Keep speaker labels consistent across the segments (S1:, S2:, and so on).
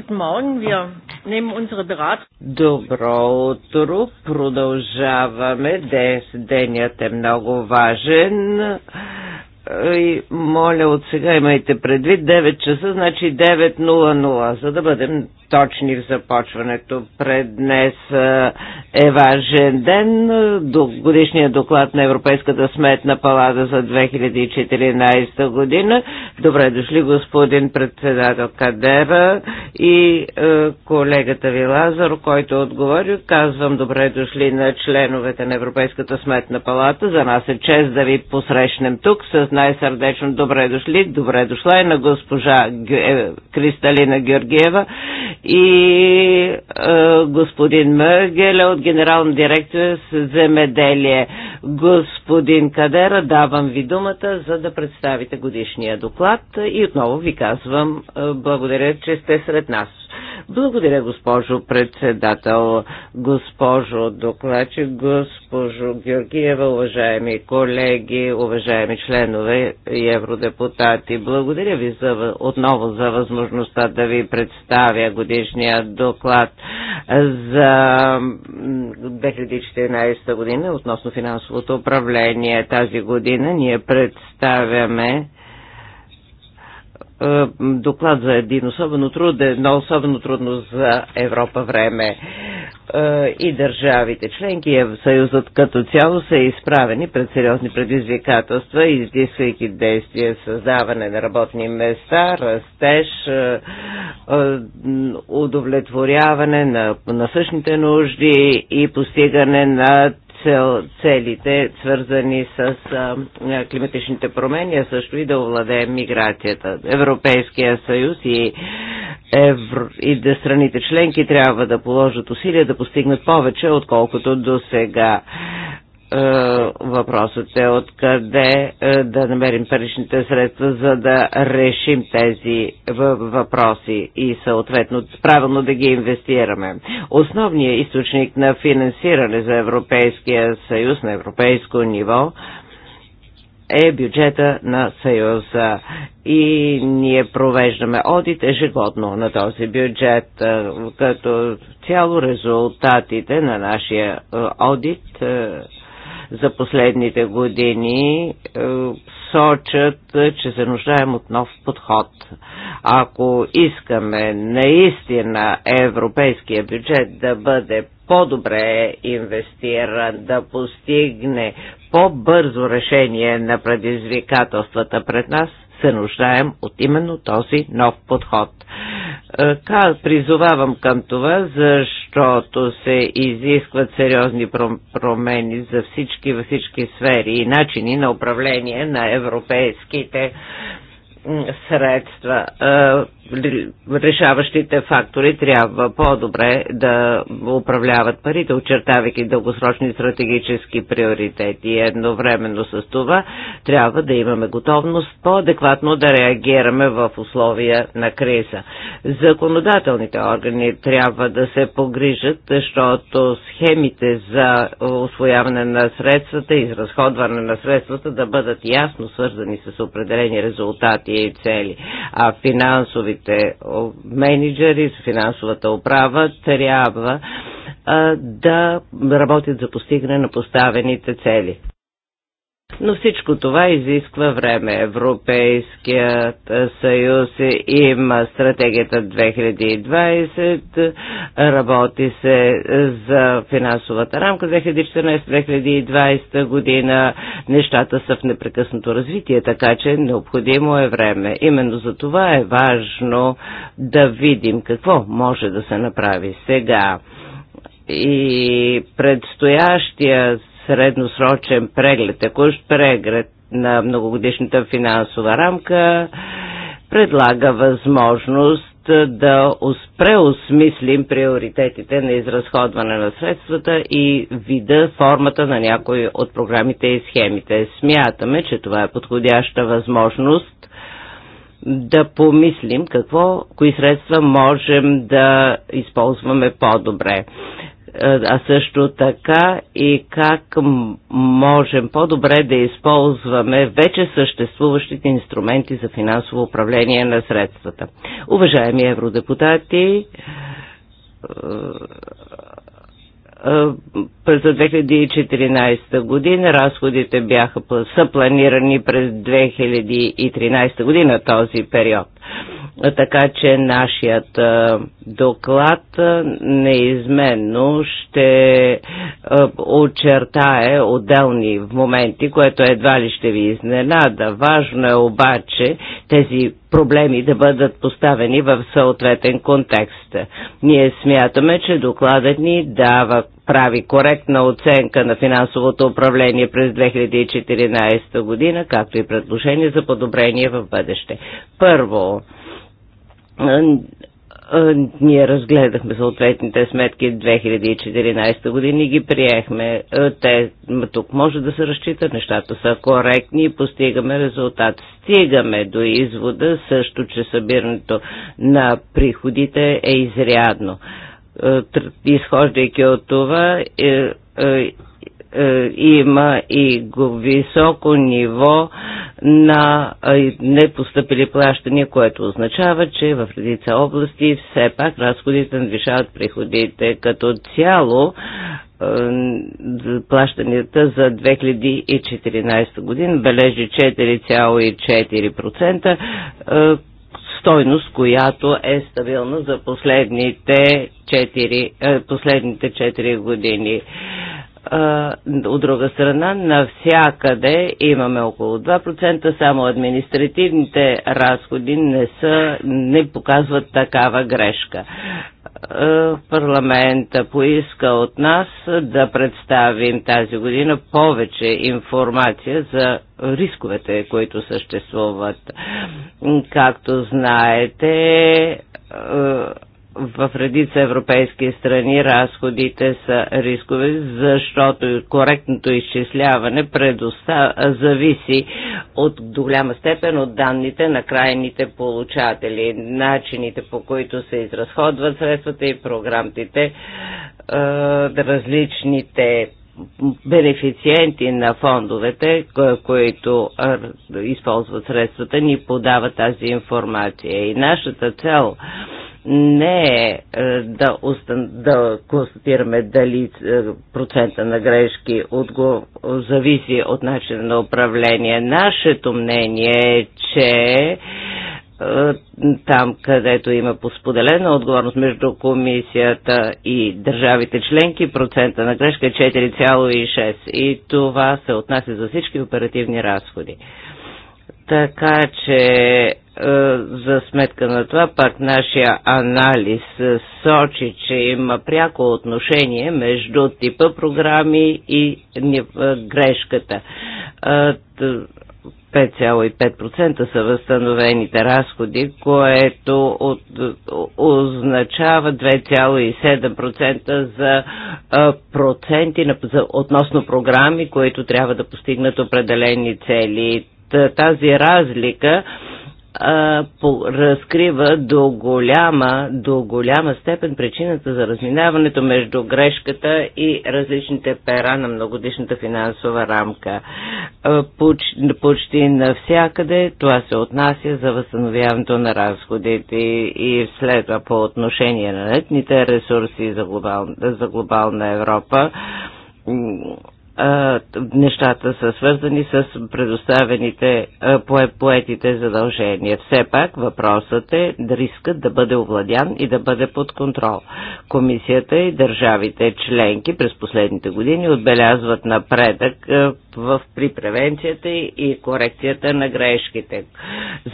S1: Guten Morgen, wir nehmen unsere Beratung. Добро утро, продължаваме. Днес денят е много важен. И моля от сега имайте предвид 9 часа, значи 9.00, за да бъдем точни в започването. Пред днес е, е важен ден. До годишния доклад на Европейската сметна палата за 2014 година. Добре дошли господин председател Кадера и е, колегата ви Лазар, който отговори. Казвам добре дошли на членовете на Европейската сметна палата. За нас е чест да ви посрещнем тук с най-сърдечно добре дошли. Добре дошла и на госпожа е, Кристалина Георгиева и е, господин Мъргеле от Генерална дирекция с земеделие. Господин Кадера, давам ви думата, за да представите годишния доклад и отново ви казвам е, благодаря, че сте сред нас. Благодаря, госпожо председател, госпожо докладчик, госпожо Георгиева, уважаеми колеги, уважаеми членове и евродепутати. Благодаря ви за, отново за възможността да ви представя годишния доклад за 2014 година относно финансовото управление. Тази година ние представяме е, доклад за един особено труден, но особено трудно за Европа време е, и държавите членки и е, Съюзът като цяло са изправени пред сериозни предизвикателства, изисквайки действия създаване на работни места, растеж, удовлетворяване на насъщните нужди и постигане на цел, целите, свързани с а, климатичните промени, а също и да овладеем миграцията. Европейския съюз и, евро, и да страните членки трябва да положат усилия да постигнат повече, отколкото до сега. Е, въпросът е откъде е, да намерим паричните средства, за да решим тези въпроси и съответно правилно да ги инвестираме. Основният източник на финансиране за Европейския съюз на европейско ниво е бюджета на Съюза. И ние провеждаме одит ежегодно на този бюджет. Е, като цяло резултатите на нашия одит за последните години е, сочат, е, че се нуждаем от нов подход. Ако искаме наистина европейския бюджет да бъде по-добре инвестиран, да постигне по-бързо решение на предизвикателствата пред нас, се нуждаем от именно този нов подход. Е, призовавам към това, защото се изискват сериозни промени за всички във всички сфери и начини на управление на европейските средства е, решаващите фактори трябва по-добре да управляват парите, очертавайки дългосрочни стратегически приоритети. И едновременно с това трябва да имаме готовност по-адекватно да реагираме в условия на криза. Законодателните органи трябва да се погрижат, защото схемите за освояване на средствата, и изразходване на средствата да бъдат ясно свързани с определени резултати и цели. А финансовите финансовите менеджери, с финансовата управа трябва да работят за постигане на поставените цели. Но всичко това изисква време. Европейският съюз има стратегията 2020, работи се за финансовата рамка 2014-2020 година. Нещата са в непрекъснато развитие, така че необходимо е време. Именно за това е важно да видим какво може да се направи сега и предстоящия средносрочен преглед, текущ преглед на многогодишната финансова рамка, предлага възможност да преосмислим приоритетите на изразходване на средствата и вида, формата на някои от програмите и схемите. Смятаме, че това е подходяща възможност да помислим какво, кои средства можем да използваме по-добре а също така и как можем по-добре да използваме вече съществуващите инструменти за финансово управление на средствата. Уважаеми евродепутати, е, за 2014 година. Разходите бяха, са планирани през 2013 година този период. Така че нашият е, доклад е, неизменно ще очертае отделни моменти, което едва ли ще ви изненада. Важно е обаче тези проблеми да бъдат поставени в съответен контекст. Ние смятаме, че докладът ни дава прави коректна оценка на финансовото управление през 2014 година, както и предложение за подобрение в бъдеще. Първо, ние разгледахме съответните сметки 2014 години и ги приехме. Те, тук може да се разчитат, нещата са коректни и постигаме резултат. Стигаме до извода също, че събирането на приходите е изрядно. Изхождайки от това, е, е, е, има и високо ниво на е, непостъпили плащания, което означава, че в редица области все пак разходите надвишават приходите. Като цяло е, плащанията за 2014 година бележи 4,4%, стойност, която е стабилна за последните 4, последните 4 години от друга страна, навсякъде имаме около 2%, само административните разходи не, са, не показват такава грешка. Парламента поиска от нас да представим тази година повече информация за рисковете, които съществуват. Както знаете, в редица европейски страни разходите са рискови, защото коректното изчисляване зависи от до голяма степен от данните на крайните получатели, начините по които се изразходват средствата и програмите, различните бенефициенти на фондовете, които използват средствата, ни подават тази информация. И нашата цел не е, е да, остан... да констатираме дали е, процента на грешки го... зависи от начина на управление. Нашето мнение е, че е, там, където има споделена отговорност между комисията и държавите членки, процента на грешка е 4,6 и това се отнася за всички оперативни разходи. Така че е, за сметка на това пак нашия анализ сочи, че има пряко отношение между типа програми и е, грешката. 5,5% са възстановените разходи, което от, означава 2,7% за проценти на, за, относно програми, които трябва да постигнат определени цели. Тази разлика разкрива до голяма, до голяма степен причината за разминаването между грешката и различните пера на многодишната финансова рамка. Поч, почти навсякъде това се отнася за възстановяването на разходите и след това по отношение на летните ресурси за, глобал, за глобална Европа нещата са свързани с предоставените поетите задължения. Все пак въпросът е да рискът да бъде овладян и да бъде под контрол. Комисията и държавите членки през последните години отбелязват напредък в при превенцията и корекцията на грешките.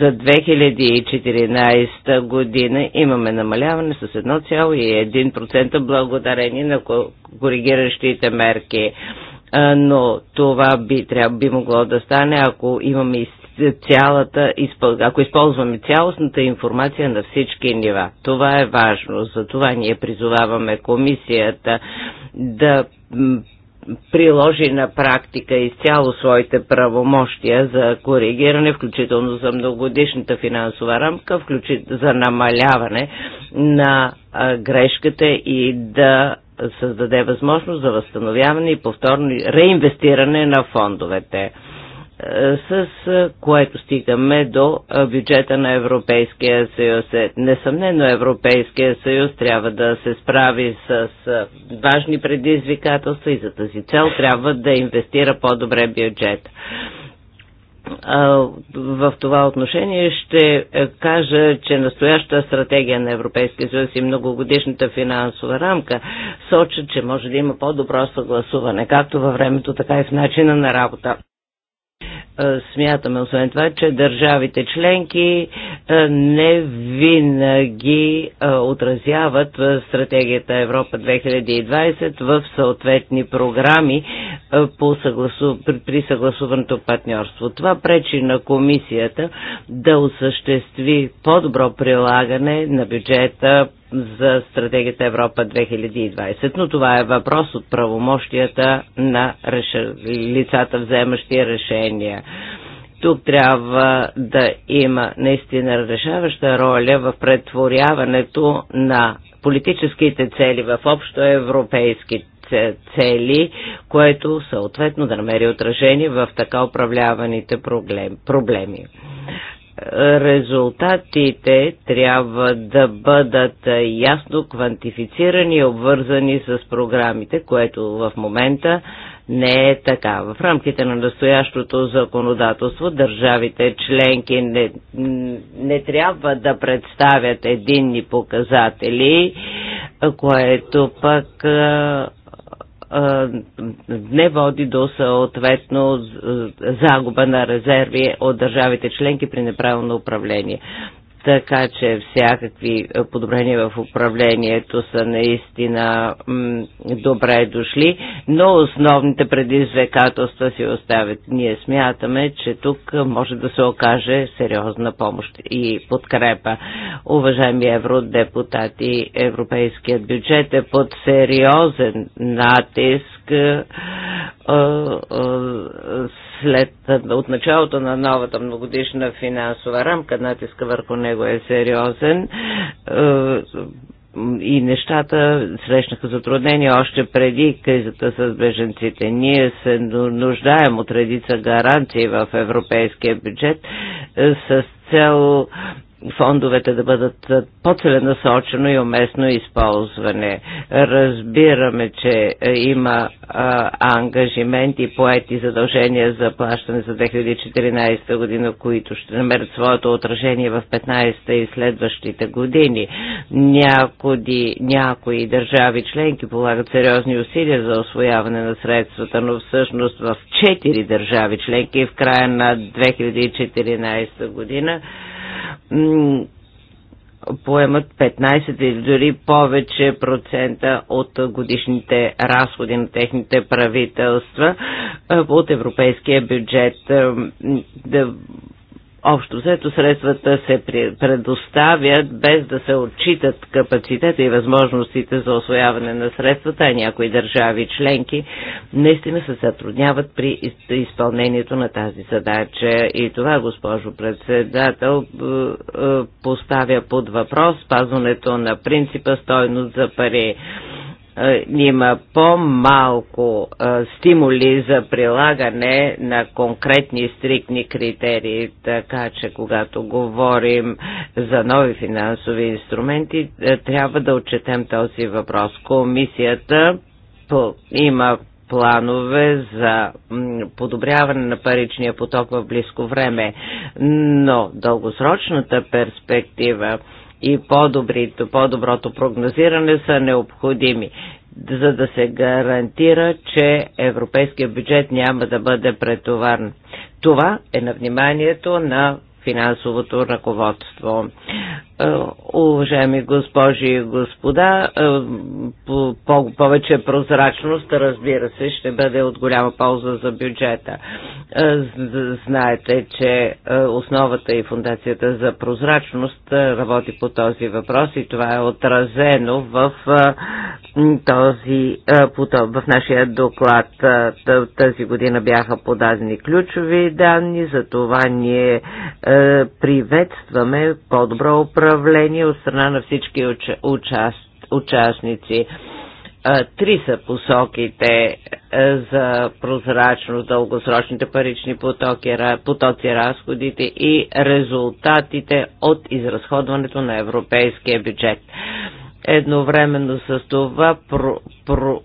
S1: За 2014 година имаме намаляване с 1,1% благодарение на коригиращите мерки но това би, трябва, би могло да стане, ако имаме цялата, ако използваме цялостната информация на всички нива. Това е важно. За това ние призоваваме комисията да приложи на практика изцяло своите правомощия за коригиране, включително за многогодишната финансова рамка, включително за намаляване на грешката и да създаде възможност за възстановяване и повторно реинвестиране на фондовете е, с е, което стигаме до е, бюджета на Европейския съюз. Несъмнено Европейския съюз трябва да се справи с важни предизвикателства и за тази цел трябва да инвестира по-добре бюджет в това отношение ще е, кажа, че настоящата стратегия на Европейския съюз и многогодишната финансова рамка сочат, че може да има по-добро съгласуване, както във времето, така и в начина на работа. Е, смятаме, освен това, че държавите членки е, не винаги е, отразяват стратегията Европа 2020 в съответни програми по съгласу... при съгласуваното партньорство. Това пречи на комисията да осъществи по-добро прилагане на бюджета за стратегията Европа 2020, но това е въпрос от правомощията на реш... лицата, вземащи решения. Тук трябва да има наистина решаваща роля в претворяването на политическите цели в общо европейски цели, което съответно да намери отражение в така управляваните проблеми резултатите трябва да бъдат ясно квантифицирани и обвързани с програмите, което в момента не е така. В рамките на настоящото законодателство държавите членки не, не трябва да представят единни показатели, което пък а, не води до съответно загуба на резерви от държавите членки при неправилно управление. Така че всякакви подобрения в управлението са наистина добре дошли, но основните предизвикателства си оставят. Ние смятаме, че тук може да се окаже сериозна помощ и подкрепа. Уважаеми евродепутати, европейският бюджет е под сериозен натиск след от началото на новата многодишна финансова рамка, натиска върху него него е сериозен е, и нещата срещнаха затруднения още преди кризата с беженците. Ние се нуждаем от редица гаранции в европейския бюджет е, с цел фондовете да бъдат по-целенасочено и уместно използване. Разбираме, че има ангажименти, поети задължения за плащане за 2014 година, които ще намерят своето отражение в 15-та и следващите години. Някои, някои държави членки полагат сериозни усилия за освояване на средствата, но всъщност в 4 държави членки в края на 2014 година поемат 15 или дори повече процента от годишните разходи на техните правителства от европейския бюджет общо взето средствата се предоставят без да се отчитат капацитета и възможностите за освояване на средствата, а някои държави членки наистина се затрудняват при изпълнението на тази задача. И това, госпожо председател, е, е, поставя под въпрос спазването на принципа стойност за пари. Е, има по-малко е, стимули за прилагане на конкретни стриктни критерии, така че когато говорим за нови финансови инструменти, е, трябва да отчетем този въпрос. Комисията има планове за подобряване на паричния поток в близко време, но дългосрочната перспектива и по-доброто, по-доброто прогнозиране са необходими, за да се гарантира, че европейския бюджет няма да бъде претоварен. Това е на вниманието на финансовото ръководство. Е, уважаеми госпожи и господа, е, повече прозрачност, разбира се, ще бъде от голяма полза за бюджета. Е, знаете, че основата и фундацията за прозрачност работи по този въпрос и това е отразено в, този, в нашия доклад. Тази година бяха подадени ключови данни, за това ние приветстваме по-добро управление управление от страна на всички уча, участ, участници. Три са посоките е, за прозрачно дългосрочните парични потоки, потоци, разходите и резултатите от изразходването на европейския бюджет. Едновременно с това про, про,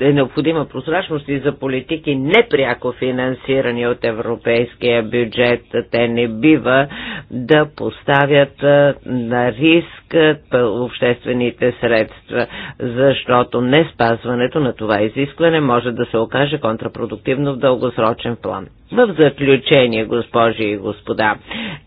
S1: е необходима прозрачност и за политики непряко финансирани от европейския бюджет. Те не бива да поставят на риск обществените средства, защото не спазването на това изискване може да се окаже контрапродуктивно в дългосрочен план. В заключение, госпожи и господа,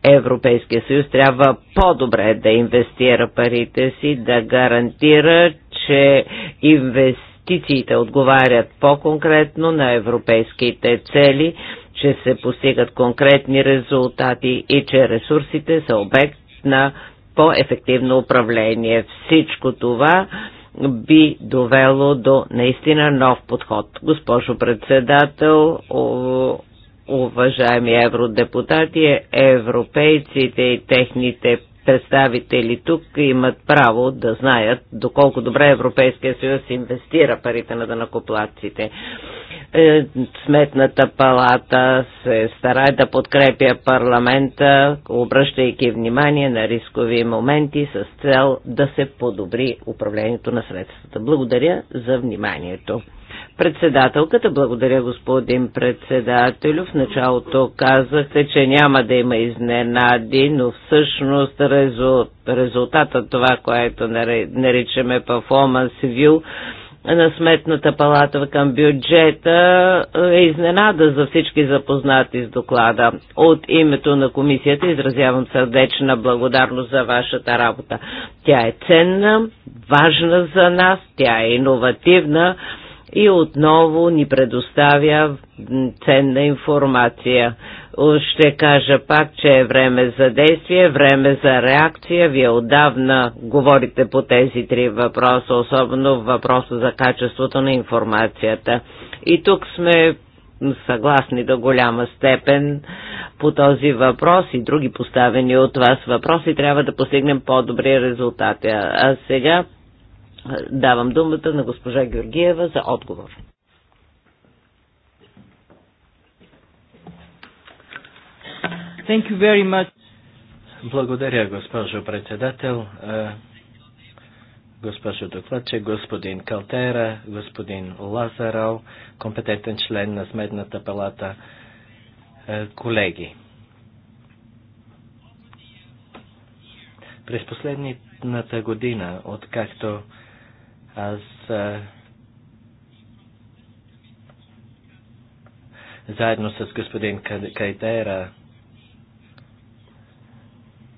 S1: Европейския съюз трябва по-добре да инвестира парите си, да гарантира, че инвестициите отговарят по-конкретно на европейските цели, че се постигат конкретни резултати и че ресурсите са обект на по-ефективно управление. Всичко това би довело до наистина нов подход. Госпожо председател, уважаеми евродепутати, европейците и техните представители тук имат право да знаят доколко добре Европейския съюз инвестира парите на данакоплатците. Е, Сметната палата се старае да подкрепя парламента, обръщайки внимание на рискови моменти с цел да се подобри управлението на средствата. Благодаря за вниманието. Председателката, благодаря господин председателю. В началото казахте, че няма да има изненади, но всъщност резултата от това, което наричаме performance view, на сметната палата към бюджета е изненада за всички запознати с доклада. От името на комисията изразявам сърдечна благодарност за вашата работа. Тя е ценна, важна за нас, тя е иновативна и отново ни предоставя ценна информация. Ще кажа пак, че е време за действие, време за реакция. Вие отдавна говорите по тези три въпроса, особено въпроса за качеството на информацията. И тук сме съгласни до голяма степен по този въпрос и други поставени от вас въпроси, трябва да постигнем по-добри резултати. А сега Давам думата на госпожа Георгиева за отговор.
S2: Thank you very much. Благодаря, госпожо председател, госпожо докладче, господин Калтера, господин Лазарал, компетентен член на Сметната палата, колеги. През последната година, откакто аз заедно с господин Кайтера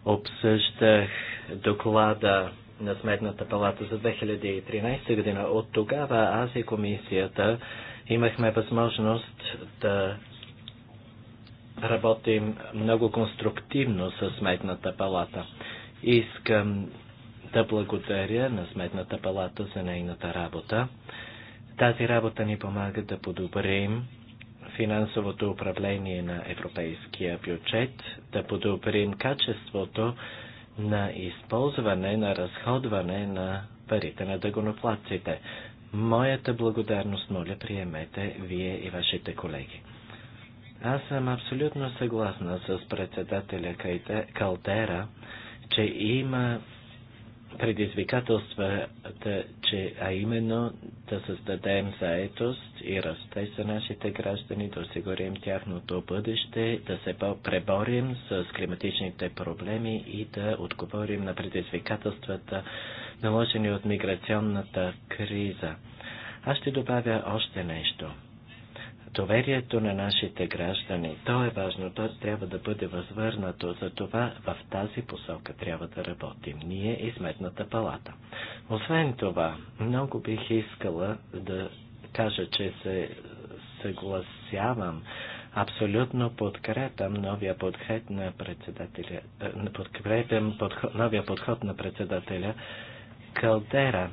S2: обсъждах доклада на Сметната палата за 2013 година. От тогава аз и комисията имахме възможност да работим много конструктивно с Сметната палата. Искам да благодаря на Сметната палата за нейната работа. Тази работа ни помага да подобрим финансовото управление на европейския бюджет, да подобрим качеството на използване, на разходване на парите на дъгоноплаците. Моята благодарност, моля, приемете вие и вашите колеги. Аз съм абсолютно съгласна с председателя Калдера, че има предизвикателствата, че, а именно да създадем заетост и растеж за нашите граждани, да осигурим тяхното бъдеще, да се преборим с климатичните проблеми и да отговорим на предизвикателствата, наложени от миграционната криза. Аз ще добавя още нещо – доверието на нашите граждани. То е важно, то трябва да бъде възвърнато. За това в тази посока трябва да работим. Ние и Сметната палата. Освен това, много бих искала да кажа, че се съгласявам Абсолютно подкрепям новия подход на председателя, е, подкрепям подход, новия подход на председателя Калдера.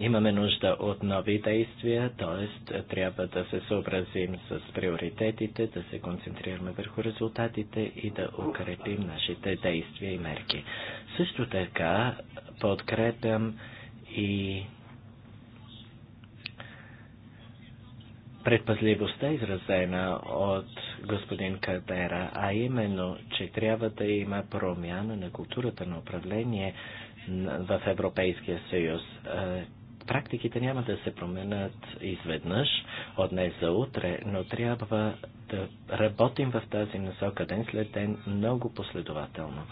S2: Имаме нужда от нови действия, т.е. трябва да се съобразим с приоритетите, да се концентрираме върху резултатите и да укрепим нашите действия и мерки. Също така подкрепям и предпазливостта, изразена от господин Кадера, а именно, че трябва да има промяна на културата на управление в Европейския съюз. Е, практиките няма да се променят изведнъж от днес за утре, но трябва да работим в тази насока ден след ден много последователно.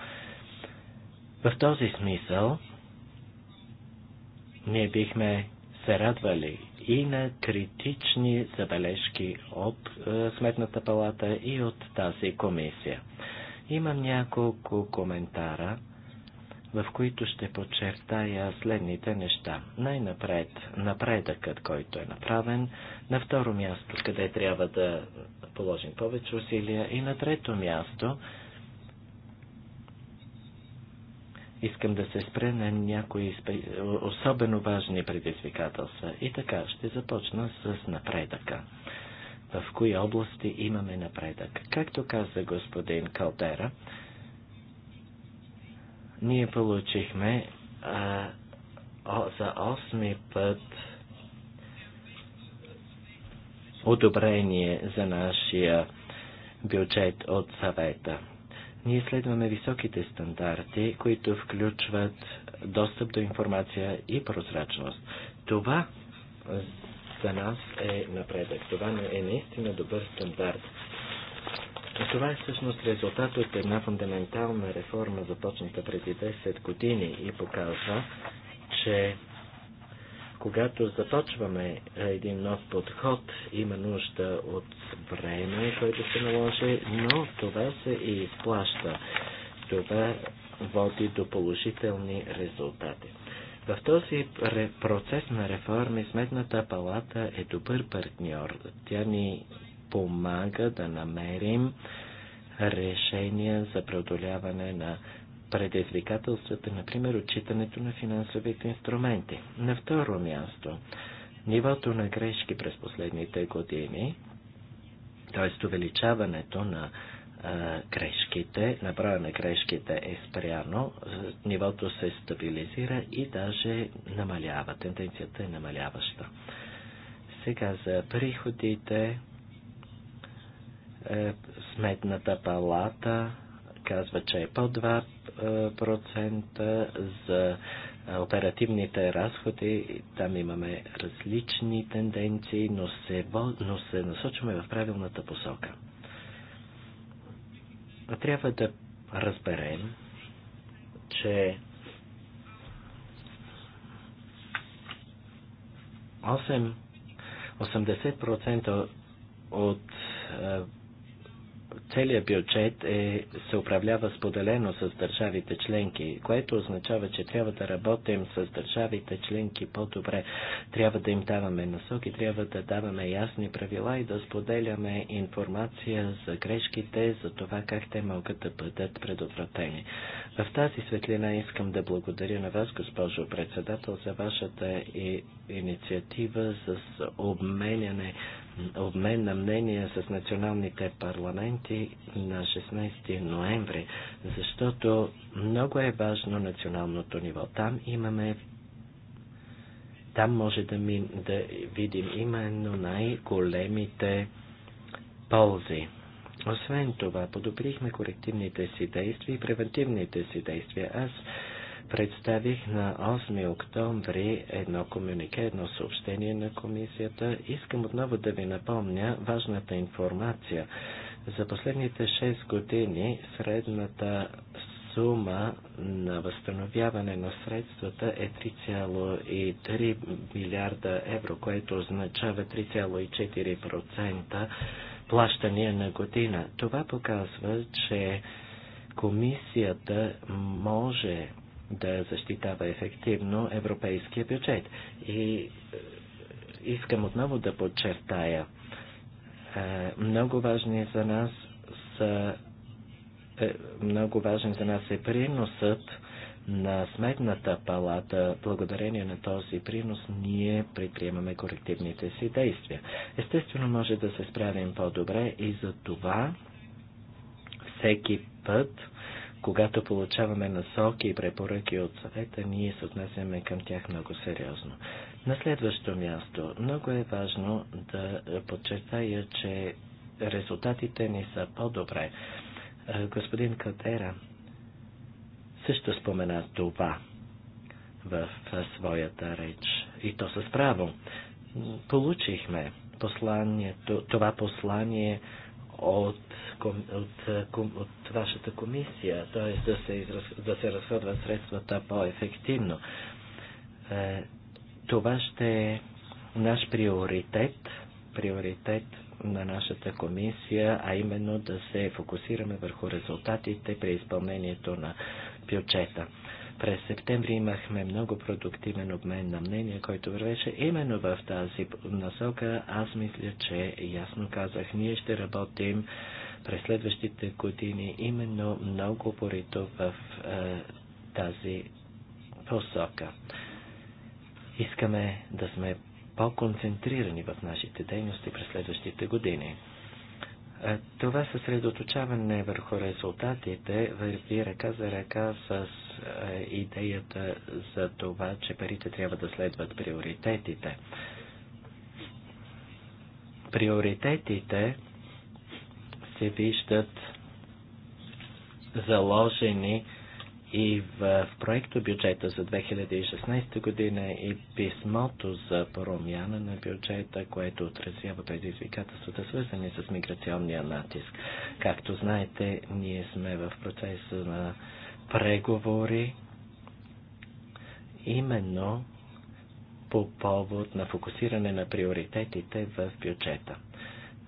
S2: В този смисъл ние бихме се радвали и на критични забележки от е, Сметната палата и от тази комисия. Имам няколко коментара в които ще подчертая следните неща. Най-напред напредъкът, който е направен, на второ място, къде трябва да положим повече усилия и на трето място искам да се спре на някои особено важни предизвикателства. И така ще започна с напредъка. В кои области имаме напредък? Както каза господин Калдера, ние получихме а, о, за осми път одобрение за нашия бюджет от съвета. Ние следваме високите стандарти, които включват достъп до информация и прозрачност. Това за нас е напредък. Това е наистина добър стандарт. А това е всъщност резултат от една фундаментална реформа, започната преди 10 години и показва, че когато започваме един нов подход, има нужда от време, което се наложи, но това се и изплаща. Това води до положителни резултати. В този процес на реформи Сметната палата е добър партньор. Тя ни помага да намерим решения за преодоляване на предизвикателствата, например отчитането на финансовите инструменти. На второ място, нивото на грешки през последните години, т.е. увеличаването на грешките, на на грешките е спряно, нивото се стабилизира и даже намалява. Тенденцията е намаляваща. Сега за приходите е, сметната палата казва, че е по 2% е, за е, оперативните разходи. Там имаме различни тенденции, но се, но се насочваме в правилната посока. Трябва да разберем, че осем 80% от е, целият бюджет е, се управлява споделено с държавите членки, което означава, че трябва да работим с държавите членки по-добре. Трябва да им даваме насоки, трябва да даваме ясни правила и да споделяме информация за грешките, за това как те могат да бъдат предотвратени. В тази светлина искам да благодаря на вас, госпожо председател, за вашата и инициатива за обменяне обмен на мнения с националните парламенти на 16 ноември, защото много е важно националното ниво. Там имаме там може да, ми, да видим именно най-големите ползи. Освен това, подобрихме корективните си действия и превентивните си действия. Аз Представих на 8 октомври едно комюнике, едно съобщение на комисията. Искам отново да ви напомня важната информация. За последните 6 години средната сума на възстановяване на средствата е 3,3 милиарда евро, което означава 3,4% плащания на година. Това показва, че комисията може да защитава ефективно европейския бюджет. И е, искам отново да подчертая, е, много важни за нас са е, много важен за нас е приносът на сметната палата. Благодарение на този принос ние предприемаме корективните си действия. Естествено може да се справим по-добре и за това всеки път когато получаваме насоки и препоръки от съвета, ние се отнасяме към тях много сериозно. На следващо място, много е важно да подчертая, че резултатите ни са по-добре. Господин Катера също спомена това в своята реч. И то с право. Получихме посланието, това послание от, от, от вашата комисия, т.е. Да се, израз, да се разходват средствата по-ефективно. Е, това ще е наш приоритет, приоритет на нашата комисия, а именно да се фокусираме върху резултатите при изпълнението на бюджета. През септември имахме много продуктивен обмен на мнения, който вървеше именно в тази насока. Аз мисля, че ясно казах, ние ще работим през следващите години именно много порито в е, тази посока. Искаме да сме по-концентрирани в нашите дейности през следващите години. Е, това съсредоточаване върху резултатите върви ръка за ръка с е, идеята за това, че парите трябва да следват приоритетите. Приоритетите се виждат заложени и в проекто бюджета за 2016 година и писмото за промяна на бюджета, което отразява предизвикателствата, свързани с миграционния натиск. Както знаете, ние сме в процеса на преговори именно по повод на фокусиране на приоритетите в бюджета.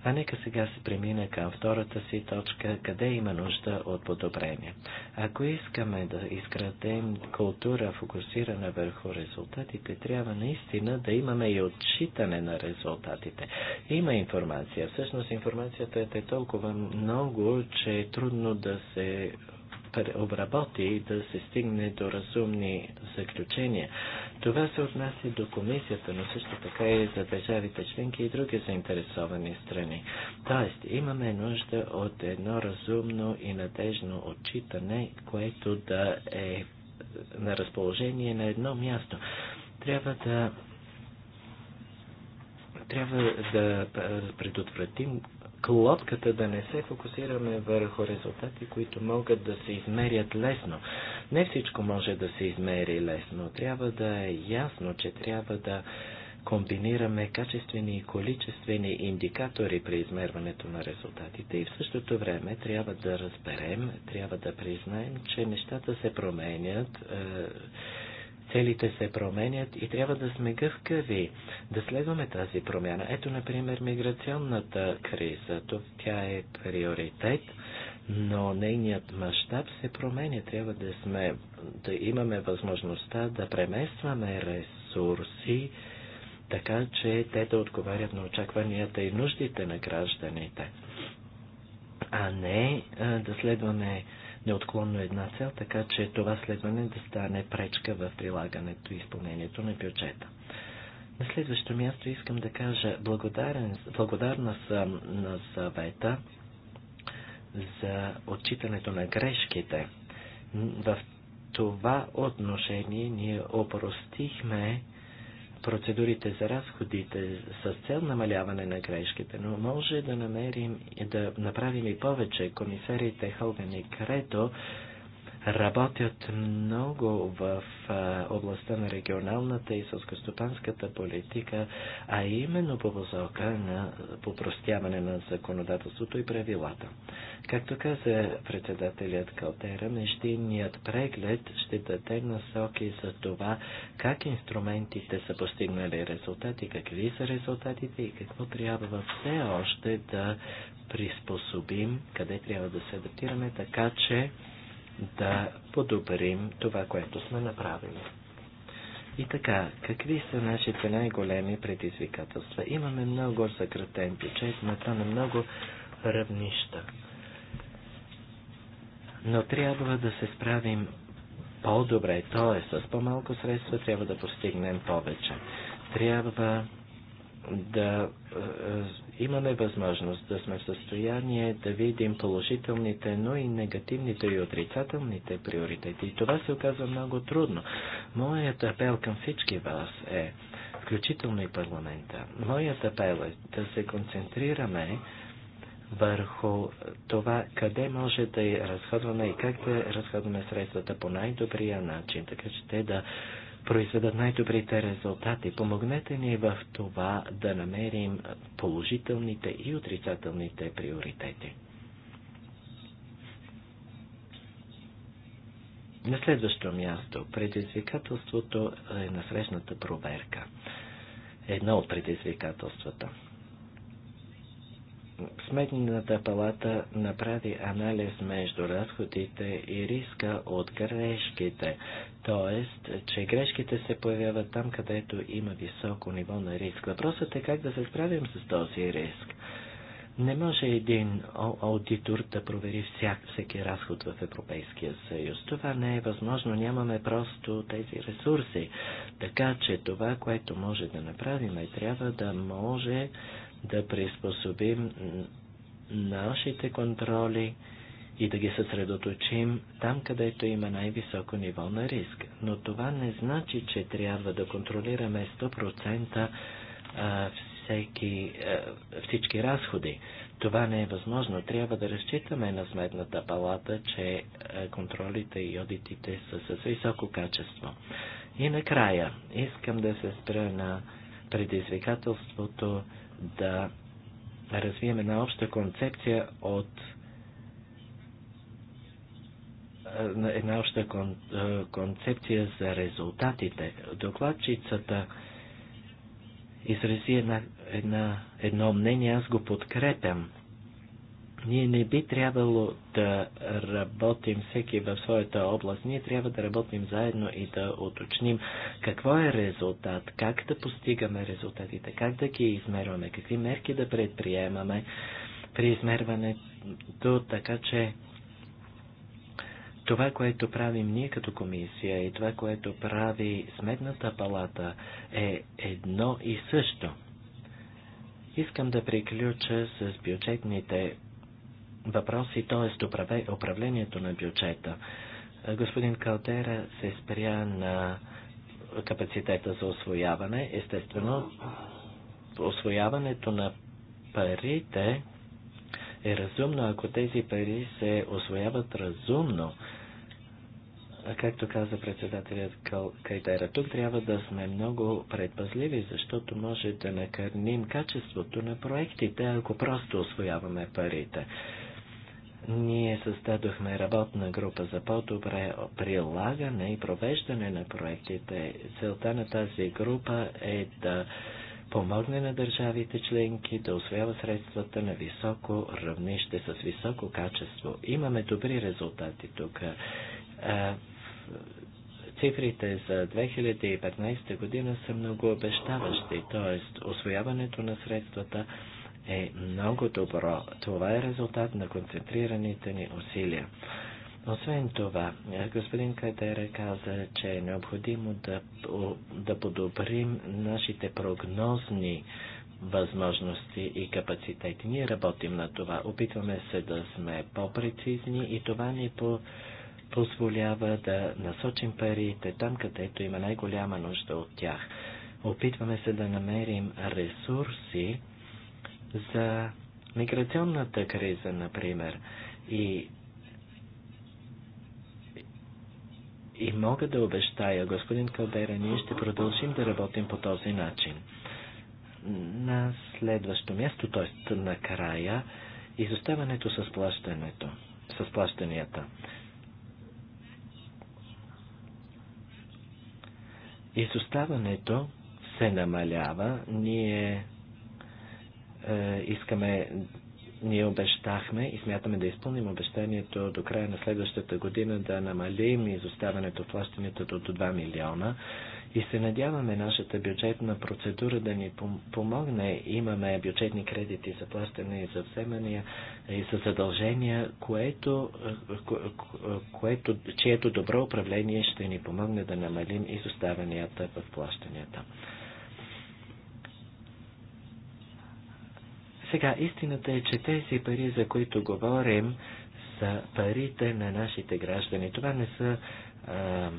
S2: А нека сега се премина към втората си точка, къде има нужда от подобрение. Ако искаме да изградем култура, фокусирана върху резултатите, трябва наистина да имаме и отчитане на резултатите. Има информация. Всъщност информацията е толкова много, че е трудно да се обработи и да се стигне до разумни заключения. Това се отнася до комисията, но също така и за държавите членки и други заинтересовани страни. Тоест, имаме нужда от едно разумно и надежно отчитане, което да е на разположение на едно място. Трябва да трябва да предотвратим клопката да не се фокусираме върху резултати, които могат да се измерят лесно. Не всичко може да се измери лесно. Трябва да е ясно, че трябва да комбинираме качествени и количествени индикатори при измерването на резултатите и в същото време трябва да разберем, трябва да признаем, че нещата се променят. Е, целите се променят и трябва да сме гъвкави, да следваме тази промяна. Ето, например, миграционната криза. Тук тя е приоритет, но нейният мащаб се променя. Трябва да, сме, да имаме възможността да преместваме ресурси, така че те да отговарят на очакванията и нуждите на гражданите, а не да следваме неотклонно е една цел, така че това следване да стане пречка в прилагането и изпълнението на бюджета. На следващо място искам да кажа благодарен, благодарна съм на съвета за отчитането на грешките. В това отношение ние опростихме процедурите за разходите с цел намаляване на грешките, но може да намерим да направим и повече. Комисарите Хоган и Крето работят много в областта на регионалната и сълскостопанската политика, а именно по посока на попростяване на законодателството и правилата. Както каза председателят Калтера, междинният преглед ще даде насоки за това как инструментите са постигнали резултати, какви са резултатите и какво трябва все още да приспособим, къде трябва да се адаптираме, така че да подобрим това, което сме направили. И така, какви са нашите най-големи предизвикателства? Имаме много съкратен бюджет, на това на много равнища. Но трябва да се справим по-добре, т.е. с по-малко средства трябва да постигнем повече. Трябва да е, е, имаме възможност да сме в състояние да видим положителните, но и негативните и отрицателните приоритети. И това се оказва много трудно. Моят апел към всички вас е, включително и парламента, моят апел е да се концентрираме върху това къде може да разходваме и как да разходваме средствата по най-добрия начин, така че те да произведат най-добрите резултати. Помогнете ни в това да намерим положителните и отрицателните приоритети. На следващо място, предизвикателството е насрещната проверка. Едно от предизвикателствата – Сметната палата направи анализ между разходите и риска от грешките, т.е. че грешките се появяват там, където има високо ниво на риск. Въпросът е как да се справим с този риск. Не може един аудитор да провери всяк, всеки разход в Европейския съюз. Това не е възможно, нямаме просто тези ресурси. Така че това, което може да направим, е трябва да може да приспособим нашите контроли и да ги съсредоточим там, където има най-високо ниво на риск. Но това не значи, че трябва да контролираме 100% всеки, всички разходи. Това не е възможно. Трябва да разчитаме на сметната палата, че контролите и одитите са с високо качество. И накрая искам да се спра на предизвикателството да развием една обща концепция от е, една обща кон, е, концепция за резултатите. Докладчицата изрази една, една, едно мнение, аз го подкрепям. Ние не би трябвало да работим всеки в своята област. Ние трябва да работим заедно и да уточним какво е резултат, как да постигаме резултатите, как да ги измерваме, какви мерки да предприемаме при измерването, така че това, което правим ние като комисия и това, което прави Сметната палата е едно и също. Искам да приключа с бюджетните въпроси, т.е. управлението на бюджета. Господин Калдера се спря на капацитета за освояване. Естествено, освояването на парите е разумно, ако тези пари се освояват разумно. Както каза председателят Кайтера, тук трябва да сме много предпазливи, защото може да накърним качеството на проектите, ако просто освояваме парите. Ние създадохме работна група за по-добре прилагане и провеждане на проектите. Целта на тази група е да помогне на държавите членки да освоява средствата на високо равнище, с високо качество. Имаме добри резултати тук. Е, цифрите за 2015 година са много обещаващи, т.е. освояването на средствата е много добро. Това е резултат на концентрираните ни усилия. Освен това, господин Кадера каза, че е необходимо да, да подобрим нашите прогнозни възможности и капацитети. Ние работим на това. Опитваме се да сме по-прецизни и това ни по позволява да насочим парите там, където има най-голяма нужда от тях. Опитваме се да намерим ресурси, за миграционната криза, например, и И мога да обещая, господин Калдера, ние ще продължим да работим по този начин. На следващо място, т.е. накрая, изоставането с плащането, с плащанията. Изоставането се намалява, ние е, искаме, ние обещахме и смятаме да изпълним обещанието до края на следващата година да намалим изоставането в плащането до 2 милиона и се надяваме нашата бюджетна процедура да ни помогне. Имаме бюджетни кредити за плащане и за вземания и за задължения, което, което, чието добро управление ще ни помогне да намалим изоставанията в плащанията. Сега, истината е, че тези пари, за които говорим, са парите на нашите граждани. Това не са а,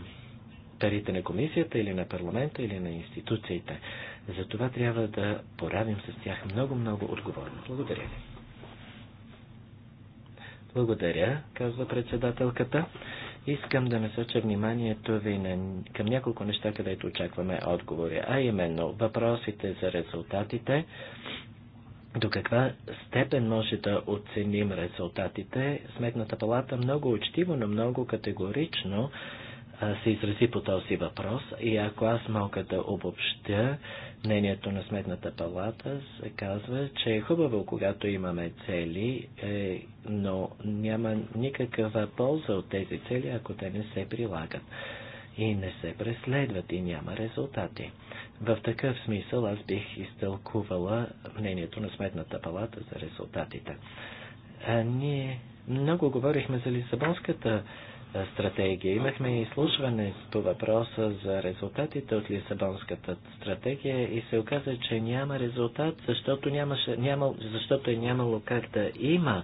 S2: парите на комисията или на парламента или на институциите. Затова трябва да поравим с тях много-много отговорно. Благодаря ви. Благодаря, казва председателката. Искам да насоча вниманието ви на, към няколко неща, където очакваме отговори, а именно въпросите за резултатите до каква степен може да оценим резултатите, Сметната палата много учтиво, но много категорично се изрази по този въпрос и ако аз мога да обобщя мнението на Сметната палата, се казва, че е хубаво, когато имаме цели, е, но няма никаква полза от тези цели, ако те не се прилагат и не се преследват и няма резултати. В такъв смисъл аз бих изтълкувала мнението на Сметната палата за резултатите. А, ние много говорихме за Лисабонската стратегия. Имахме изслушване по въпроса за резултатите от Лисабонската стратегия и се оказа, че няма резултат, защото, нямаше, няма, защото е нямало как да има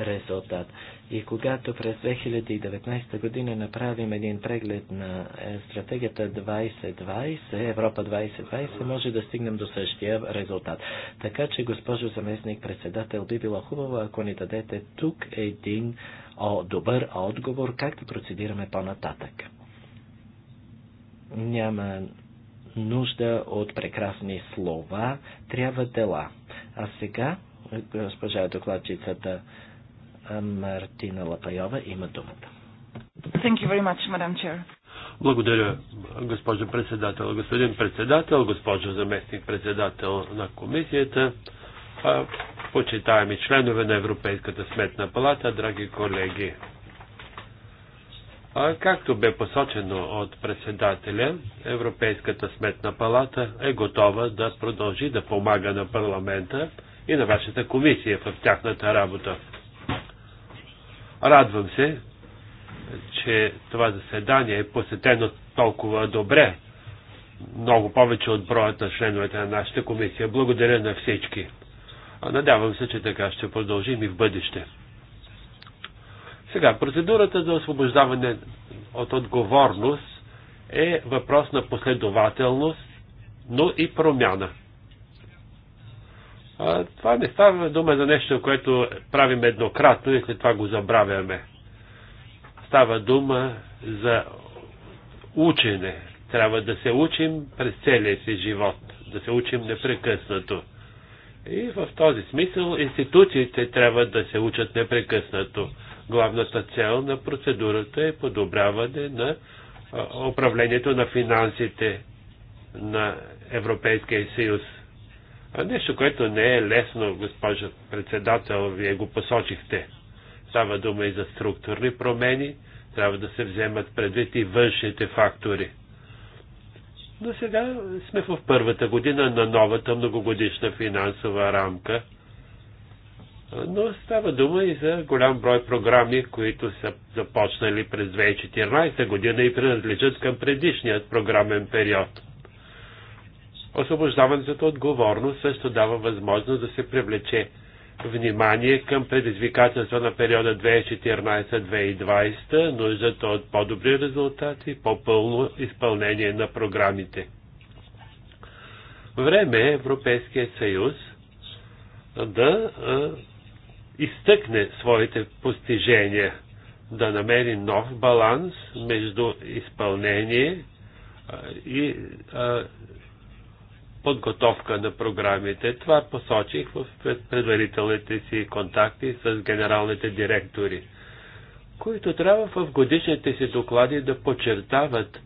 S2: резултат. И когато през 2019 година направим един преглед на е, стратегията 2020, Европа 2020, може да стигнем до същия резултат. Така че, госпожо заместник председател, би било хубаво, ако ни дадете тук един о, добър отговор, как да процедираме по-нататък. Няма нужда от прекрасни слова, трябва дела. А сега, госпожа докладчицата, Мартина Лапайова
S3: има думата.
S4: Thank you very much, Madam Chair.
S3: Благодаря, госпожо председател. Господин председател, госпожо заместник председател на комисията, почитаеми членове на Европейската сметна палата, драги колеги. Както бе посочено от председателя, Европейската сметна палата е готова да продължи да помага на парламента и на вашата комисия в тяхната работа. Радвам се, че това заседание е посетено толкова добре, много повече от броят на членовете на нашата комисия. Благодаря на всички. Надявам се, че така ще продължим и в бъдеще. Сега, процедурата за освобождаване от отговорност е въпрос на последователност, но и промяна. А, това не става дума за нещо, което правим еднократно и след това го забравяме. Става дума за учене. Трябва да се учим през целия си живот, да се учим непрекъснато. И в този смисъл институциите трябва да се учат непрекъснато. Главната цел на процедурата е подобряване на управлението на финансите на Европейския съюз. Нещо, което не е лесно, госпожо председател, вие го посочихте. Става дума и за структурни промени, трябва да се вземат предвид и външните фактори. Но сега сме в първата година на новата многогодишна финансова рамка, но става дума и за голям брой програми, които са започнали през 2014 година и принадлежат към предишният програмен период – Освобождаването от отговорност също дава възможност да се привлече внимание към предизвикателства на периода 2014-2020, нуждата от по-добри резултати, по-пълно изпълнение на програмите. Време е Европейския съюз да а, изтъкне своите постижения, да намери нов баланс между изпълнение и а, подготовка на програмите. Това посочих в предварителните си контакти с генералните директори, които трябва в годишните си доклади да подчертават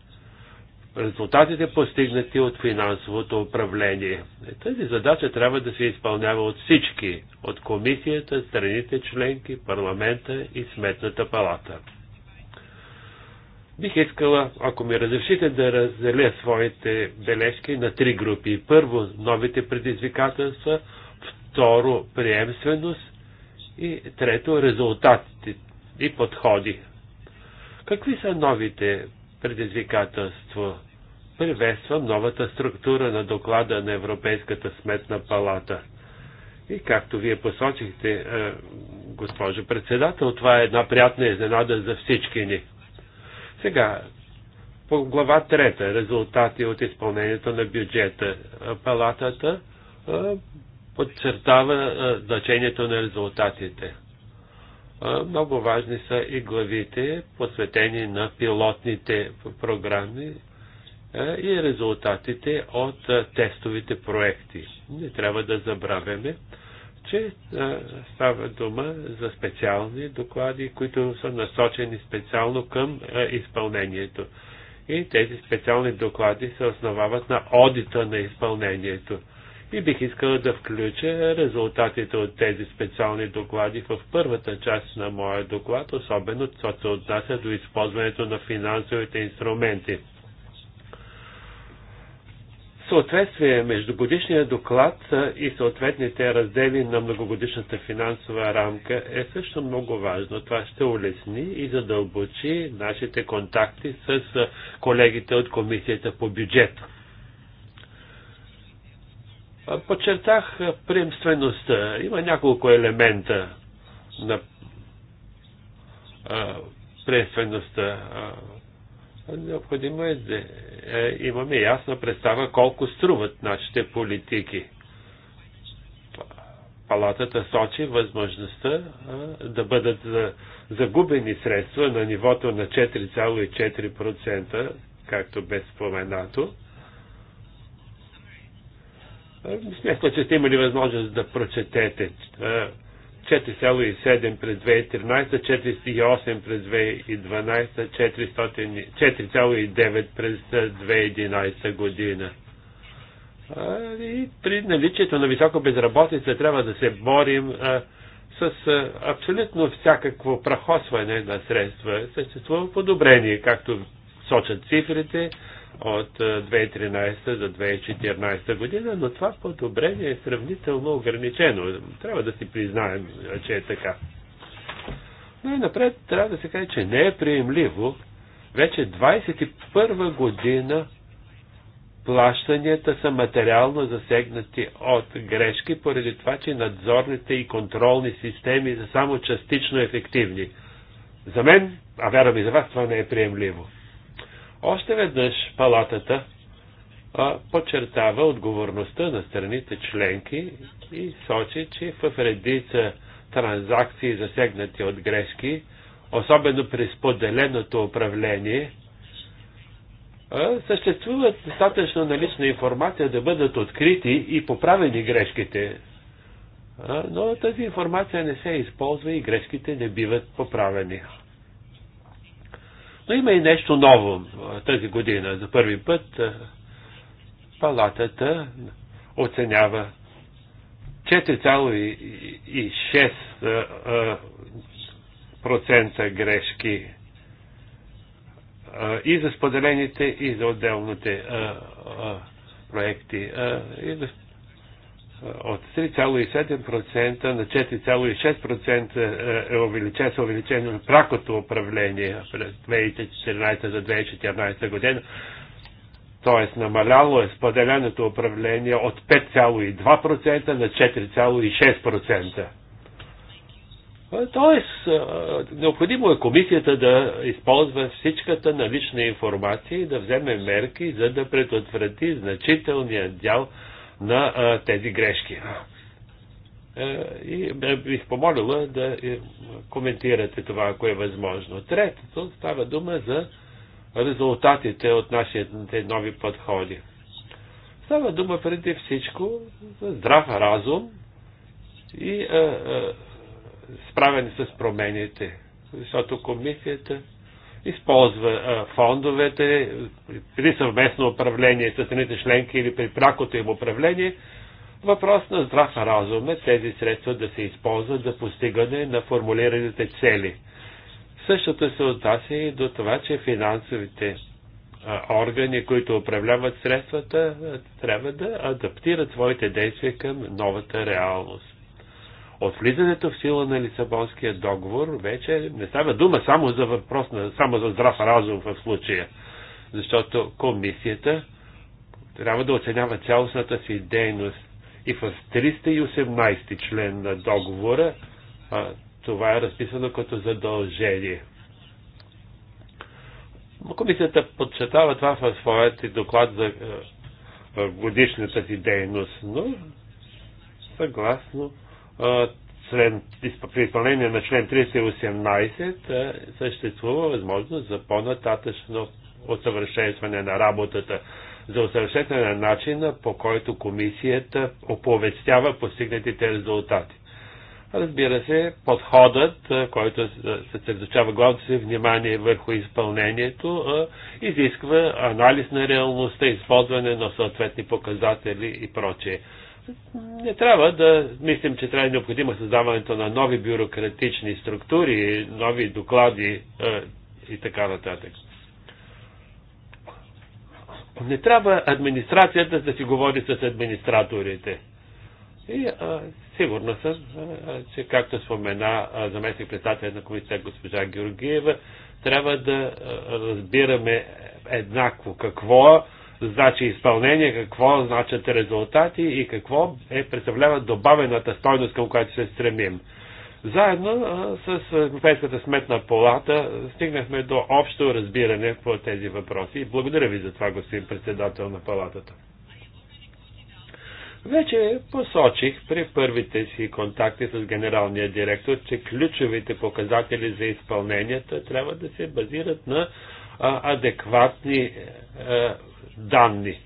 S3: резултатите постигнати от финансовото управление. Е, тази задача трябва да се изпълнява от всички, от комисията, страните членки, парламента и сметната палата. Бих искала, ако ми разрешите, да разделя своите бележки на три групи. Първо, новите предизвикателства, второ, приемственост и трето, резултатите и подходи. Какви са новите предизвикателства? Приветствам новата структура на доклада на Европейската сметна палата. И както вие посочихте, е, госпожо председател, това е една приятна изненада за всички ни. Сега, по глава трета, резултати от изпълнението на бюджета, палатата подчертава значението на резултатите. Много важни са и главите, посветени на пилотните програми и резултатите от тестовите проекти. Не трябва да забравяме, че става дума за специални доклади, които са насочени специално към изпълнението. И тези специални доклади се основават на одита на изпълнението. И бих искала да включа резултатите от тези специални доклади в първата част на моя доклад, особено що се отнася до използването на финансовите инструменти съответствие между годишния доклад и съответните раздели на многогодишната финансова рамка е също много важно. Това ще улесни и задълбочи нашите контакти с колегите от Комисията по бюджет. Подчертах приемствеността. Има няколко елемента на приемствеността Необходимо е да е, имаме ясна представа колко струват нашите политики. Палатата сочи възможността да бъдат загубени средства на нивото на 4,4%, както бе споменато. Смятам, че сте имали възможност да прочетете 4,7 през 2013, 4,8 през 2012, 4,9 през 2011 година. И при наличието на висока безработица трябва да се борим а, с а, абсолютно всякакво прахосване на средства. Съществува подобрение, както сочат цифрите от 2013 е, до 2014 година, но това подобрение е сравнително ограничено. Трябва да си признаем, е, че е така. Но и напред трябва да се каже, че не е приемливо вече 21 година плащанията са материално засегнати от грешки, поради това, че надзорните и контролни системи са само частично ефективни. За мен, а вярвам и за вас, това не е приемливо. Още веднъж палатата подчертава отговорността на страните членки и сочи, че в редица транзакции засегнати от грешки, особено при споделеното управление, съществуват достатъчно налична информация да бъдат открити и поправени грешките. Но тази информация не се използва и грешките не биват поправени. Но има и нещо ново тази година. За първи път палатата оценява 4,6% грешки и за споделените, и за отделните проекти. И за от 3,7% на 4,6% е, е увеличено, са увеличени на пракото управление през 2014 за 2014 година. Т.е. намаляло е споделеното управление от 5,2% на 4,6%. Е, тоест, е, необходимо е комисията да използва всичката налична информация и да вземе мерки, за да предотврати значителния дял на а, тези грешки. И бих помолила да е, коментирате това, ако е възможно. Третото става дума за резултатите от нашите нови подходи. Става дума преди всичко за здрав разум и а, а, справяне с промените. Защото комисията използва фондовете при съвместно управление с страните членки или при пракото им управление, въпрос на здрав разум е тези средства да се използват за постигане на формулираните цели. Същото се отнася и до това, че финансовите органи, които управляват средствата, трябва да адаптират своите действия към новата реалност. От влизането в сила на Лисабонския договор вече не става дума само за въпрос, на, само за здрав разум в случая, защото комисията трябва да оценява цялостната си дейност и в 318 член на договора а, това е разписано като задължение. Комисията подчертава това в своят доклад за годишната си дейност, но съгласно при изпълнение на член 318 съществува възможност за по-нататъчно усъвършенстване на работата, за усъвършенстване на начина по който комисията оповестява постигнатите резултати. Разбира се, подходът, който се съсредоточава главното си внимание върху изпълнението, изисква анализ на реалността, използване на съответни показатели и прочее не трябва да мислим, че трябва необходимо създаването на нови бюрократични структури, нови доклади е, и така нататък. Не трябва администрацията да си говори с администраторите. И а, е, сигурна съм, а, е, че както спомена е, заместник председател на комисията госпожа Георгиева, трябва да а, разбираме еднакво какво значи изпълнение, какво значат резултати и какво е, представлява добавената стойност, към която се стремим. Заедно с Европейската сметна палата стигнахме до общо разбиране по тези въпроси. Благодаря ви за това, господин председател на палатата. Вече посочих при първите си контакти с генералния директор, че ключовите показатели за изпълнението трябва да се базират на адекватни е, данни.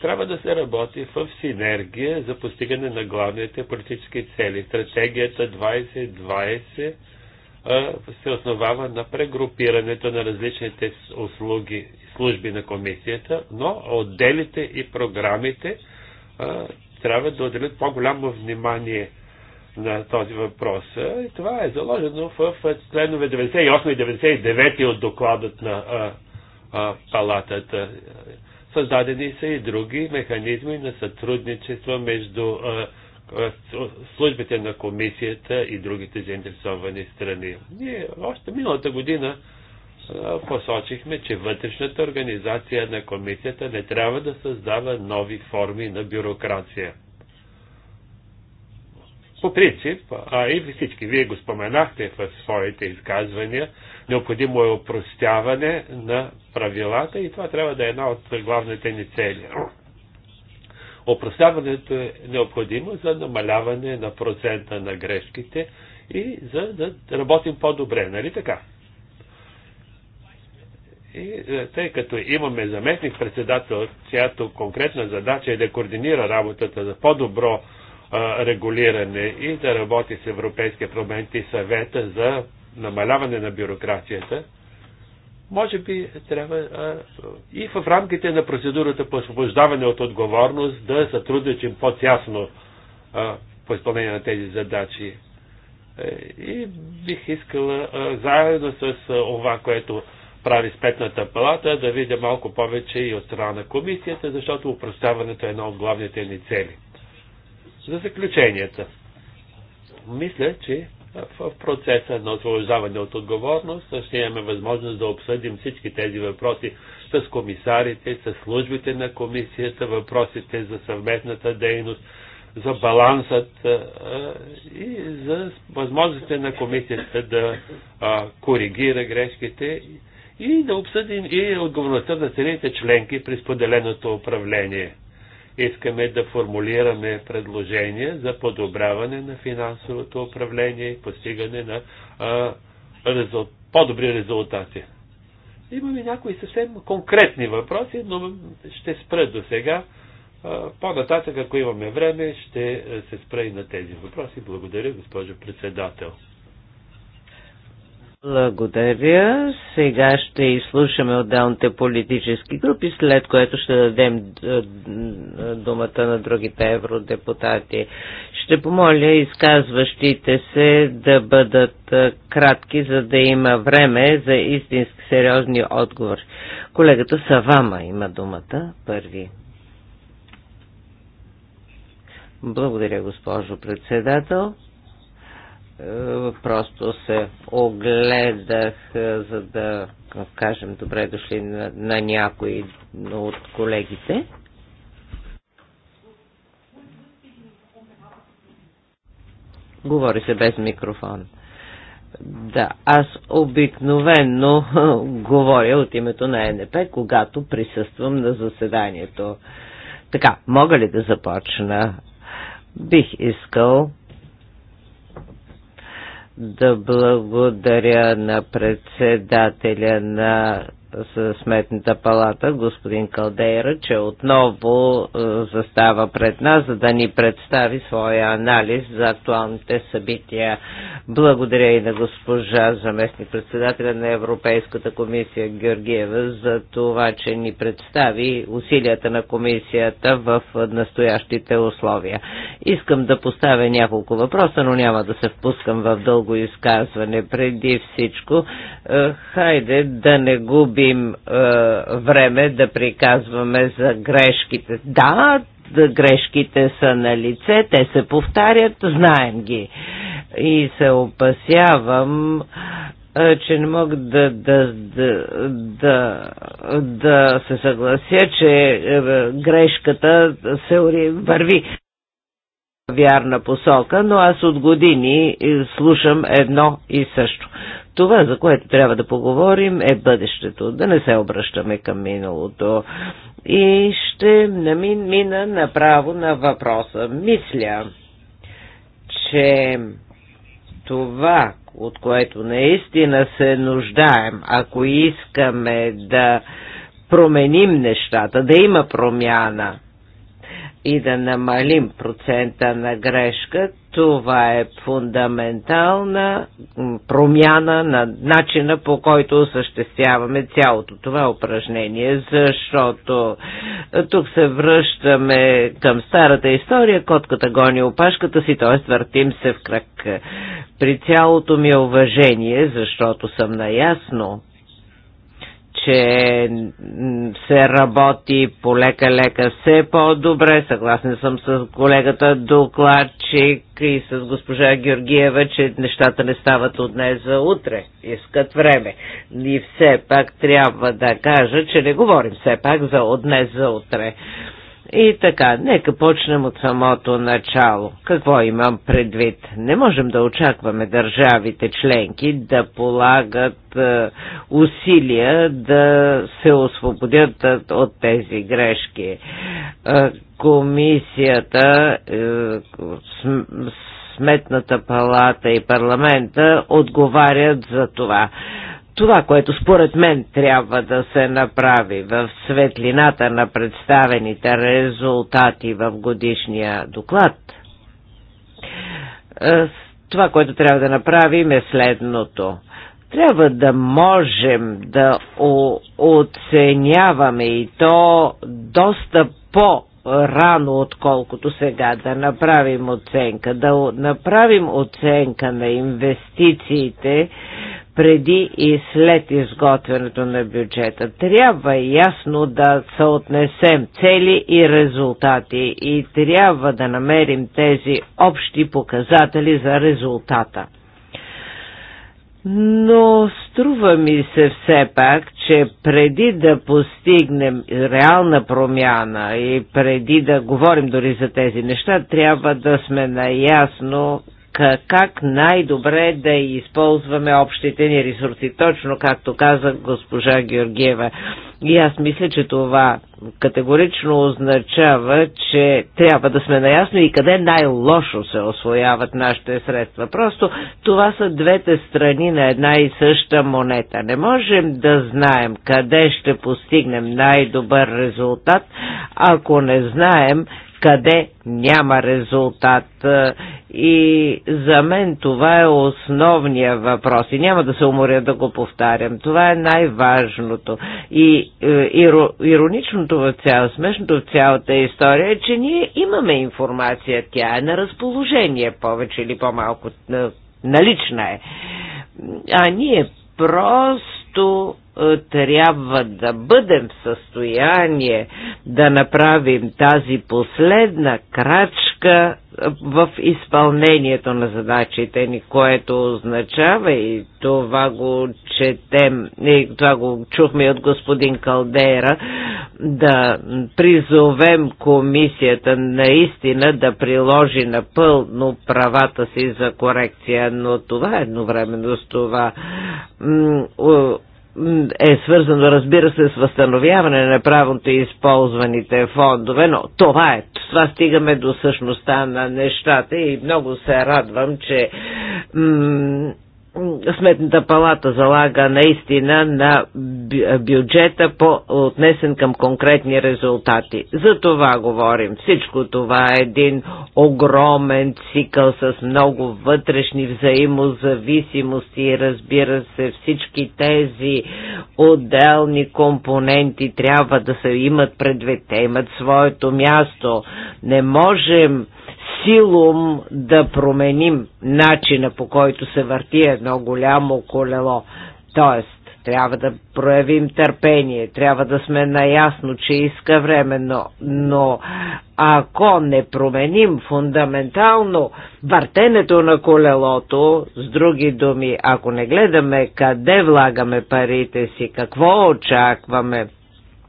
S3: Трябва да се работи в синергия за постигане на главните политически цели. Стратегията 2020 се основава на прегрупирането на различните услуги и служби на комисията, но отделите и програмите трябва да отделят по-голямо внимание на този въпрос. И това е заложено в членове 98 и 99 от докладът на палатата. Създадени са и други механизми на сътрудничество между службите на комисията и другите заинтересовани страни. Ние още миналата година посочихме, че вътрешната организация на комисията не трябва да създава нови форми на бюрокрация. По принцип, а и всички вие го споменахте в своите изказвания, Необходимо е опростяване на правилата и това трябва да е една от главните ни цели. Опростяването е необходимо за намаляване на процента на грешките и за да работим по-добре, нали така? И е, тъй като имаме заместник председател, чиято конкретна задача е да координира работата за по-добро е, регулиране и да работи с Европейския парламент и съвета за намаляване на бюрокрацията, може би трябва а, и в рамките на процедурата по освобождаване от отговорност да сътрудничим по-тясно по изпълнение на тези задачи. Е, и бих искала а, заедно с а, това, което прави Спетната палата, да видя малко повече и от страна на комисията, защото упростяването е една от главните ни цели. За заключенията. Мисля, че в процеса на освобождаване от отговорност ще имаме възможност да обсъдим всички тези въпроси с комисарите, с службите на комисията, въпросите за съвместната дейност, за балансът и за възможностите на комисията да коригира грешките и да обсъдим и отговорността на страните членки при споделеното управление искаме да формулираме предложения за подобряване на финансовото управление и постигане на а, резул... по-добри резултати. Имаме някои съвсем конкретни въпроси, но ще спра до сега. По-нататък, ако имаме време, ще се спра и на тези въпроси. Благодаря, госпожо председател.
S1: Благодаря. Сега ще изслушаме отделните политически групи, след което ще дадем е, думата на другите евродепутати. Ще помоля изказващите се да бъдат е, кратки, за да има време за истински сериозни отговори. Колегата Савама има думата първи. Благодаря, госпожо председател просто се огледах, е, за да кажем добре дошли на, на някои от колегите. Говори се без микрофон. Да, аз обикновенно говоря от името на НП, когато присъствам на заседанието. Така, мога ли да започна? Бих искал да благодаря на председателя на с Сметната палата, господин Калдейра, че отново е, застава пред нас, за да ни представи своя анализ за актуалните събития. Благодаря и на госпожа заместник председателя на Европейската комисия Георгиева за това, че ни представи усилията на комисията в настоящите условия. Искам да поставя няколко въпроса, но няма да се впускам в дълго изказване. Преди всичко, е, хайде да не губим губим е, време да приказваме за грешките. Да, грешките са на лице, те се повтарят, знаем ги. И се опасявам, е, че не мога да, да, да, да, да се съглася, че е, грешката се върви вярна посока, но аз от години е, слушам едно и също. Това, за което трябва да поговорим, е бъдещето. Да не се обръщаме към миналото. И ще намин, мина направо на въпроса. Мисля, че това, от което наистина се нуждаем, ако искаме да променим нещата, да има промяна, и да намалим процента на грешка, това е фундаментална промяна на начина по който осъществяваме цялото това упражнение, защото тук се връщаме към старата история, котката гони опашката си, т.е. въртим се в кръг. При цялото ми уважение, защото съм наясно, че се работи полека-лека все по-добре. Съгласен съм с колегата докладчик и с госпожа Георгиева, че нещата не стават от днес за утре. Искат време. И все пак трябва да кажа, че не говорим все пак за от днес за утре. И така, нека почнем от самото начало. Какво имам предвид? Не можем да очакваме държавите членки да полагат е, усилия да се освободят от тези грешки. Е, комисията е, Сметната палата и парламента отговарят за това това, което според мен трябва да се направи в светлината на представените резултати в годишния доклад, е, това, което трябва да направим е следното. Трябва да можем да оценяваме и то доста по рано, отколкото сега, да направим оценка, да направим оценка на инвестициите преди и след изготвянето на бюджета. Трябва ясно да съотнесем цели и резултати и трябва да намерим тези общи показатели за резултата. Но струва ми се все пак, че преди да постигнем реална промяна и преди да говорим дори за тези неща, трябва да сме наясно как най-добре да използваме общите ни ресурси, точно както каза госпожа Георгиева. И аз мисля, че това категорично означава, че трябва да сме наясно и къде най-лошо се освояват нашите средства. Просто това са двете страни на една и съща монета. Не можем да знаем къде ще постигнем най-добър резултат, ако не знаем къде няма резултат. И за мен това е основния въпрос. И няма да се уморя да го повтарям. Това е най-важното. И е, иро, иронично смешното в цяло, смешното в цялата история е, че ние имаме информация. Тя е на разположение, повече или по-малко налична е. А ние просто е, трябва да бъдем в състояние да направим тази последна крачка пречка в изпълнението на задачите ни, което означава и това го четем, и това го чухме от господин Калдера, да призовем комисията наистина да приложи напълно правата си за корекция, но това едновременно с това е свързано, разбира се, с възстановяване на правото и използваните фондове, но това е. Това стигаме до същността на нещата и много се радвам, че Сметната палата залага наистина на бюджета по отнесен към конкретни резултати. За това говорим. Всичко това е един огромен цикъл с много вътрешни взаимозависимости разбира се всички тези отделни компоненти трябва да се имат предвид. Те имат своето място. Не можем силум да променим начина по който се върти едно голямо колело. Тоест, трябва да проявим търпение, трябва да сме наясно, че иска време, но, но ако не променим фундаментално въртенето на колелото, с други думи, ако не гледаме къде влагаме парите си, какво очакваме,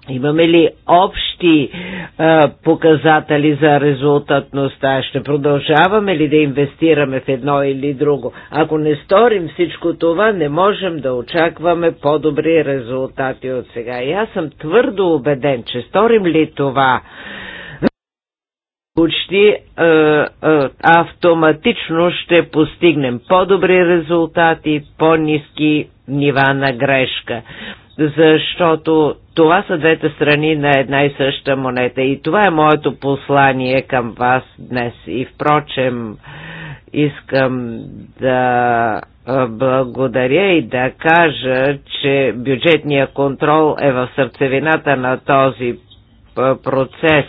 S1: Имаме ли общи а, показатели за резултатността? Ще продължаваме ли да инвестираме в едно или друго? Ако не сторим всичко това, не можем да очакваме по-добри резултати от сега. И аз съм твърдо убеден, че сторим ли това, почти а, а, автоматично ще постигнем по-добри резултати, по-низки нива на грешка защото това са двете страни на една и съща монета. И това е моето послание към вас днес. И впрочем, искам да благодаря и да кажа, че бюджетния контрол е в сърцевината на този процес,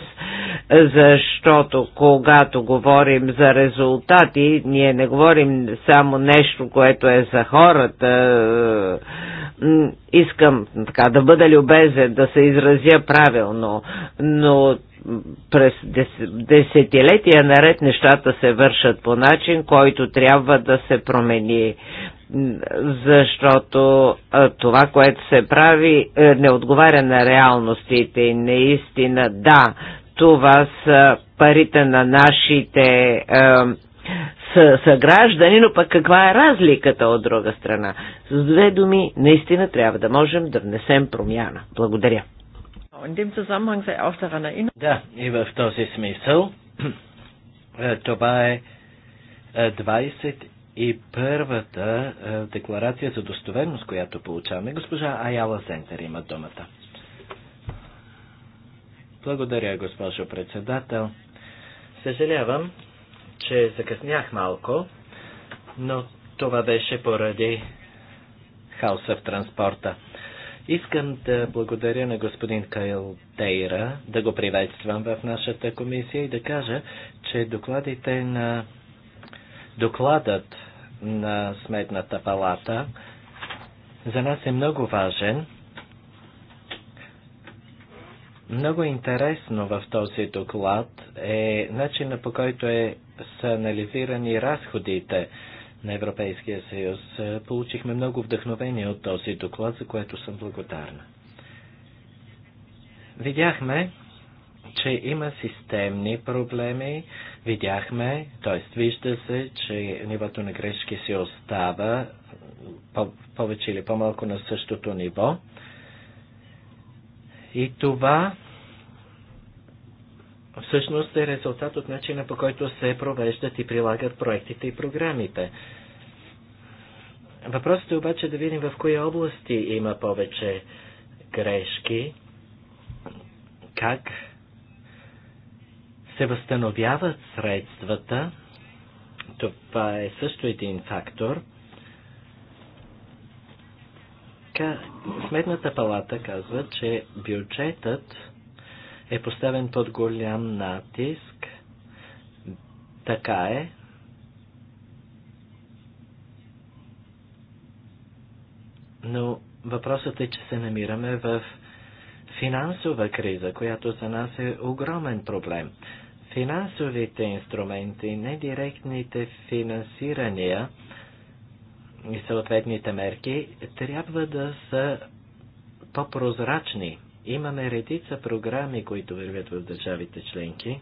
S1: защото когато говорим за резултати, ние не говорим само нещо, което е за хората. Искам така да бъда любезен, да се изразя правилно, но през десетилетия наред нещата се вършат по начин, който трябва да се промени защото това, което се прави, е, не отговаря на реалностите и наистина да, това са парите на нашите е, съграждани, но пък каква е разликата от друга страна? С две думи, наистина трябва да можем да внесем промяна. Благодаря.
S2: Да, и в този смисъл това е 21-та декларация за достоверност, която получаваме. Госпожа Аяла Зентер има думата. Благодаря, госпожо председател. Съжалявам, че закъснях малко, но това беше поради хаоса в транспорта. Искам да благодаря на господин Кайл Тейра, да го приветствам в нашата комисия и да кажа, че докладите на докладът на Сметната палата за нас е много важен. Много интересно в този доклад е начина по който е, са анализирани разходите на Европейския съюз. Е, получихме много вдъхновение от този доклад, за което съм благодарна. Видяхме, че има системни проблеми, видяхме, т.е. вижда се, че нивото на грешки се остава по повече или по-малко на същото ниво. И това всъщност е резултат от начина по който се провеждат и прилагат проектите и програмите. Въпросът е обаче да видим в кои области има повече грешки, как се възстановяват средствата. Това е също един фактор. Сметната палата казва, че бюджетът е поставен под голям натиск. Така е. Но въпросът е, че се намираме в финансова криза, която за нас е огромен проблем. Финансовите инструменти, недиректните финансирания и съответните мерки трябва да са по-прозрачни Имаме редица програми, които вървят в държавите членки.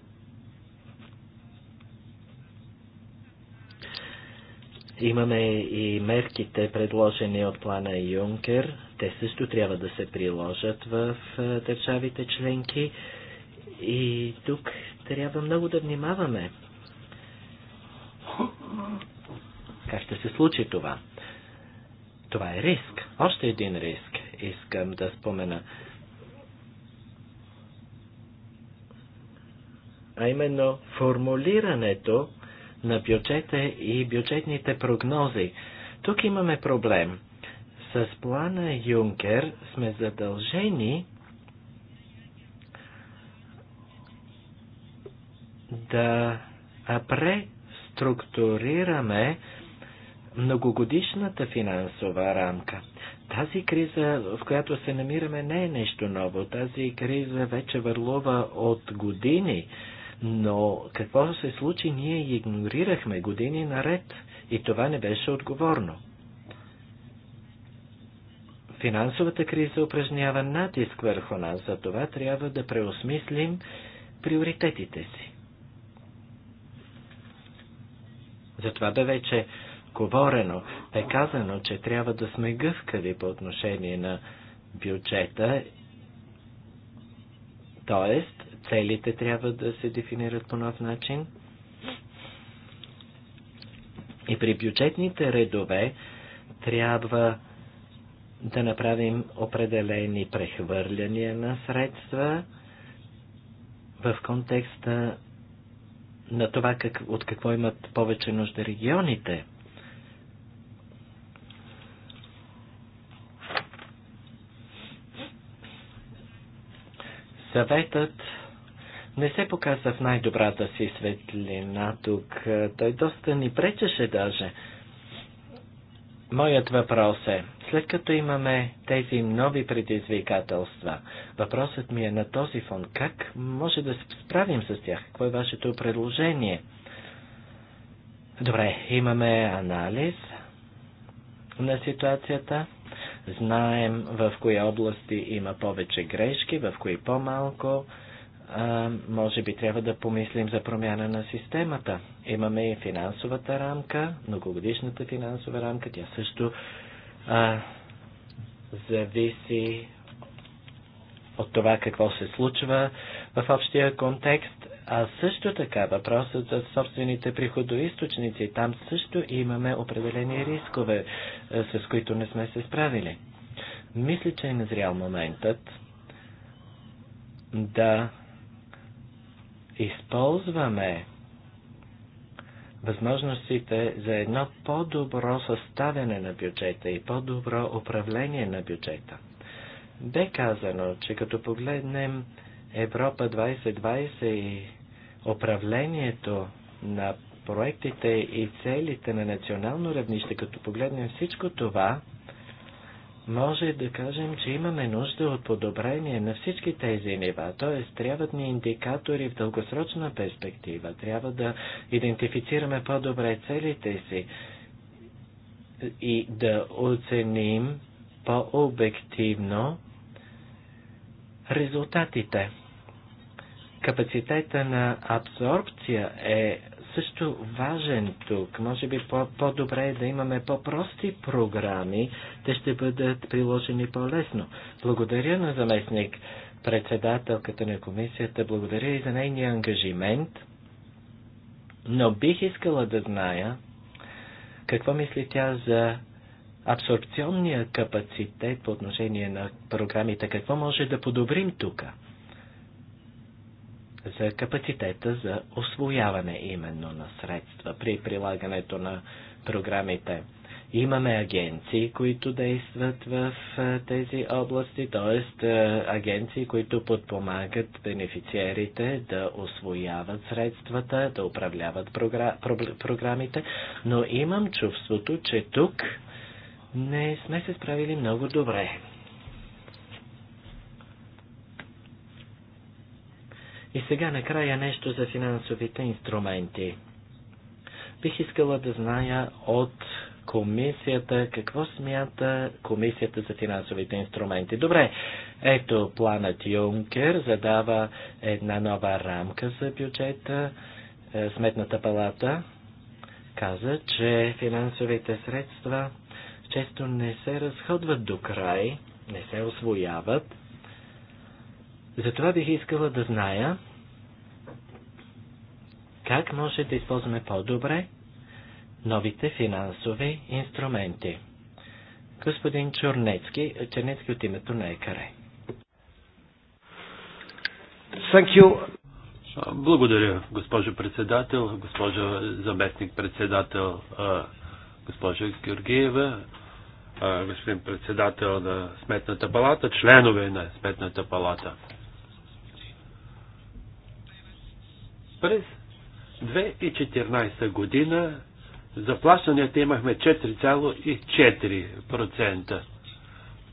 S2: Имаме и мерките, предложени от плана Юнкер. Те също трябва да се приложат в държавите членки. И тук трябва много да внимаваме. Как ще се случи това? Това е риск. Още един риск искам да спомена. а именно формулирането на бюджета и бюджетните прогнози. Тук имаме проблем. С плана Юнкер сме задължени да преструктурираме многогодишната финансова рамка. Тази криза, в която се намираме, не е нещо ново. Тази криза вече върлува от години. Но какво се случи, ние игнорирахме години наред и това не беше отговорно. Финансовата криза упражнява натиск върху нас, за това трябва да преосмислим приоритетите си. Затова бе вече говорено, бе казано, че трябва да сме гъвкави по отношение на бюджета, т.е целите трябва да се дефинират по нов начин. И при бюджетните редове трябва да направим определени прехвърляния на средства в контекста на това как, от какво имат повече нужда регионите. Съветът не се показа в най-добрата си светлина тук. Той доста ни пречеше даже. Моят въпрос е, след като имаме тези нови предизвикателства, въпросът ми е на този фон, как може да се справим с тях? Какво е вашето предложение? Добре, имаме анализ на ситуацията. Знаем в кои области има повече грешки, в кои по-малко а, може би трябва да помислим за промяна на системата. Имаме и финансовата рамка, многогодишната финансова рамка, тя също а, зависи от това какво се случва в общия контекст, а също така въпросът за собствените приходоисточници. Там също имаме определени рискове, с които не сме се справили. Мисля, че е назрял моментът да използваме възможностите за едно по-добро съставяне на бюджета и по-добро управление на бюджета. Бе казано, че като погледнем Европа 2020 и управлението на проектите и целите на национално равнище, като погледнем всичко това, може да кажем, че имаме нужда от подобрение на всички тези нива, т.е. трябват ни индикатори в дългосрочна перспектива, трябва да идентифицираме по-добре целите си и да оценим по-обективно резултатите. Капацитета на абсорбция е също важен тук. Може би по-добре -по е да имаме по-прости програми. Те ще бъдат приложени по-лесно. Благодаря на заместник председателката на комисията. Благодаря и за нейния ангажимент. Но бих искала да зная какво мисли тя за абсорбционния капацитет по отношение на програмите. Какво може да подобрим тук? за капацитета за освояване именно на средства при прилагането на програмите. Имаме агенции, които действат в тези области, т.е. агенции, които подпомагат бенефициерите да освояват средствата, да управляват програмите, но имам чувството, че тук не сме се справили много добре. И сега накрая нещо за финансовите инструменти. Бих искала да зная от комисията, какво смята комисията за финансовите инструменти. Добре, ето планът Юнкер задава една нова рамка за бюджета. Е, Сметната палата каза, че финансовите средства често не се разходват до край, не се освояват. Затова бих искала да зная как може да използваме по-добре новите финансови инструменти? Господин Чернецки, Чернецки от името на ЕКАРЕ.
S3: Благодаря, госпожо председател, госпожо заместник председател, госпожо Георгиева, господин председател на Сметната палата, членове на Сметната палата. През 2014 година заплащанията имахме 4,4%.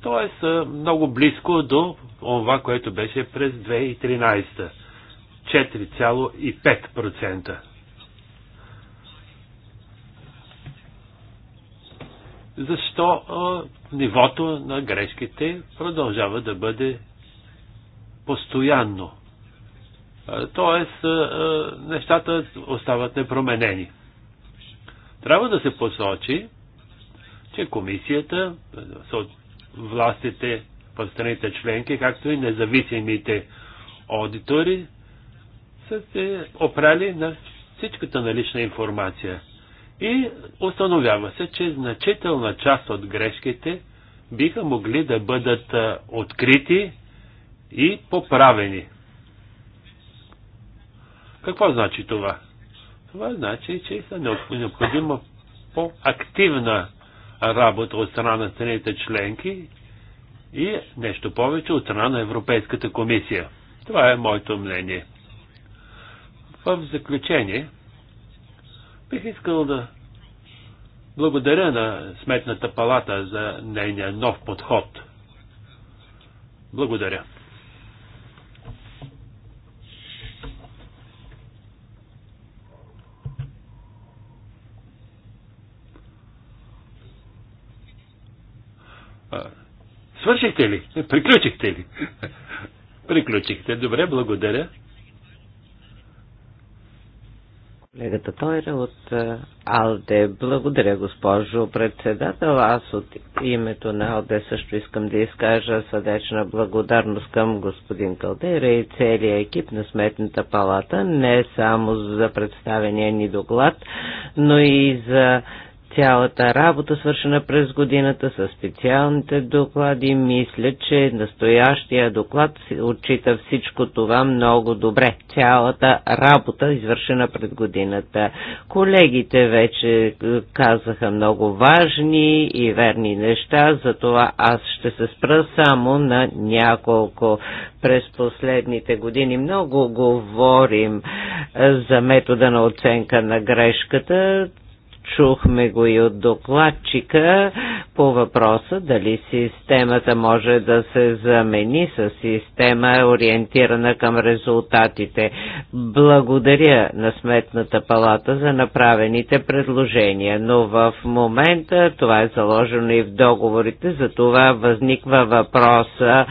S3: Тоест много близко до това, което беше през 2013. 4,5%. Защо а, нивото на грешките продължава да бъде постоянно? Тоест, нещата остават непроменени. Трябва да се посочи, че комисията, властите в страните членки, както и независимите аудитори, са се опрали на всичката налична информация. И установява се, че значителна част от грешките биха могли да бъдат открити и поправени. Какво значи това? Това значи, че са необходима по-активна работа от страна на страните членки и нещо повече от страна на Европейската комисия. Това е моето мнение. В заключение, бих искал да благодаря на Сметната палата за нейния нов подход. Благодаря. Свършихте ли? Е, приключихте ли? Приключихте. Добре, благодаря.
S1: Колегата Тойра от Алде. Благодаря, госпожо председател. Аз от името на Алде също искам да изкажа сърдечна благодарност към господин Калдера и целия екип на Сметната палата, не само за представения ни доклад, но и за цялата работа, свършена през годината с специалните доклади. Мисля, че настоящия доклад отчита всичко това много добре. Цялата работа, извършена пред годината. Колегите вече е, казаха много важни и верни неща, затова аз ще се спра само на няколко. През последните години много говорим е, за метода на оценка на грешката чухме го и от докладчика по въпроса дали системата може да се замени с система ориентирана към резултатите. Благодаря на Сметната палата за направените предложения, но в момента това е заложено и в договорите, за това възниква въпроса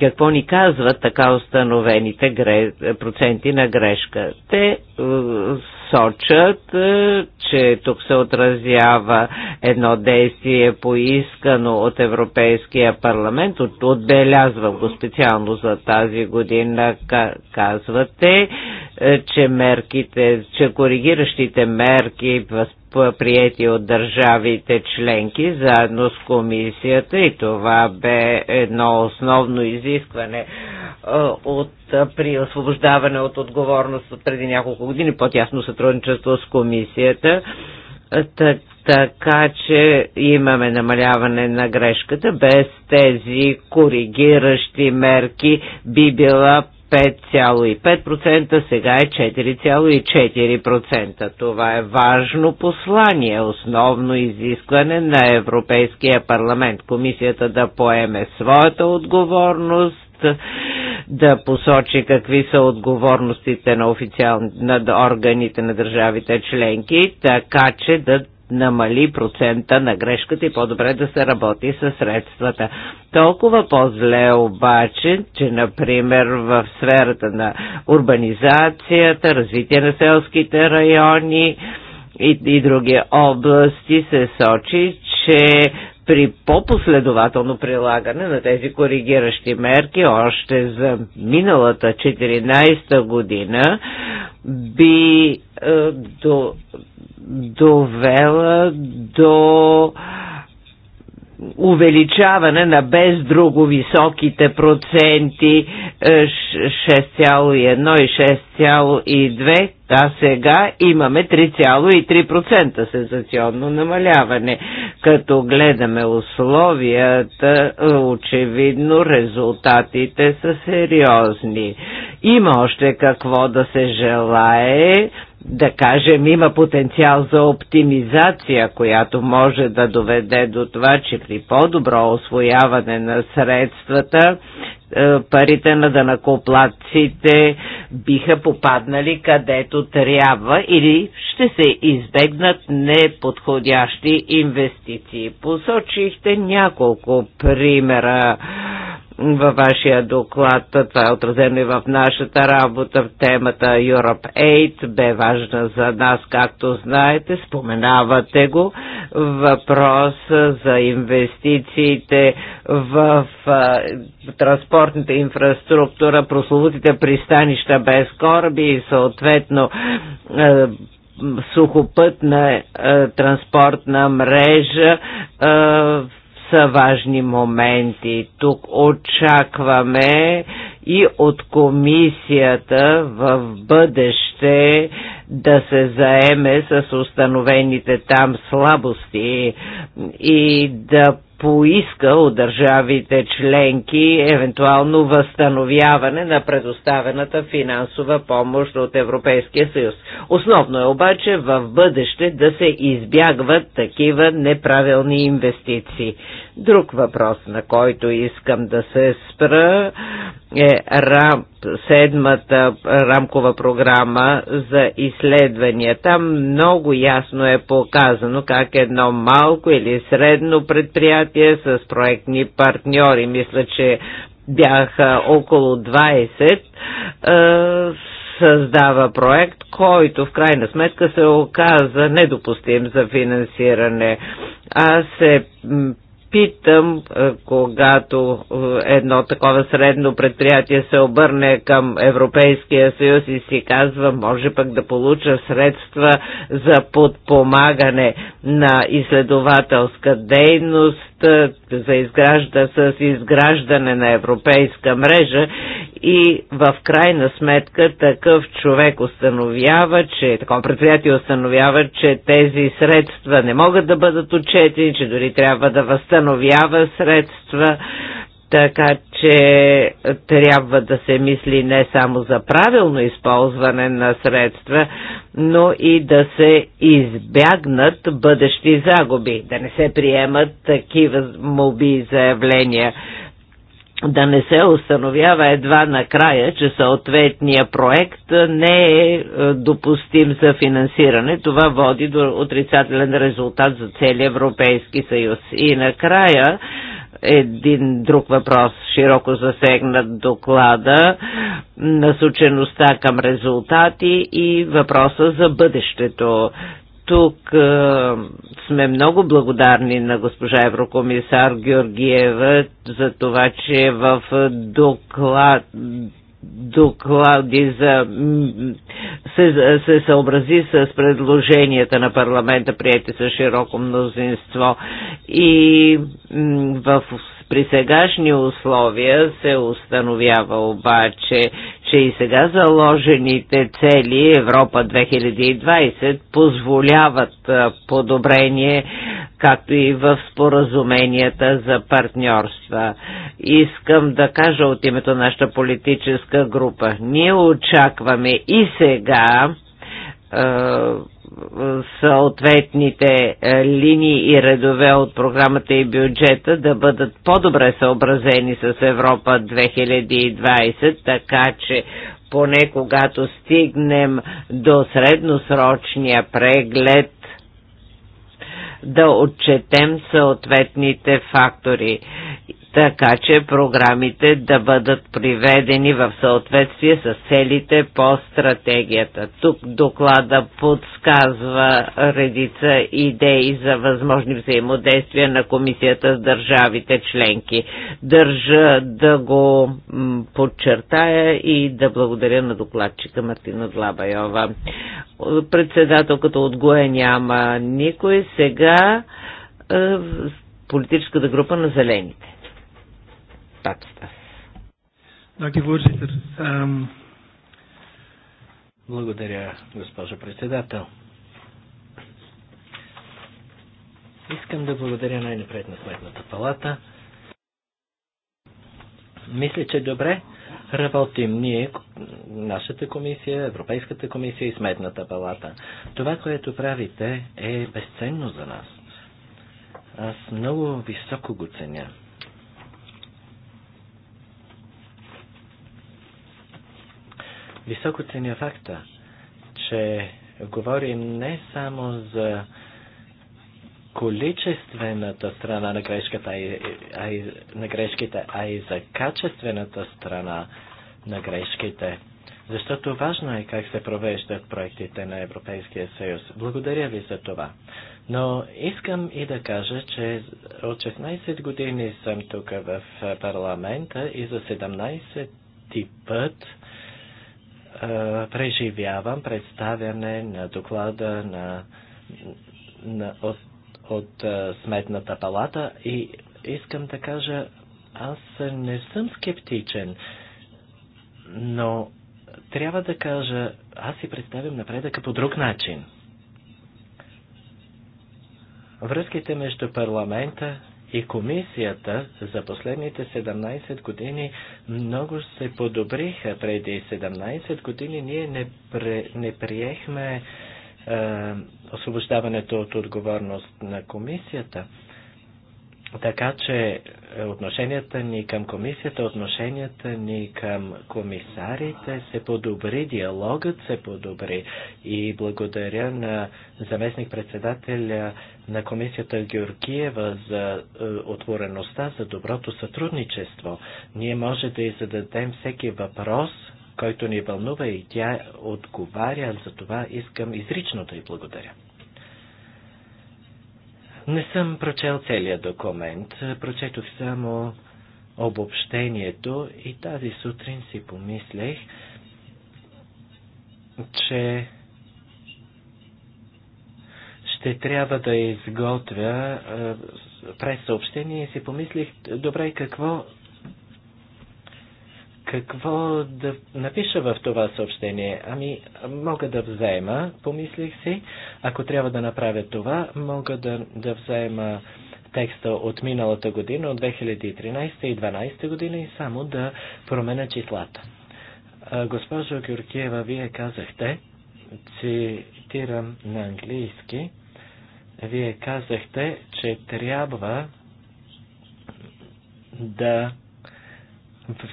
S1: какво ни казват така установените проценти на грешка. Те е, сочат, е, че тук се отразява едно действие поискано от Европейския парламент. От, отбелязвам го специално за тази година. Казвате, е, че мерките, че коригиращите мерки, приети от държавите членки, заедно с комисията, и това бе едно основно изискване е, от, при освобождаване от отговорност преди няколко години, по-тясно сътрудничество с комисията, така че имаме намаляване на грешката. Без тези коригиращи мерки би била 5,5%, сега е 4,4%. Това е важно послание, основно изискване на Европейския парламент. Комисията да поеме своята отговорност да посочи какви са отговорностите на, официал... на органите на държавите членки, така че да намали процента на грешката и по-добре да се работи с средствата. Толкова по-зле обаче, че например в сферата на урбанизацията, развитие на селските райони и, и други области се сочи, че при по-последователно прилагане на тези коригиращи мерки още за миналата 14 та година би е, до, довела до увеличаване на без друго високите проценти 6,1 е, и 6,2, а сега имаме 3,3% сезационно намаляване. Като гледаме условията, е, очевидно резултатите са сериозни. Има още какво да се желае да кажем, има потенциал за оптимизация, която може да доведе до това, че при по-добро освояване на средствата е, парите на данакоплатците биха попаднали където трябва или ще се избегнат неподходящи инвестиции. Посочихте няколко примера във вашия доклад. Това е отразено и в нашата работа в темата Europe Aid. Бе важна за нас, както знаете. Споменавате го. Въпрос за инвестициите в транспорт транспортната инфраструктура, прословутите пристанища без кораби и съответно е, сухопътна е, транспортна мрежа е, са важни моменти. Тук очакваме и от комисията в бъдеще да се заеме с установените там слабости и да поиска от държавите членки евентуално възстановяване на предоставената финансова помощ от Европейския съюз. Основно е обаче в бъдеще да се избягват такива неправилни инвестиции. Друг въпрос, на който искам да се спра, е рам, седмата рамкова програма за изследвания. Там много ясно е показано как едно малко или средно предприятие с проектни партньори, мисля, че бяха около 20, създава проект, който в крайна сметка се оказа недопустим за финансиране. Аз се питам, е, когато е, едно такова средно предприятие се обърне към Европейския съюз и си казва, може пък да получа средства за подпомагане на изследователска дейност, за изгражда, с изграждане на европейска мрежа и в крайна сметка такъв човек установява, че такова предприятие установява, че тези средства не могат да бъдат отчетени, че дори трябва да възстановява средства така че трябва да се мисли не само за правилно използване на средства, но и да се избягнат бъдещи загуби, да не се приемат такива моби и заявления да не се установява едва накрая, че съответния проект не е, е допустим за финансиране. Това води до отрицателен резултат за целия Европейски съюз. И накрая един друг въпрос, широко засегнат доклада, насочеността към резултати и въпроса за бъдещето. Тук е, сме много благодарни на госпожа Еврокомисар Георгиева за това, че е в доклад доклади за, се, се съобрази с предложенията на парламента, прияти с широко мнозинство и в при сегашни условия се установява обаче, че и сега заложените цели Европа 2020 позволяват подобрение, както и в споразуменията за партньорства. Искам да кажа от името на нашата политическа група. Ние очакваме и сега съответните е, линии и редове от програмата и бюджета да бъдат по-добре съобразени с Европа 2020, така че поне когато стигнем до средносрочния преглед, да отчетем съответните фактори така че програмите да бъдат приведени в съответствие с целите по стратегията. Тук доклада подсказва редица идеи за възможни взаимодействия на комисията с държавите членки. Държа да го подчертая и да благодаря на докладчика Мартина Длабайова. Председателката от ГУЕ няма никой. Сега е, политическата група на зелените
S2: резултатите. Благодаря, госпожо председател. Искам да благодаря най-напред на Сметната палата. Мисля, че добре работим ние, нашата комисия, Европейската комисия и Сметната палата. Това, което правите, е безценно за нас. Аз много високо го ценя. Високо ценя факта, че говорим не само за количествената страна на грешката, а и, на грешките, а и за качествената страна на грешките. Защото важно е как се провеждат проектите на Европейския съюз. Благодаря ви за това. Но искам и да кажа, че от 16 години съм тук в парламента и за 17 път е, преживявам представяне на доклада на, на, от, от е, Сметната палата и искам да кажа, аз не съм скептичен, но трябва да кажа, аз си представям напредъка по друг начин. Връзките между парламента и комисията за последните 17 години много се подобриха. Преди 17 години ние не, пре, не приехме е, освобождаването от отговорност на комисията. Така че е, отношенията ни към комисията, отношенията ни към комисарите се подобри, диалогът се подобри и благодаря на заместник-председателя на комисията Георгиева за е, отвореността, за доброто сътрудничество. Ние може да и зададем всеки въпрос, който ни вълнува и тя отговаря, за това искам изрично да й благодаря. Не съм прочел целият документ, прочетох само обобщението и тази сутрин си помислех, че ще трябва да изготвя през съобщение и си помислих, добре, какво какво да напиша в това съобщение? Ами, мога да взема, помислих си, ако трябва да направя това, мога да, да взема текста от миналата година, от 2013 и 2012 година и само да променя числата. Госпожо Георгиева, вие казахте, цитирам на английски, вие казахте, че трябва да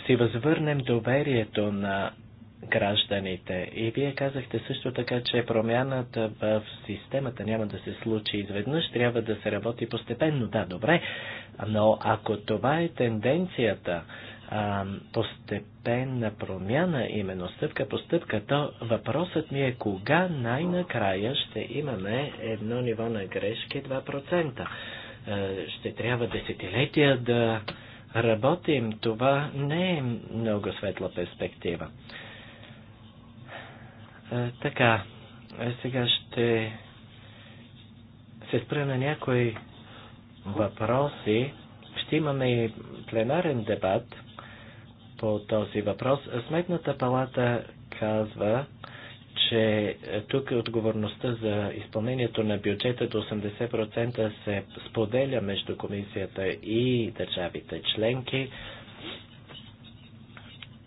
S2: си възвърнем доверието на гражданите. И вие казахте също така, че промяната в системата няма да се случи изведнъж, трябва да се работи постепенно. Да, добре, но ако това е тенденцията, постепенна промяна, именно стъпка по стъпка, то въпросът ми е кога най-накрая ще имаме едно ниво на грешки 2%. Ще трябва десетилетия да работим, това не е много светла перспектива. Е, така, е, сега ще се спра на някои въпроси. Ще имаме и пленарен дебат по този въпрос. Сметната палата казва, че е, тук е отговорността за изпълнението на бюджета до 80% се споделя между комисията и държавите членки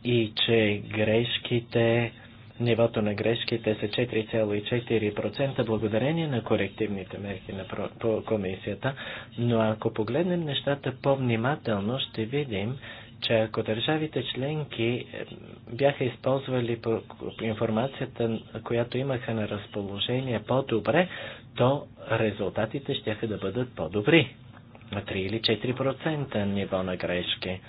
S2: и че грешките, нивото на грешките са 4,4% благодарение на корективните мерки на комисията, но ако погледнем нещата по-внимателно, ще видим, че ако държавите членки е, бяха използвали информацията, която имаха на разположение по-добре, то резултатите ще да бъдат по-добри. На 3 или 4% ниво на грешки.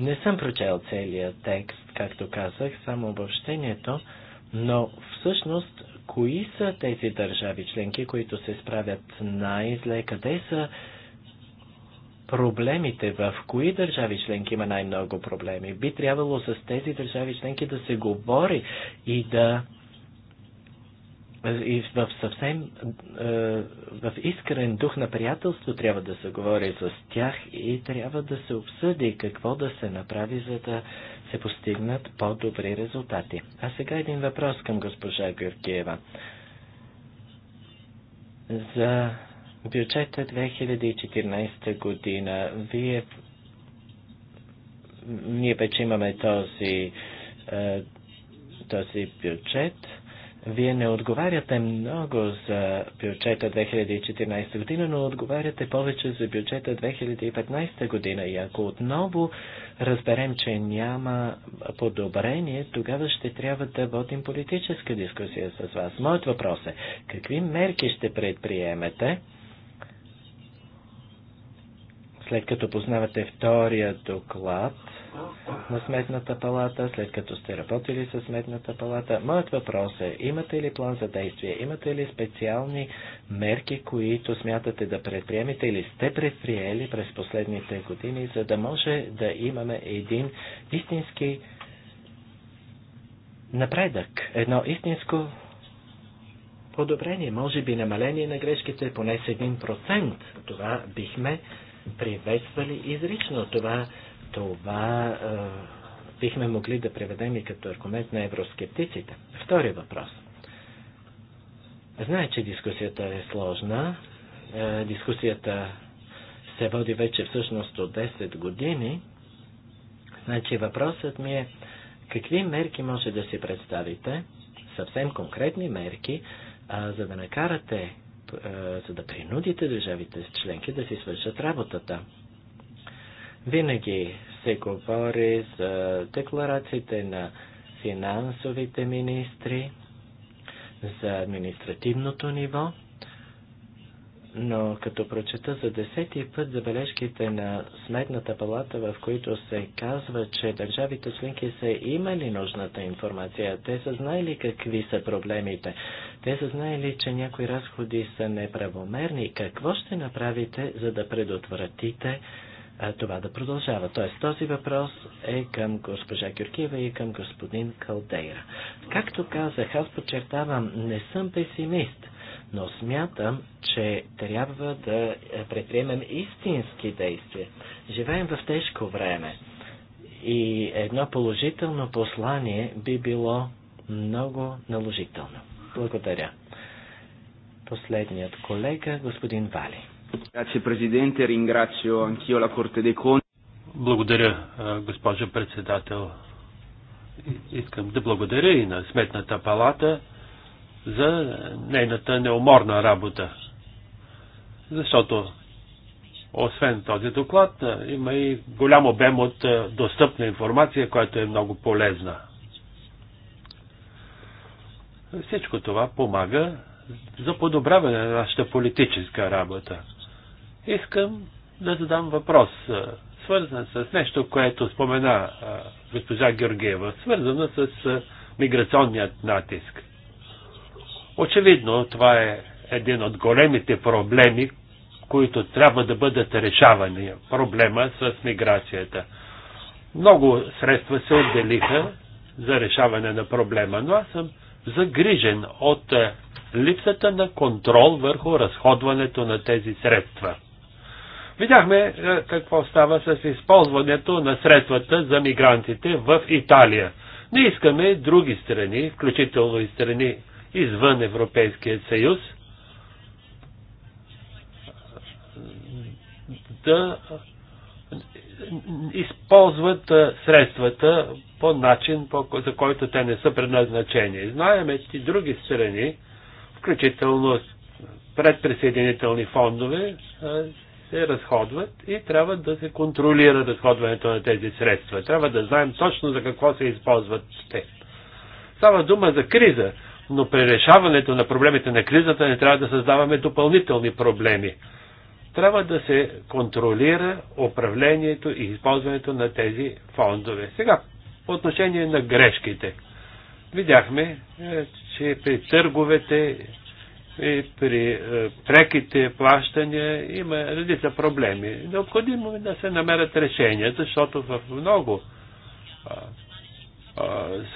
S2: Не съм прочел целият текст, както казах, само обобщението, но всъщност кои са тези държави членки, които се справят най-зле, къде са проблемите, в кои държави членки има най-много проблеми. Би трябвало с тези държави членки да се говори и да и в съвсем е, в искрен дух на приятелство трябва да се говори с тях и трябва да се обсъди какво да се направи, за да се постигнат по-добри резултати. А сега един въпрос към госпожа Георгиева. За Бюджета 2014 година, вие, ние вече имаме този, е, този бюджет. Вие не отговаряте много за бюджета 2014 година, но отговаряте повече за бюджета 2015 година. И ако отново разберем, че няма подобрение, тогава ще трябва да водим политическа дискусия с вас. Моят въпрос е, какви мерки ще предприемете, след като познавате втория доклад на Сметната палата, след като сте работили с Сметната палата, моят въпрос е, имате ли план за действие, имате ли специални мерки, които смятате да предприемете или сте предприели през последните години, за да може да имаме един истински напредък, едно истинско подобрение, може би намаление на грешките поне с 1%. Това бихме приветствали изрично това. Това е, бихме могли да преведем и като аргумент на евроскептиците. Втори въпрос. Знае, че дискусията е сложна. Е, дискусията се води вече всъщност от 10 години. Значи въпросът ми е какви мерки може да си представите, съвсем конкретни мерки, а, за да накарате е, за да принудите държавите членки да си свършат работата. Винаги се говори за декларациите на финансовите министри, за административното ниво – но като прочета за десети път забележките на Сметната палата, в които се казва, че държавите членки са имали нужната информация, те са знаели какви са проблемите, те са знаели, че някои разходи са неправомерни, какво ще направите, за да предотвратите а, това да продължава? Тоест, този въпрос е към госпожа Кюркиева и към господин Калдейра. Както казах, аз подчертавам, не съм песимист – но смятам, че трябва да предприемем истински действия. Живеем в тежко време и едно положително послание би било много наложително. Благодаря. Последният колега,
S3: господин Вали. Благодаря, госпожо председател. Искам да благодаря и на Сметната палата за нейната неуморна работа. Защото освен този доклад, има и голям обем от достъпна информация, която е много полезна. Всичко това помага за подобряване на нашата политическа работа. Искам да задам въпрос, свързан с нещо, което спомена госпожа Георгиева, свързано с миграционният натиск. Очевидно, това е един от големите проблеми, които трябва да бъдат решавани. Проблема с миграцията. Много средства се отделиха за решаване на проблема, но аз съм загрижен от е, липсата на контрол върху разходването на тези средства. Видяхме е, какво става с използването на средствата за мигрантите в Италия. Не искаме други страни, включително и страни извън Европейския съюз, да използват средствата по начин, за който те не са предназначени. Знаеме, че други страни, включително предприсъединителни фондове, се разходват и трябва да се контролира разходването на тези средства. Трябва да знаем точно за какво се използват те. Става дума за криза но при решаването на проблемите на кризата не трябва да създаваме допълнителни проблеми. Трябва да се контролира управлението и използването на тези фондове. Сега, по отношение на грешките. Видяхме, е, че при търговете и при е, преките плащания има редица проблеми. Необходимо е да се намерят решения, защото в много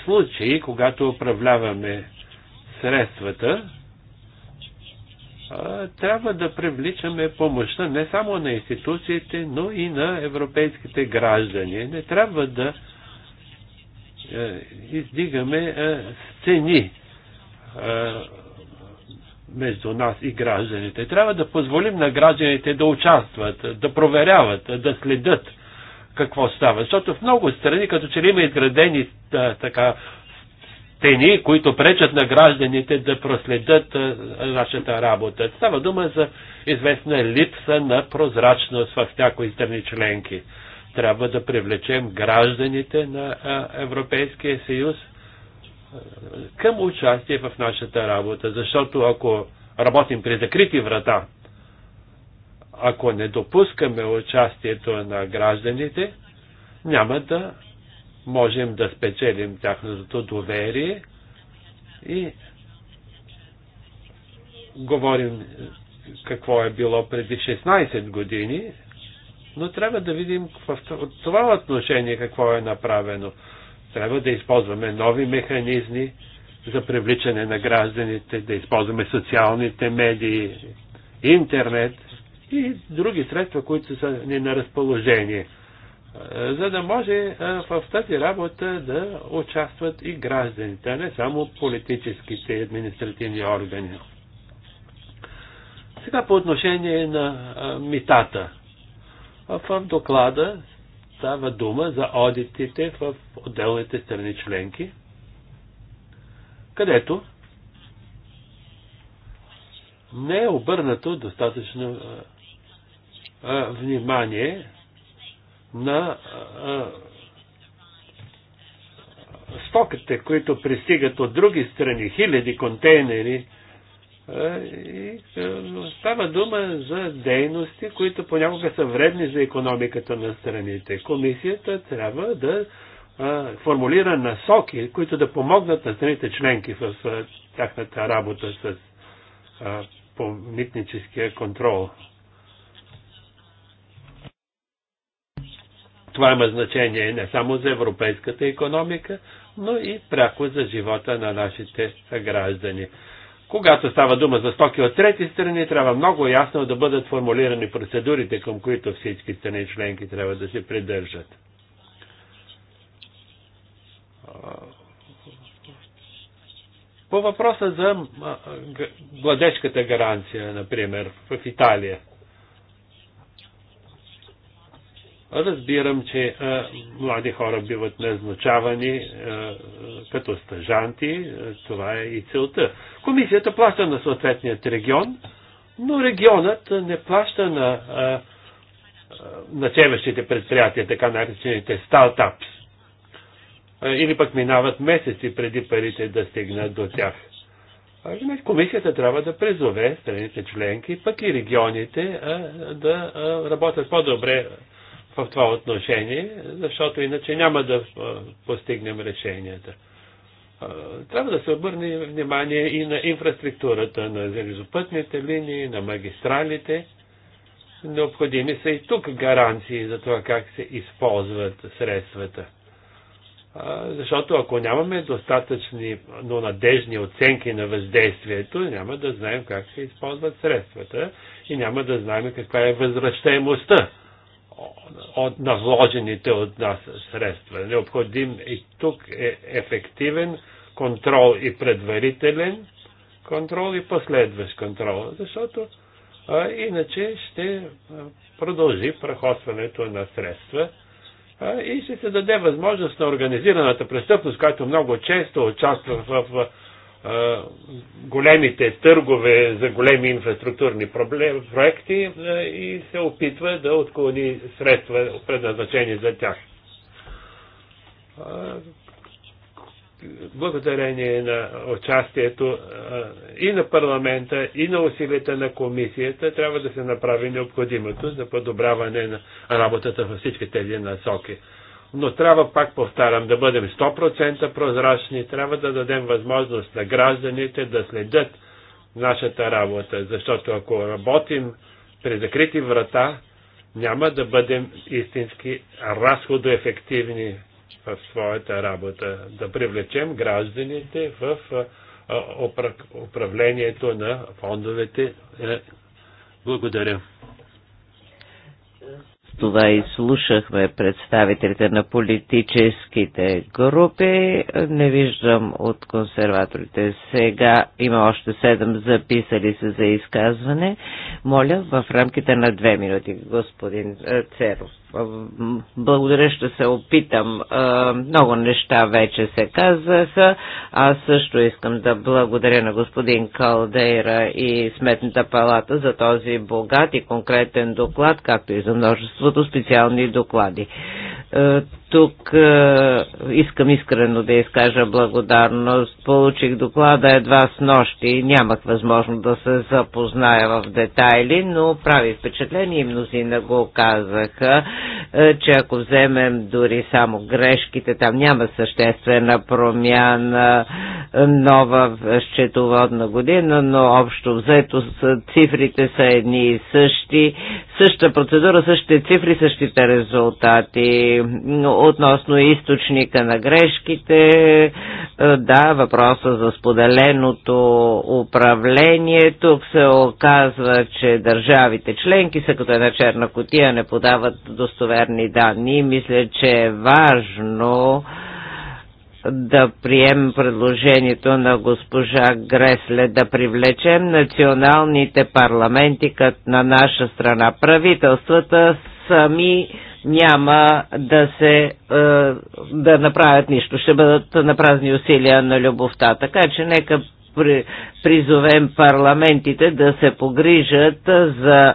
S3: случаи, когато управляваме средствата, трябва да привличаме помощта не само на институциите, но и на европейските граждани. Не трябва да е, издигаме е, цени е, между нас и гражданите. Трябва да позволим на гражданите да участват, да проверяват, да следят какво става. Защото в много страни, като че ли има изградени така тени, които пречат на гражданите да проследят нашата работа. Става дума за известна липса на прозрачност в някои страни членки. Трябва да привлечем гражданите на Европейския съюз към участие в нашата работа, защото ако работим при закрити врата, ако не допускаме участието на гражданите, няма да можем да спечелим тяхното доверие и говорим какво е било преди 16 години, но трябва да видим в това отношение какво е направено. Трябва да използваме нови механизми за привличане на гражданите, да използваме социалните медии, интернет и други средства, които са ни на разположение – за да може в тази работа да участват и гражданите, а не само политическите и административни органи. Сега по отношение на митата. В доклада става дума за одитите в отделните страни членки, където не е обърнато достатъчно внимание на а, стоките, които пристигат от други страни, хиляди контейнери. А, и а, става дума за дейности, които понякога са вредни за економиката на страните. Комисията трябва да формулира насоки, които да помогнат на страните членки в тяхната работа с по митническия контрол. Това има значение не само за европейската економика, но и пряко за живота на нашите граждани. Когато става дума за стоки от трети страни, трябва много ясно да бъдат формулирани процедурите, към които всички страни членки трябва да се придържат. По въпроса за гладешката гаранция, например, в Италия – Разбирам, че а, млади хора биват назначавани а, като стъжанти, това е и целта. Комисията плаща на съответният регион, но регионът не плаща на на начеващите предприятия, така наречените стартапс. Или пък минават месеци преди парите да стигнат до тях. Значи, комисията трябва да призове страните членки, пък и регионите да работят по-добре в това отношение, защото иначе няма да постигнем решенията. Трябва да се обърне внимание и на инфраструктурата, на железопътните линии, на магистралите. Необходими са и тук гаранции за това как се използват средствата. Защото ако нямаме достатъчни, но надежни оценки на въздействието, няма да знаем как се използват средствата и няма да знаем каква е възвръщаемостта от, на вложените от нас средства. Необходим и тук е ефективен контрол и предварителен контрол и последващ контрол, защото а, иначе ще продължи прахосването на средства а, и ще се даде възможност на организираната престъпност, която много често участва в, в, в големите търгове за големи инфраструктурни проекти и се опитва да отклони средства, предназначени за тях. Благодарение на участието и на парламента, и на усилията на комисията, трябва да се направи необходимото за подобряване на работата във всички тези насоки но трябва, пак повтарям, да бъдем 100% прозрачни, трябва да дадем възможност на гражданите да следят нашата работа, защото ако работим при закрити врата, няма да бъдем истински разходоефективни в своята работа, да привлечем гражданите в управлението на фондовете. Е, благодаря
S1: това изслушахме представителите на политическите групи. Не виждам от консерваторите. Сега има още седем записали се за изказване. Моля, в рамките на две минути, господин е, Церов. Благодаря, ще се опитам. Много неща вече се казаха. Аз също искам да благодаря на господин Калдейра и Сметната палата за този богат и конкретен доклад, както и за множеството специални доклади е, тук е, искам искрено да изкажа благодарност. Получих доклада едва с нощи. Нямах възможност да се запозная в детайли, но прави впечатление и мнозина го казаха, е, че ако вземем дори само грешките, там няма съществена промяна, е, нова счетоводна година, но общо взето цифрите са едни и същи. Същата процедура, същите цифри, същите резултати относно източника на грешките, е, да, въпроса за споделеното управление. Тук се оказва, че държавите членки са като една черна котия, не подават достоверни данни. Мисля, че е важно да приемем предложението на госпожа Гресле да привлечем националните парламенти като на наша страна. Правителствата сами няма да се е, да направят нищо. Ще бъдат напразни усилия на любовта. Така че нека призовем парламентите да се погрижат за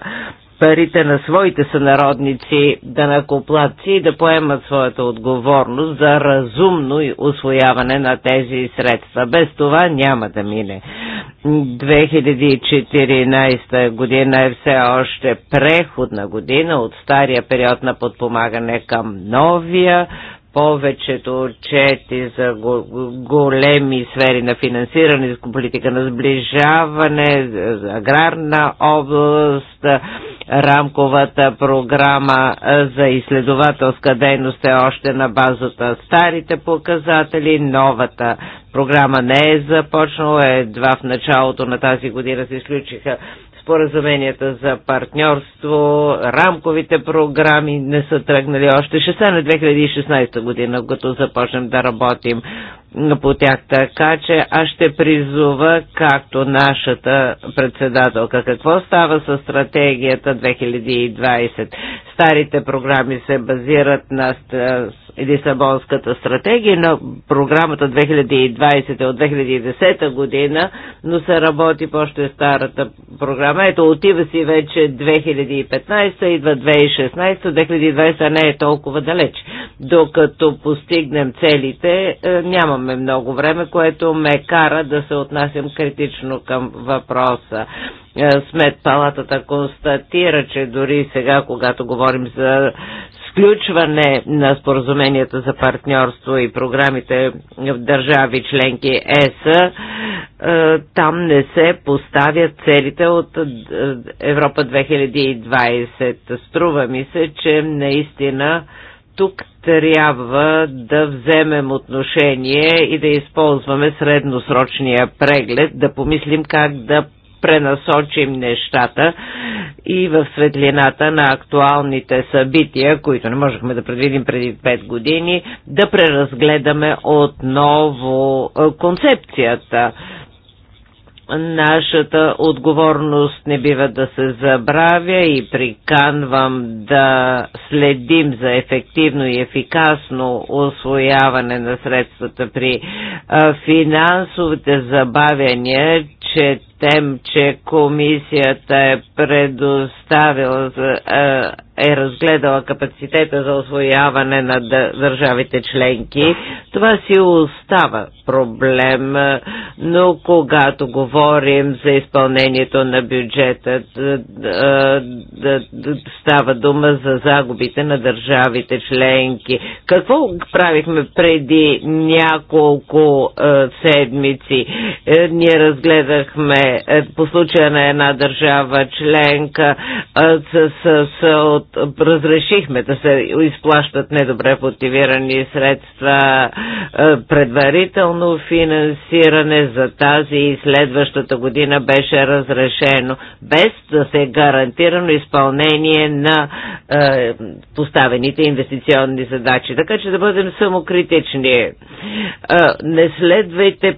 S1: парите на своите сънародници данакоплатци и да поемат своята отговорност за разумно освояване на тези средства. Без това няма да мине. 2014 година е все още преходна година от стария период на подпомагане към новия повечето отчети за големи сфери на финансиране, за политика на сближаване, аграрна област, рамковата програма за изследователска дейност е още на базата старите показатели, новата програма не е започнала, едва в началото на тази година се изключиха споразуменията за партньорство, рамковите програми не са тръгнали още. Ще стане 2016 година, като започнем да работим по тях. Така че аз ще призова, както нашата председателка, какво става с стратегията 2020. Старите програми се базират на Лисабонската стратегия на програмата 2020 от 2010 година, но се работи по още старата програма. Ето, отива си вече 2015, идва 2016, 2020 не е толкова далеч. Докато постигнем целите, е, нямаме много време, което ме кара да се отнасям критично към въпроса. Е, Смет палатата констатира, че дори сега, когато говорим за сключване на споразуменията за партньорство и програмите в държави членки ЕС,
S4: е,
S1: там не се поставят целите от е, Европа 2020. Струва ми се, че наистина тук трябва да вземем отношение и да използваме средносрочния преглед, да помислим как да пренасочим нещата и в светлината на актуалните събития, които не можехме да предвидим преди 5 години, да преразгледаме отново е, концепцията нашата отговорност не бива да се забравя и приканвам да следим за ефективно и ефикасно освояване на средствата при е, финансовите забавяния, че Четем, че комисията е предоставила е, е разгледала капацитета за освояване на държавите членки. Това си остава проблем, но когато говорим за изпълнението на бюджета, става дума за загубите на държавите членки. Какво правихме преди няколко седмици? Е, ние разгледахме е, по случая на една държава членка с, с, с от разрешихме да се изплащат недобре мотивирани средства, е, предварително финансиране за тази и следващата година беше разрешено, без да се гарантирано изпълнение на е, поставените инвестиционни задачи. Така че да бъдем самокритични. Е, не следвайте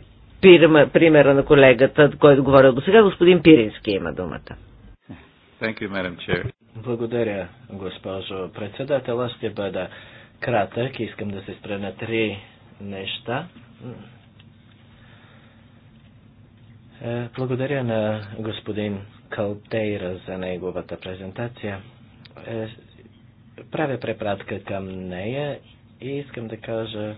S1: примера на колегата, който говорил до сега. Господин Пирински има думата.
S2: Thank you,
S3: Madam Chair.
S2: Благодаря, госпожо председател. Аз ще бъда кратък. Искам да се спра на три неща. Е, благодаря на господин Калтейра за неговата презентация. Е, правя препратка към нея и искам да кажа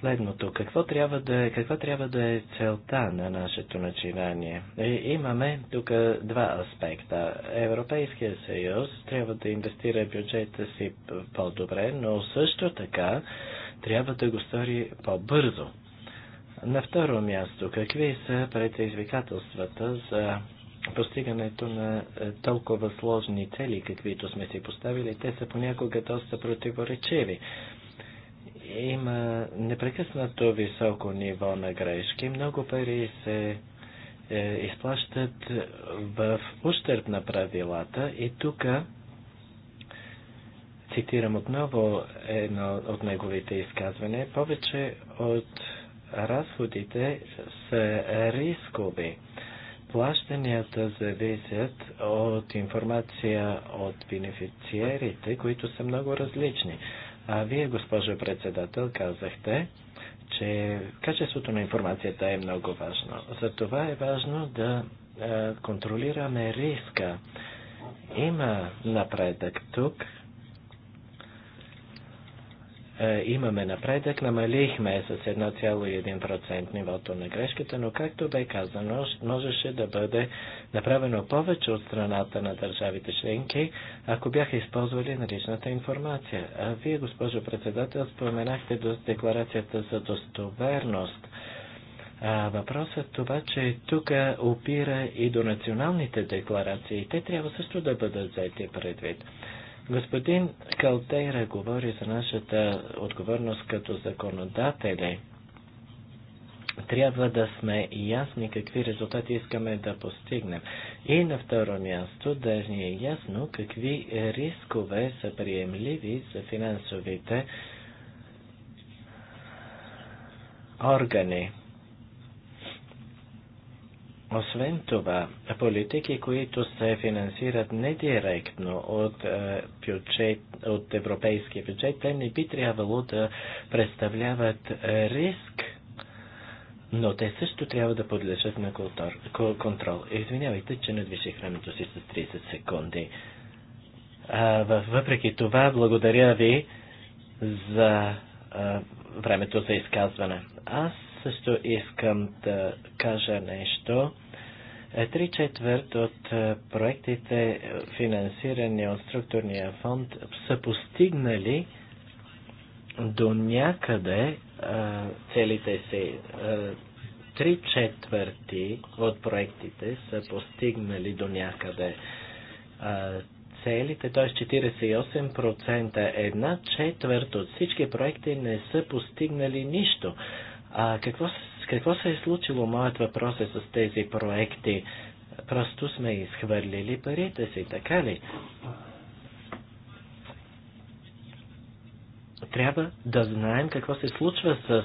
S2: следното. Какво трябва да е, каква трябва да е целта на нашето начинание? Е, имаме тук два аспекта. Европейския съюз трябва да инвестира бюджета си по-добре, но също така трябва да го стори по-бързо. На второ място, какви са предизвикателствата за постигането на е, толкова сложни цели, каквито сме си поставили? Те са понякога доста противоречиви. Има непрекъснато високо ниво на грешки. Много пари се е, изплащат в ущърп на правилата и тук цитирам отново едно от неговите изказвания. Повече от разходите са рискови. Плащанията зависят от информация от бенефициерите, които са много различни. А вие, госпожо председател, казахте, че качеството на информацията е много важно. За това е важно да контролираме риска. Има напредък тук, е, имаме напредък, намалихме с 1,1% нивото на грешката, но както бе казано, можеше да бъде направено повече от страната на държавите членки, ако бяха използвали наличната информация. А вие, госпожо председател, споменахте до декларацията за достоверност. А, въпросът това, че тук опира и до националните декларации. Те трябва също да бъдат взети предвид. Господин Калтейра говори за нашата отговорност като законодатели. Трябва да сме ясни какви резултати искаме да постигнем. И на второ място да ни е ясно какви рискове са приемливи за финансовите органи. Освен това, политики, които се финансират недиректно от, е, бюджет, от европейския бюджет, те не би трябвало да представляват е, риск, но те също трябва да подлежат на култур, контрол. Извинявайте, че надвиших времето си с 30 секунди. А, въпреки това, благодаря ви за а, времето за изказване. Аз също искам да кажа нещо е, три четвърт от е, проектите, е, финансирани от структурния фонд, са постигнали до някъде целите си. Три четвърти от проектите са постигнали до някъде целите, т.е. 48%, една четвърт от всички проекти не са постигнали нищо. А какво какво се е случило? Моят въпрос е с тези проекти. Просто сме изхвърлили парите си, така ли? трябва да знаем какво се случва с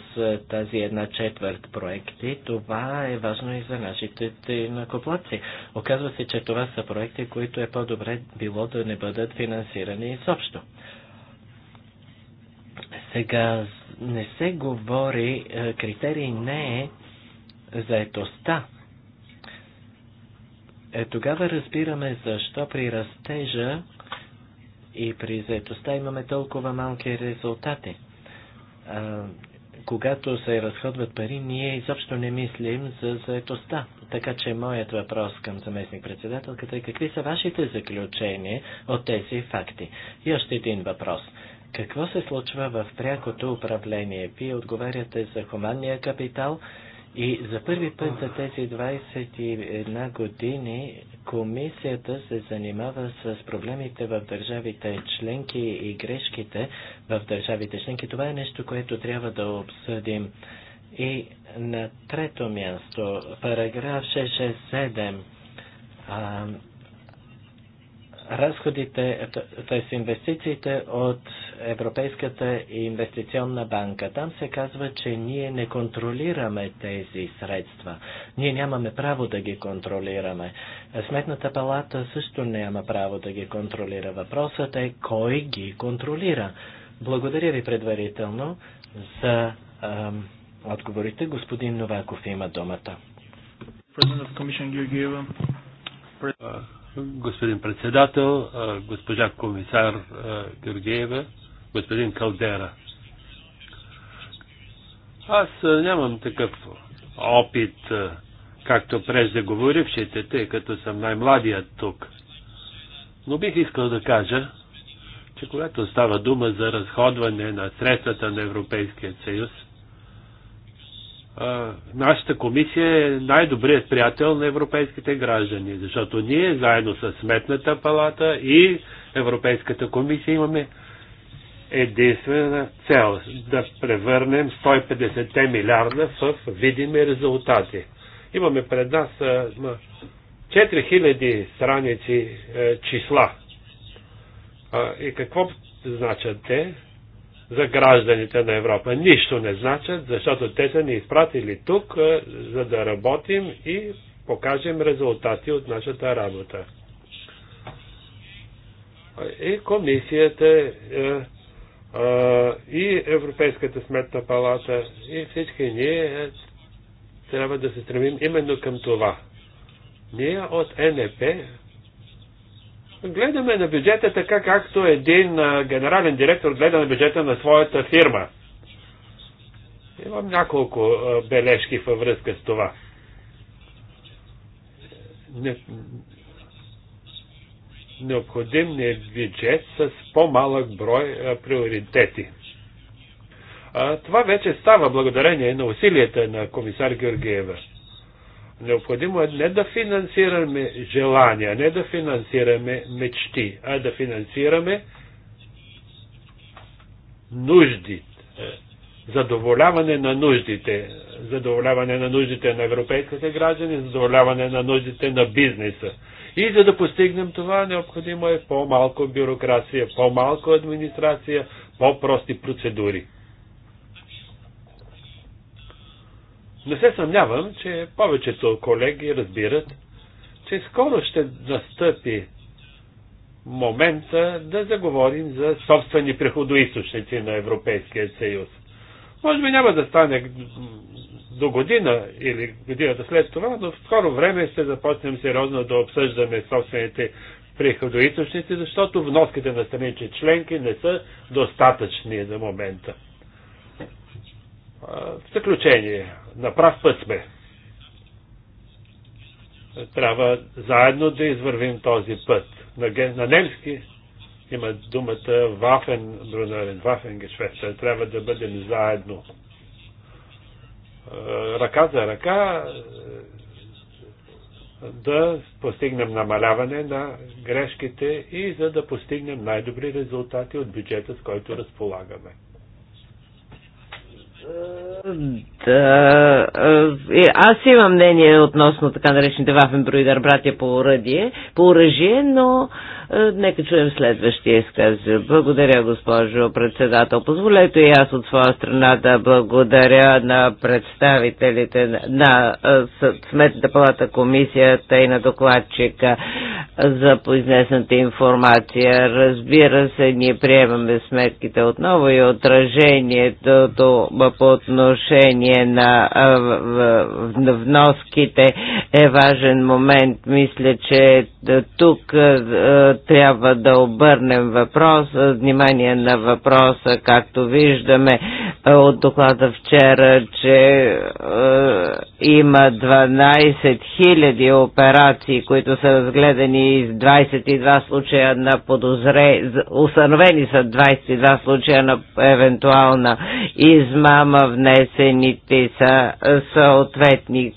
S2: тази една четвърт проекти. Това е важно и за нашите накоплаци. Оказва се, че това са проекти, които е по-добре било да не бъдат финансирани изобщо. Сега не се говори, е, критерий не е заетостта. Е, тогава разбираме защо при растежа и при заетостта имаме толкова малки резултати. А, когато се разходват пари, ние изобщо не мислим за заетостта. Така че моят въпрос към заместник председателката е какви са вашите заключения от тези факти? И още един въпрос – какво се случва в прякото управление? Вие отговаряте за хуманния капитал и за първи път за тези 21 години комисията се занимава с проблемите в държавите членки и грешките в държавите членки. Това е нещо, което трябва да обсъдим. И на трето място, параграф 667 разходите, т.е. инвестициите от Европейската инвестиционна банка. Там се казва, че ние не контролираме тези средства. Ние нямаме право да ги контролираме. Сметната палата също няма право да ги контролира. Въпросът е кой ги контролира. Благодаря ви предварително за ам, отговорите. Господин Новаков има думата. President of Commission Georgieva
S3: господин председател, госпожа комисар Георгиева, господин Калдера. Аз нямам такъв опит, както преждеговорившите, тъй като съм най-младият тук. Но бих искал да кажа, че когато става дума за разходване на средствата на Европейския съюз, нашата комисия е най-добрият приятел на европейските граждани, защото ние заедно с Сметната палата и Европейската комисия имаме единствена цел да превърнем 150 милиарда в видими резултати. Имаме пред нас 4000 страници е, числа. И какво значат те? за гражданите на Европа. Нищо не значат, защото те са ни изпратили тук, е, за да работим и покажем резултати от нашата работа. И комисията, е, е, и Европейската сметна палата, и всички ние трябва да се стремим именно към това. Ние от НП гледаме на бюджета така, както един генерален директор гледа на бюджета на своята фирма. Имам няколко бележки във връзка с това. Необходим ни е бюджет с по-малък брой приоритети. Това вече става благодарение на усилията на комисар Георгиева. Необходимо е не да финансираме желания, не да финансираме мечти, а да финансираме нужди, е, задоволяване на нуждите, задоволяване на нуждите на европейските граждани, задоволяване на нуждите на бизнеса. И за да постигнем това, необходимо е по-малко бюрокрация, по-малко администрация, по-прости процедури. Не се съмнявам, че повечето колеги разбират, че скоро ще настъпи момента да заговорим за собствени приходоисточници на Европейския съюз. Може би няма да стане до година или годината след това, но в скоро време ще започнем сериозно да обсъждаме собствените приходоисточници, защото вноските на страните членки не са достатъчни за момента. В заключение, на прав път сме. Трябва заедно да извървим този път. На, на немски има думата вафен, брунерен, вафен Трябва да бъдем заедно. Ръка за ръка да постигнем намаляване на грешките и за да постигнем най-добри резултати от бюджета, с който разполагаме.
S2: Е,
S1: да, е, аз имам мнение относно така наречените вафенброидър братя по, уръдие, по оръжие, но е, нека чуем следващия изказ. Благодаря, госпожо председател. Позволете и аз от своя страна да благодаря на представителите на, на Сметната палата комисията и на докладчика за поизнесната информация. Разбира се, ние приемаме сметките отново и отражението до по отношение на вноските е важен момент. Мисля, че е, тук е, е, трябва да обърнем въпрос, внимание на въпроса, както виждаме от доклада вчера, че има 12 000 операции, които са разгледани из 22 случая на подозре, установени са 22 случая на евентуална измама, внесените са съответни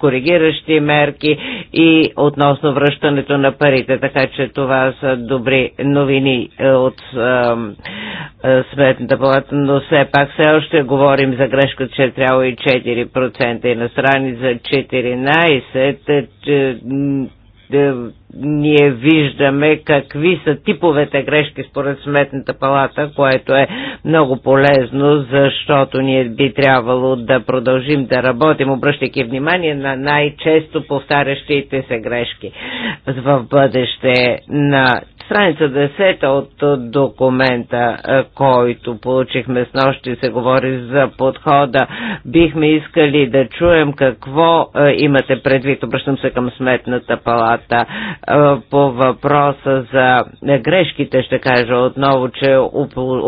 S1: коригиращи мерки и относно връщането изтичането на парите, така че това са добри новини е, от е, Сметната палата, но все пак все още говорим за грешка 4,4% и на страница 14 е, ние виждаме какви са типовете грешки според Сметната палата, което е много полезно, защото ние би трябвало да продължим да работим, обръщайки внимание на най-често повтарящите се грешки в бъдеще на страница 10 от документа, който получихме с нощи, се говори за подхода. Бихме искали да чуем какво имате предвид. Обръщам се към сметната палата по въпроса за грешките. Ще кажа отново, че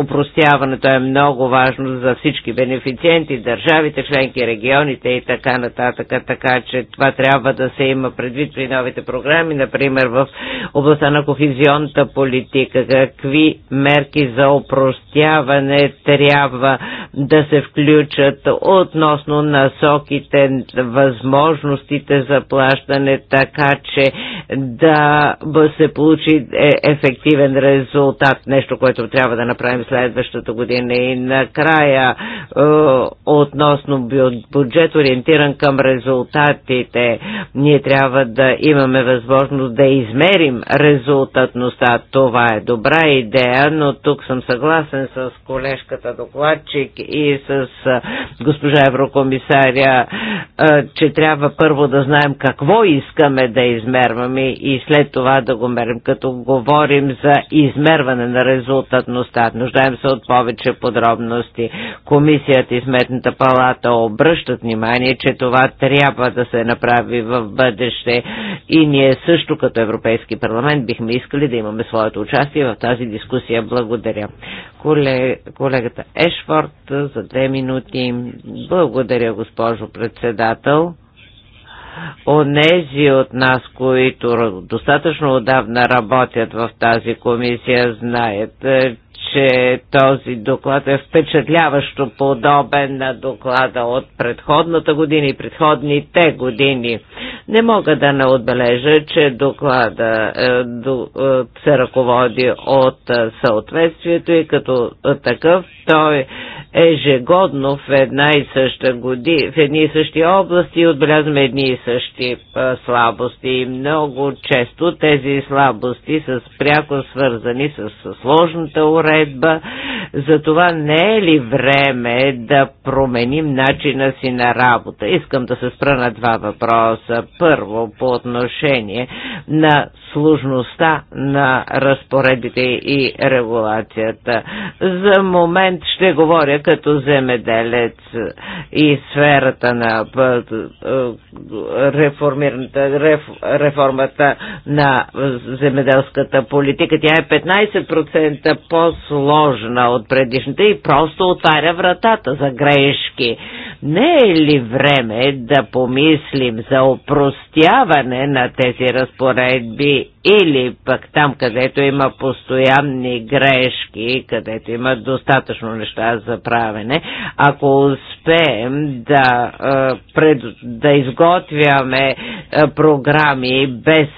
S1: упростяването е много важно за всички бенефициенти, държавите, членки, регионите и така нататък. Така че това трябва да се има предвид при новите програми, например в областта на кохизион кохезионната политика, какви мерки за опростяване трябва да се включат относно насоките, възможностите за плащане, така че да се получи е, ефективен резултат, нещо, което трябва да направим следващата година. И накрая е, относно бюджет, ориентиран към резултатите, ние трябва да имаме възможност да измерим резултатност заетостта. Това е добра идея, но тук съм съгласен с колежката докладчик и с госпожа еврокомисаря, че трябва първо да знаем какво искаме да измерваме и след това да го мерим. Като говорим за измерване на резултатността, нуждаем се от повече подробности. Комисията и Сметната палата обръщат внимание, че това трябва да се направи в бъдеще и ние също като Европейски парламент бихме искали да има имаме своето участие в тази дискусия. Благодаря. Колегата Ешфорд за две минути. Благодаря, госпожо председател онези от нас, които достатъчно отдавна работят в тази комисия, знаят, е, че този доклад е впечатляващо подобен на доклада от предходната година и предходните години. Не мога да не отбележа, че доклада е, е, се ръководи от е, съответствието и като такъв той ежегодно в една и съща година, в едни и същи области отбелязваме едни и същи слабости и много често тези слабости са пряко свързани с сложната уредба, разпоредба. За това не е ли време да променим начина си на работа? Искам да се спра на два въпроса. Първо, по отношение на сложността на разпоредите и регулацията. За момент ще говоря като земеделец и сферата на реф, реформата на земеделската политика. Тя е 15% по-сложна от предишната и просто отваря вратата за грешки. Не е ли време да помислим за опростяване на тези разпоредби или пък там, където има постоянни грешки, където има достатъчно неща за правене, ако успеем да, пред, да изготвяме програми без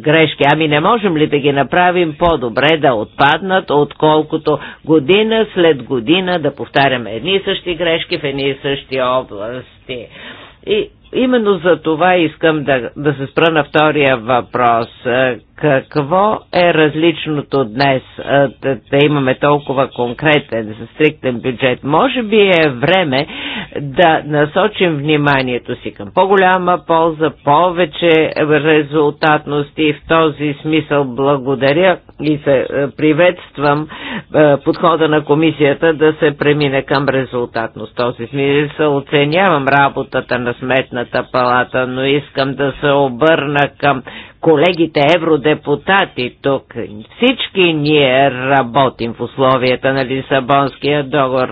S1: грешки, ами не можем ли да ги направим по-добре да отпаднат, отколкото година след година да повтаряме едни и същи грешки в едни и същи области. И Именно за това искам да, да се спра на втория въпрос. Какво е различното днес да имаме толкова конкретен, стриктен бюджет? Може би е време да насочим вниманието си към по-голяма полза, повече резултатности и в този смисъл благодаря и се приветствам подхода на комисията да се премине към резултатност. Този смисъл оценявам работата на Сметната палата, но искам да се обърна към колегите евродепутати тук. Всички ние работим в условията на Лисабонския договор.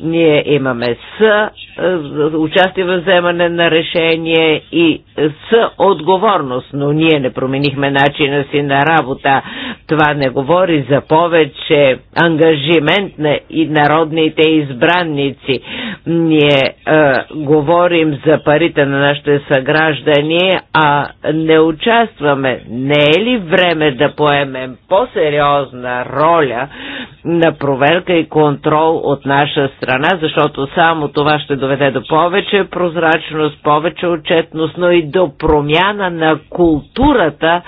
S1: Ние имаме с участие в вземане на решение и с отговорност, но ние не променихме начина си на работа. Това не говори за повече ангажимент на и народните избранници. Ние е, говорим за парите на нашите съграждани, а не участваме участваме. Не е ли време да поемем по-сериозна роля на проверка и контрол от наша страна, защото само това ще доведе до повече прозрачност, повече отчетност, но и до промяна на културата,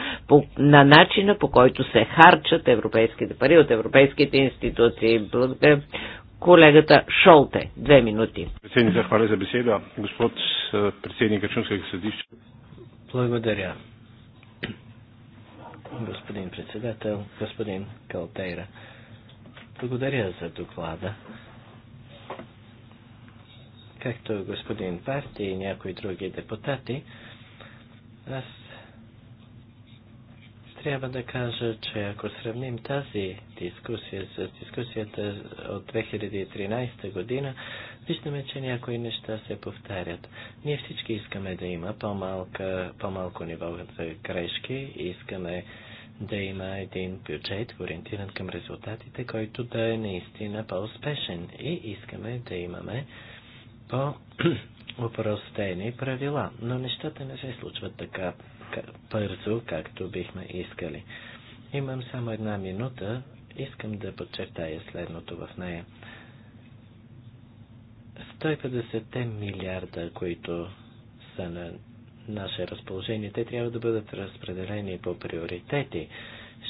S1: на начина по който се харчат европейските пари от европейските институции. Благодаря колегата Шолте. Две минути. Председник, хваля за беседа. Господ
S3: е, председник Качунския съдище.
S2: Благодаря господин председател, господин Калтейра. Благодаря за доклада. Както господин Парти и някои други депутати, аз трябва да кажа, че ако сравним тази дискусия с дискусията от 2013 година, виждаме, че някои неща се повтарят. Ние всички искаме да има по-малка, по-малко ниво за грешки, искаме да има един бюджет, ориентиран към резултатите, който да е наистина по-успешен и искаме да имаме по-упростени правила. Но нещата не се случват така бързо, както бихме искали. Имам само една минута. Искам да подчертая следното в нея. 150 милиарда, които са на наше разположение, те трябва да бъдат разпределени по приоритети.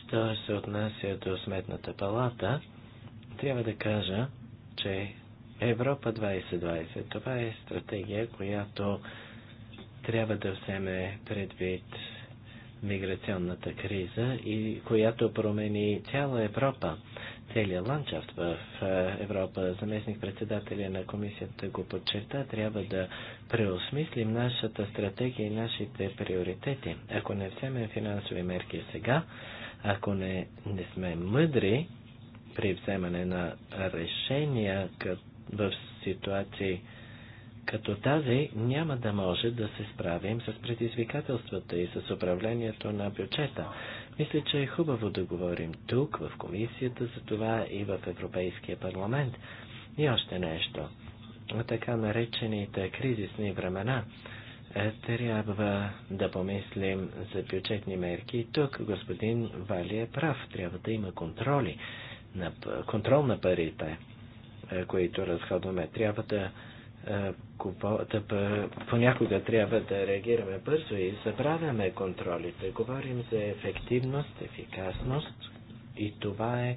S2: Що се отнася до Сметната палата, трябва да кажа, че Европа 2020 това е стратегия, която трябва да вземе предвид миграционната криза, и която промени цяла Европа, целият ландшафт в е, Европа. Заместник председателя на комисията го подчерта, трябва да преосмислим нашата стратегия и нашите приоритети. Ако не вземем финансови мерки сега, ако не, не сме мъдри при вземане на решения в ситуации, като тази няма да може да се справим с предизвикателствата и с управлението на бюджета. Мисля, че е хубаво да говорим тук, в комисията за това и в Европейския парламент. И още нещо. Така наречените кризисни времена е, трябва да помислим за бюджетни мерки. тук господин Вали е прав. Трябва да има контроли, на, контрол на парите, е, които разходваме. Трябва да е, е, понякога трябва да реагираме бързо и забравяме контролите. Говорим за ефективност, ефикасност и това е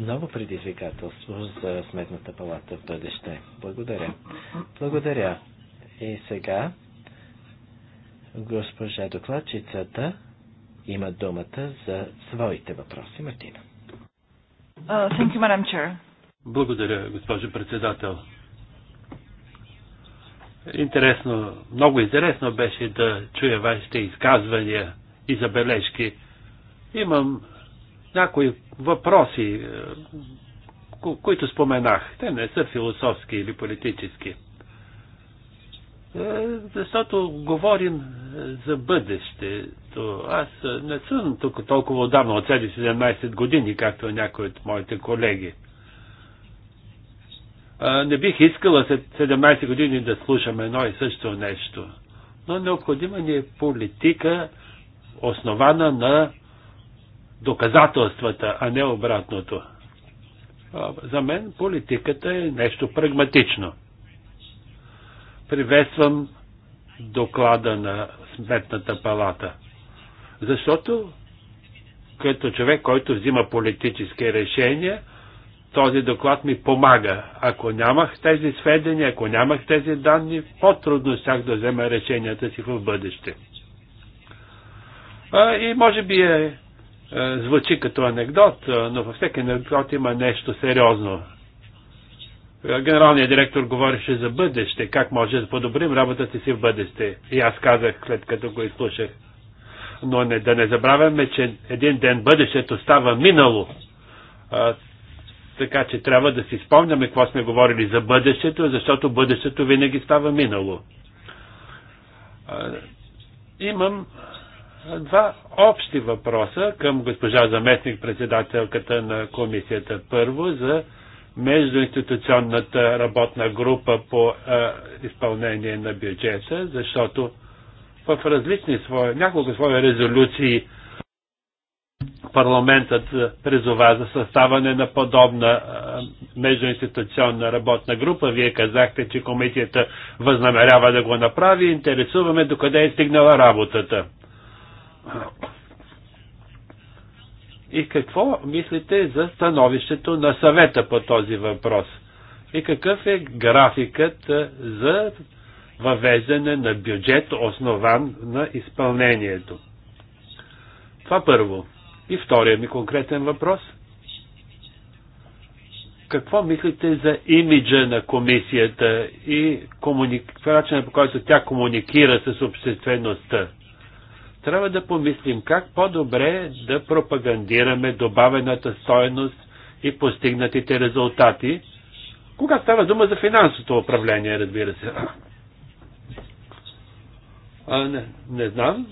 S2: ново предизвикателство за Сметната палата в бъдеще. Благодаря. Благодаря. И сега госпожа докладчицата има думата за своите въпроси. Мартина.
S4: Uh, you,
S3: Благодаря, госпожо председател. Интересно, много интересно беше да чуя вашите изказвания и забележки. Имам някои въпроси, е, които споменах. Те не са философски или политически. Е, защото говорим е, за бъдещето. Аз не съм тук толкова отдавна, от 17 години, както някои от моите колеги. Не бих искала след 17 години да слушам едно и също нещо, но необходима ни е политика, основана на доказателствата, а не обратното. За мен политиката е нещо прагматично. Приветствам доклада на Сметната палата. Защото като човек, който взима политически решения, този доклад ми помага. Ако нямах тези сведения, ако нямах тези данни, по-трудно щях да взема решенията си в бъдеще. А, и може би е, е, звучи като анекдот, но във всеки анекдот има нещо сериозно. Генералният директор говореше за бъдеще, как може да подобрим работата си в бъдеще. И аз казах, след като го изслушах. Но не, да не забравяме, че един ден бъдещето става минало така че трябва да си спомняме какво сме говорили за бъдещето, защото бъдещето винаги става минало. Имам два общи въпроса към госпожа заместник председателката на комисията. Първо за междуинституционната работна група по а, изпълнение на бюджета, защото в различни свои, няколко свои резолюции парламентът е, призова за съставане на подобна е, междуинституционна работна група. Вие казахте, че комисията възнамерява да го направи. Интересуваме докъде е стигнала работата. И какво мислите за становището на съвета по този въпрос? И какъв е графикът е, за въвеждане на бюджет, основан на изпълнението? Това първо. И втория ми конкретен въпрос. Какво мислите за имиджа на комисията и комуник... Е начина по който тя комуникира с обществеността? Трябва да помислим как по-добре да пропагандираме добавената стоеност и постигнатите резултати, Кога става дума за финансовото управление, разбира се. А, не, не знам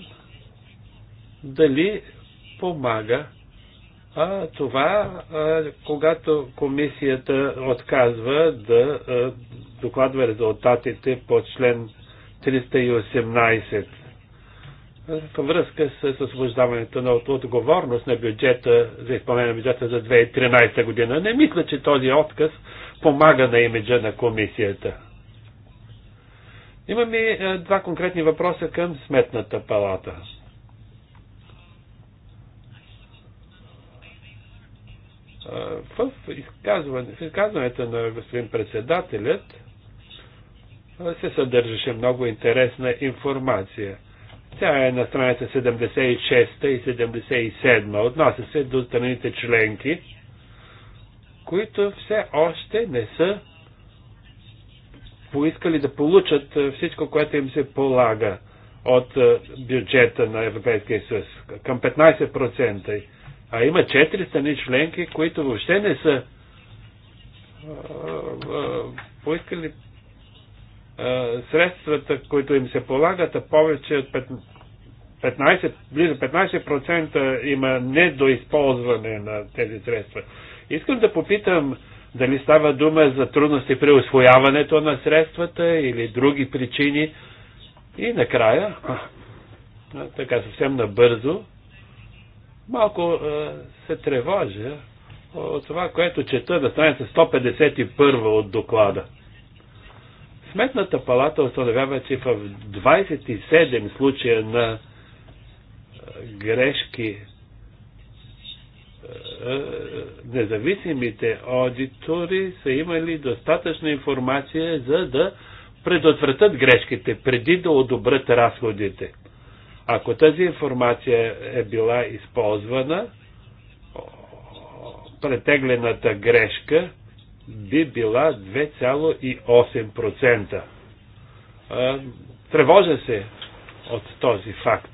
S3: дали помага. А, това, а, когато комисията отказва да а, докладва резултатите по член 318 във връзка с освобождаването на отговорност на бюджета за изпълнение на бюджета за 2013 година. Не мисля, че този отказ помага на имиджа на комисията. Имаме два конкретни въпроса към Сметната палата. В, изказването, в изказването на господин председателят се съдържаше много интересна информация. Тя е на страница 76 и 77. Отнася се до страните членки, които все още не са поискали да получат всичко, което им се полага от бюджета на Европейския съюз. Към 15% а има четири страни членки, които въобще не са поискали средствата, които им се полагат, а повече от 15, близо 15% има недоизползване на тези средства. Искам да попитам дали става дума за трудности при освояването на средствата или други причини. И накрая, така съвсем набързо, Малко е, се тревожа от това, което чета на страница 151 от доклада. Сметната палата установява, че в 27 случая на е, грешки е, независимите аудитори са имали достатъчна информация, за да предотвратят грешките преди да одобрят разходите. Ако тази информация е била използвана, претеглената грешка би била 2,8%. Тревожа се от този факт.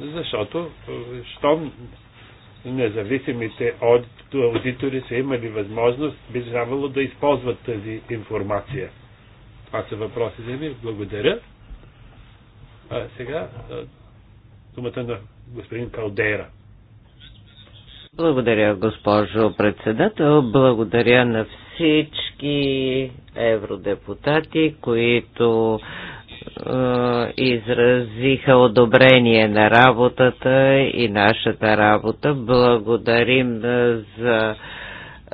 S3: Защото, щом независимите аудитори са имали възможност, би трябвало да използват тази информация. Това са въпросите ми. Благодаря. А сега думата на господин Калдера.
S1: Благодаря, госпожо председател. Благодаря на всички евродепутати, които изразиха одобрение на работата и нашата работа. Благодарим за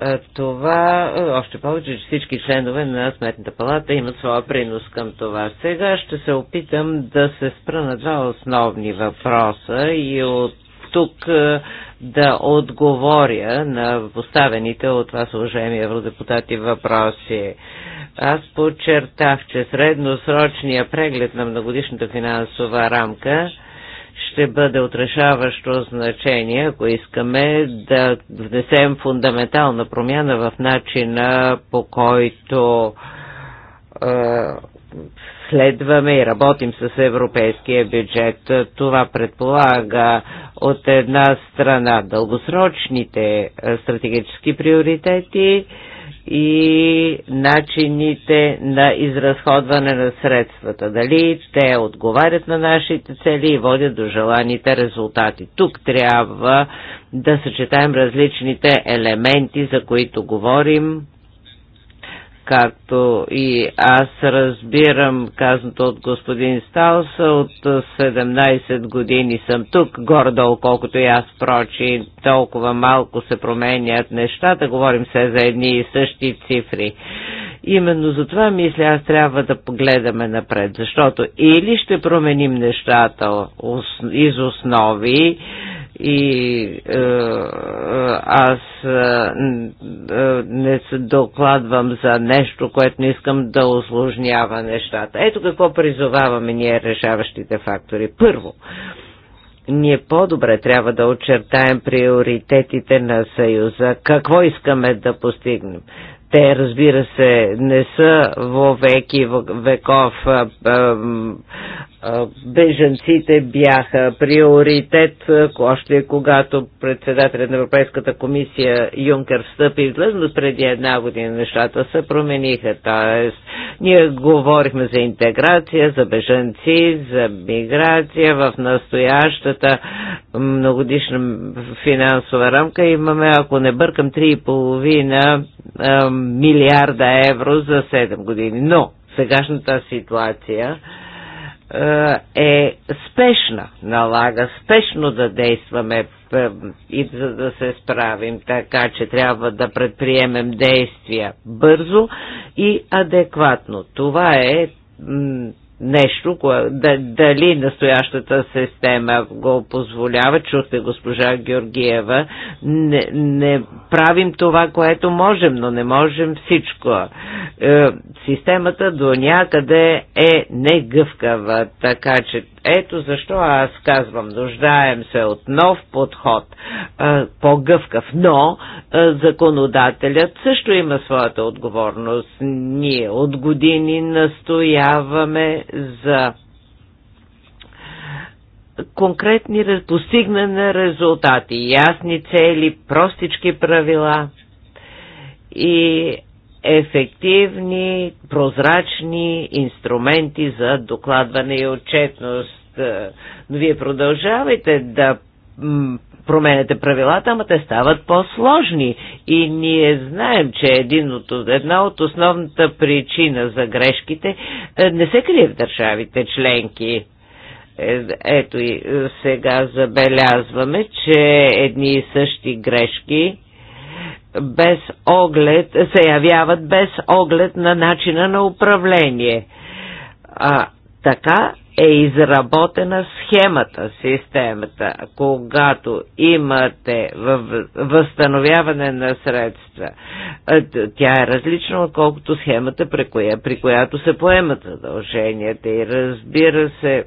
S1: е, това, е, още повече, че всички членове на Сметната палата имат своя принос към това. Сега ще се опитам да се спра на два основни въпроса и от тук е, да отговоря на поставените от вас, уважаеми евродепутати, въпроси. Аз подчертах, че средносрочния преглед на многодишната финансова рамка ще бъде отрешаващо значение, ако искаме да внесем фундаментална промяна в начина по който е, следваме и работим с европейския бюджет. Това предполага от една страна дългосрочните стратегически приоритети, и начините на изразходване на средствата. Дали те отговарят на нашите цели и водят до желаните резултати. Тук трябва да съчетаем различните елементи, за които говорим както и аз разбирам казното от господин Сталса, от 17 години съм тук, гордо, колкото и аз прочи, толкова малко се променят нещата, говорим се за едни и същи цифри. Именно за това мисля, аз трябва да погледаме напред, защото или ще променим нещата из основи, и е, е аз е, е, не се докладвам за нещо, което не искам да осложнява нещата. Ето какво призоваваме ние решаващите фактори. Първо, ние по-добре трябва да очертаем приоритетите на Съюза, какво искаме да постигнем. Те, разбира се, не са във веки веков беженците бяха приоритет, още когато председателят на Европейската комисия Юнкер встъпи в длъжност преди една година, нещата се промениха. Тоест, ние говорихме за интеграция, за беженци, за миграция в настоящата многодишна финансова рамка. Имаме, ако не бъркам, 3,5 милиарда евро за 7 години. Но сегашната ситуация е, е спешна, налага спешно да действаме е, и за да се справим, така че трябва да предприемем действия бързо и адекватно. Това е нещо, кое, дали настоящата система го позволява, чухте госпожа Георгиева, не, не правим това, което можем, но не можем всичко. Е, системата до някъде е негъвкава, така че ето защо аз казвам, нуждаем се от нов подход, по-гъвкав, но законодателят също има своята отговорност. Ние от години настояваме за конкретни постигнане резултати, ясни цели, простички правила. И ефективни, прозрачни инструменти за докладване и отчетност. Е, но вие продължавайте да променяте правилата, ама те стават по-сложни. И ние знаем, че един от, една от основната причина за грешките е, не се крие в държавите членки. Е, ето и сега забелязваме, че едни и същи грешки без оглед, се явяват без оглед на начина на управление. А, така е изработена схемата, системата. Когато имате възстановяване на средства, тя е различна, отколкото схемата, при, коя, при която се поемат задълженията. И разбира се,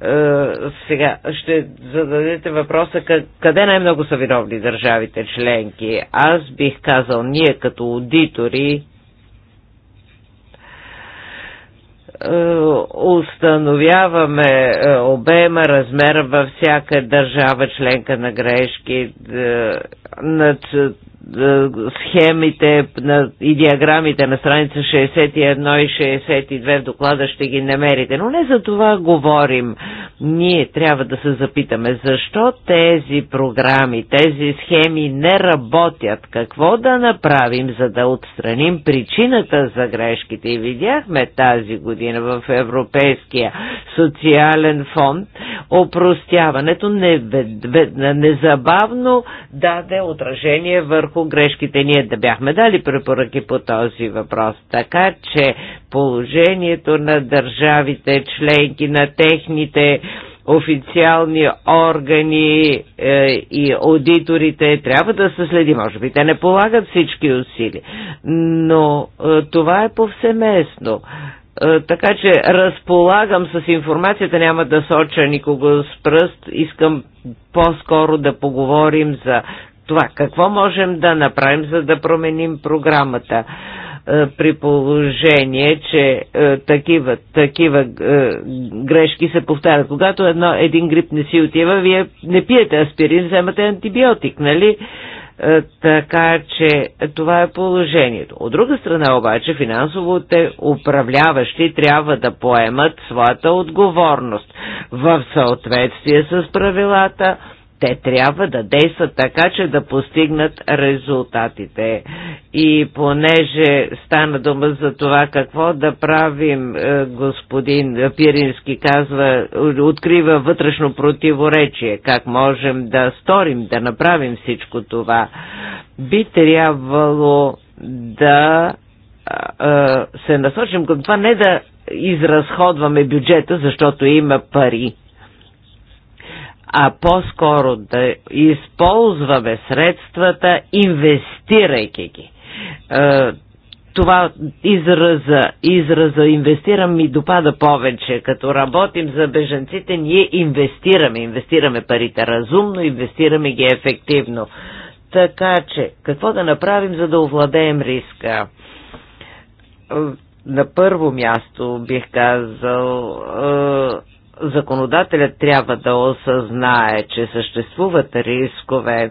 S1: е, сега ще зададете въпроса къде най-много са виновни държавите членки. Аз бих казал, ние като аудитори е, установяваме е, обема, размера във всяка държава членка на грешки. Е, схемите на, и диаграмите на страница 61 и 62 в доклада ще ги намерите. Но не за това говорим. Ние трябва да се запитаме защо тези програми, тези схеми не работят. Какво да направим, за да отстраним причината за грешките? И видяхме тази година в Европейския социален фонд опростяването незабавно даде отражение върху Грешките, Ние да бяхме дали препоръки по този въпрос. Така че положението на държавите, членки на техните официални органи е, и аудиторите трябва да се следи. Може би те не полагат всички усилия, но е, това е повсеместно е, така че разполагам с информацията, няма да соча никого с пръст. Искам по-скоро да поговорим за това. Какво можем да направим, за да променим програмата? Е, при положение, че е, такива, такива е, грешки се повтарят. Когато едно, един грип не си отива, вие не пиете аспирин, вземате антибиотик, нали? Е, така че това е положението. От друга страна обаче финансово управляващи трябва да поемат своята отговорност в съответствие с правилата, те трябва да действат така, че да постигнат резултатите. И понеже стана дума за това какво да правим, е, господин Пирински казва, открива вътрешно противоречие, как можем да сторим, да направим всичко това. Би трябвало да е, се насочим към това, не да изразходваме бюджета, защото има пари а по-скоро да използваме средствата, инвестирайки ги. Е, това израза, израза инвестирам ми допада повече. Като работим за беженците, ние инвестираме. Инвестираме парите разумно, инвестираме ги ефективно. Така че, какво да направим, за да овладеем риска? Е, на първо място бих казал е, законодателят трябва да осъзнае, че съществуват рискове.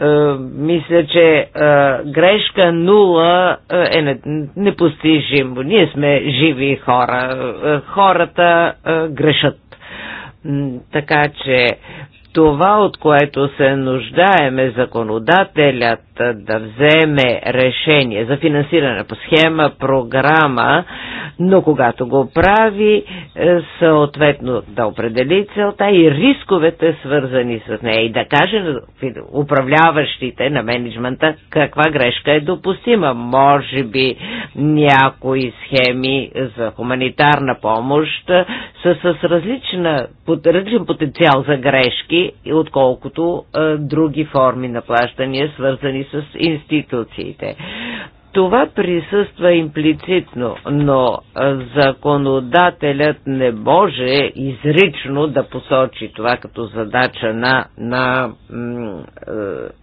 S1: Е, мисля, че е, грешка нула е, е непостижимо. Ние сме живи хора. Хората грешат. Така че това, от което се нуждаеме законодателят да вземе решение за финансиране по схема, програма, но когато го прави, е, съответно да определи целта и рисковете свързани с нея и да каже на управляващите на менеджмента каква грешка е допустима. Може би някои схеми за хуманитарна помощ е, са с различна, различен потенциал за грешки, отколкото е, други форми на плащания, свързани с институциите. Това присъства имплицитно, но законодателят не може изрично да посочи това като задача на, на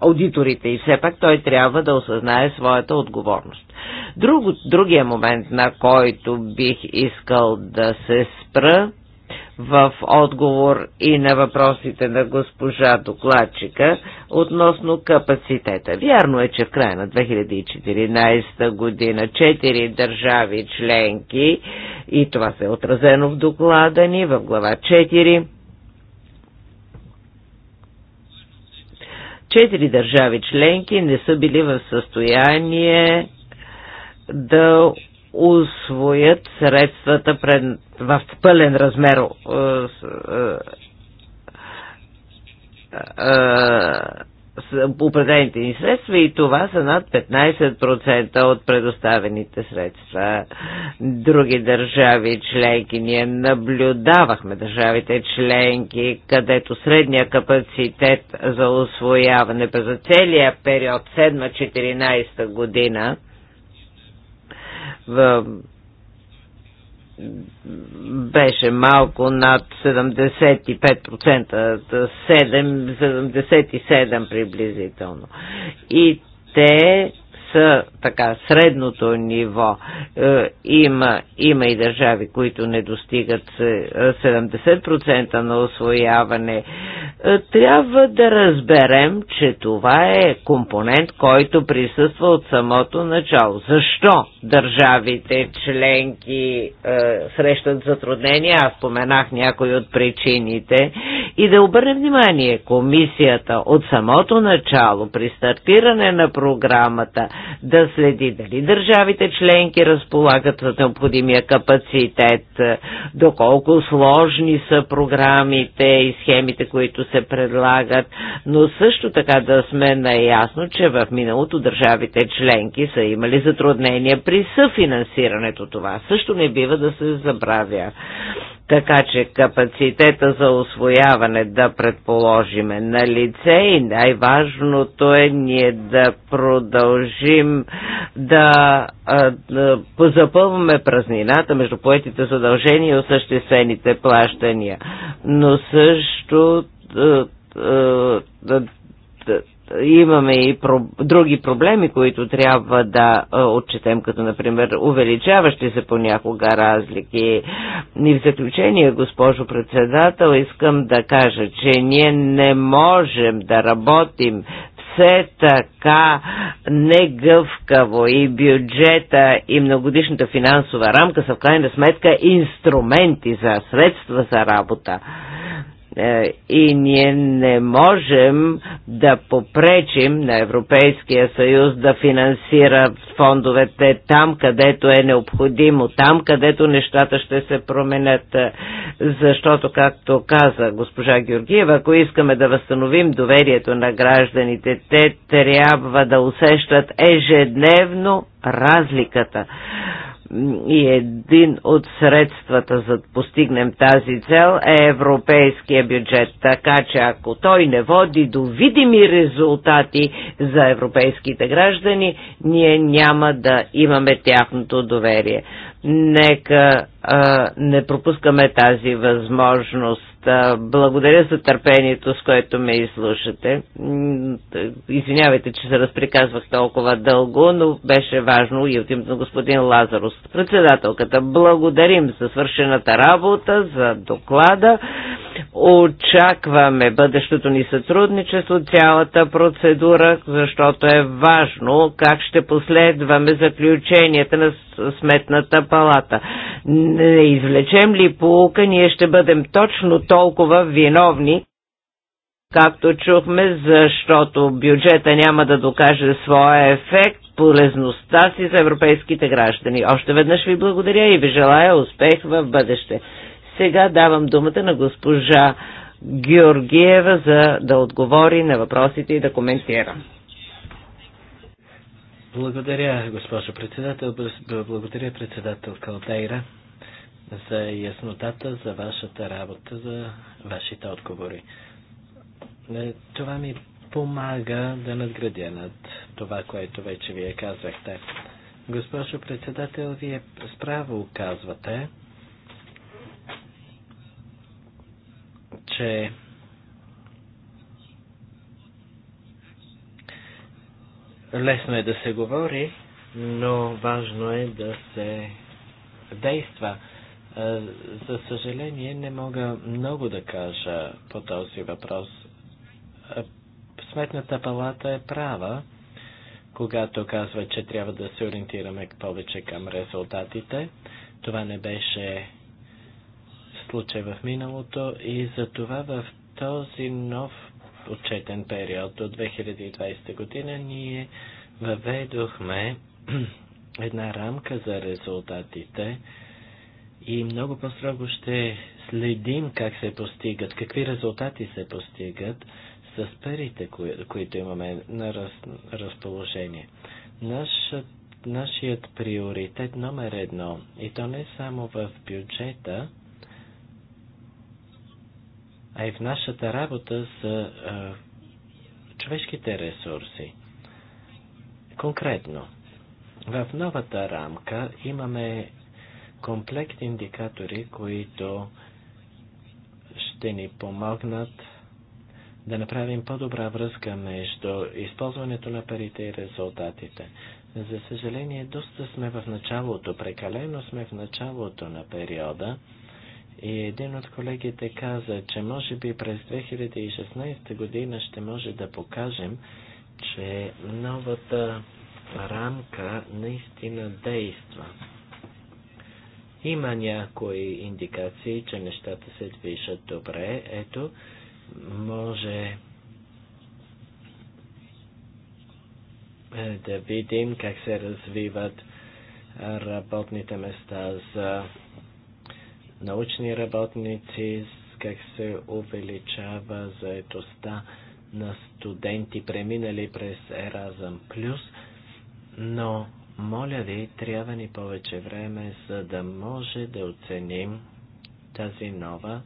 S1: аудиторите и все пак той трябва да осъзнае своята отговорност. Друг, другия момент, на който бих искал да се спра, в отговор и на въпросите на госпожа докладчика относно капацитета. Вярно е, че в края на 2014 година четири държави членки, и това се е отразено в доклада ни, в глава 4, четири държави членки не са били в състояние да освоят средствата пред, в пълен размер е, е, е, определените ни средства и това са над 15% от предоставените средства. Други държави членки ние наблюдавахме държавите членки, където средния капацитет за освояване през целия период 7-14 година в беше малко над 75%, 7, 77 приблизително. И те с така средното ниво. Е, има, има и държави, които не достигат 70% е, на освояване. Е, трябва да разберем, че това е компонент, който присъства от самото начало. Защо държавите членки срещат затруднения? Аз споменах някои от причините. И да обърнем внимание, комисията от самото начало при стартиране на програмата да следи дали държавите членки разполагат с необходимия капацитет, е, доколко сложни са програмите и схемите, които се предлагат, но също така да сме наясно, че в миналото държавите членки са имали затруднения при съфинансирането. Това също не бива да се забравя. Така че капацитета за освояване да предположиме на лице и най-важното е ние да продължим да, да запълваме празнината между поетите задължения и осъществените плащания. Но също да, да, имаме и про... други проблеми, които трябва да отчетем, като например увеличаващи се понякога разлики. И в заключение, госпожо председател, искам да кажа, че ние не можем да работим все така негъвкаво и бюджета и многодишната финансова рамка са в крайна сметка инструменти за средства за работа е, и ние не можем да попречим на Европейския съюз да финансира фондовете там, където е необходимо, там, където нещата ще се променят. Е, защото, както каза госпожа Георгиева, ако искаме да възстановим доверието на гражданите, те трябва да усещат ежедневно разликата и един от средствата за да постигнем тази цел е европейския бюджет. Така че ако той не води до видими резултати за европейските граждани, ние няма да имаме тяхното доверие. Нека не пропускаме тази възможност. Благодаря за търпението, с което ме изслушате. Извинявайте, че се разприказвах толкова дълго, но беше важно и от името на господин Лазарус. Председателката, благодарим за свършената работа, за доклада. Очакваме бъдещото ни сътрудничество, цялата процедура, защото е важно как ще последваме заключенията на Сметната палата не извлечем ли полука, ние ще бъдем точно толкова виновни, както чухме, защото бюджета няма да докаже своя ефект, полезността си за европейските граждани. Още веднъж ви благодаря и ви желая успех в бъдеще. Сега давам думата на госпожа Георгиева, за да отговори на въпросите и да коментира.
S2: Благодаря, госпожо председател. Благодаря, председател Калдейра за яснотата, за вашата работа, за вашите отговори. Е, това ми помага да надградя над това, което вече вие казахте. Госпожо председател, вие справо казвате, че лесно е да се говори, но важно е да се действа. Е, за съжаление, не мога много да кажа по този въпрос. Е, Сметната палата е права, когато казва, че трябва да се ориентираме повече към резултатите. Това не беше случай в миналото и за това в този нов отчетен период до 2020 година ние въведохме една рамка за резултатите, и много по-строго ще следим как се постигат, какви резултати се постигат с парите, кои, които имаме на раз, разположение. Нашът, нашият приоритет номер едно, и то не само в бюджета, а и в нашата работа с а, човешките ресурси. Конкретно, в новата рамка имаме комплект индикатори, които ще ни помогнат да направим по-добра връзка между използването на парите и резултатите. За съжаление, доста сме в началото, прекалено сме в началото на периода. И един от колегите каза, че може би през 2016 година ще може да покажем, че новата рамка наистина действа. Има някои индикации, че нещата се движат добре. Ето, може е, да видим как се развиват работните места за научни работници, как се увеличава заетостта на студенти, преминали през Еразъм Плюс, но моля ви, трябва ни повече време, за да може да оценим тази нова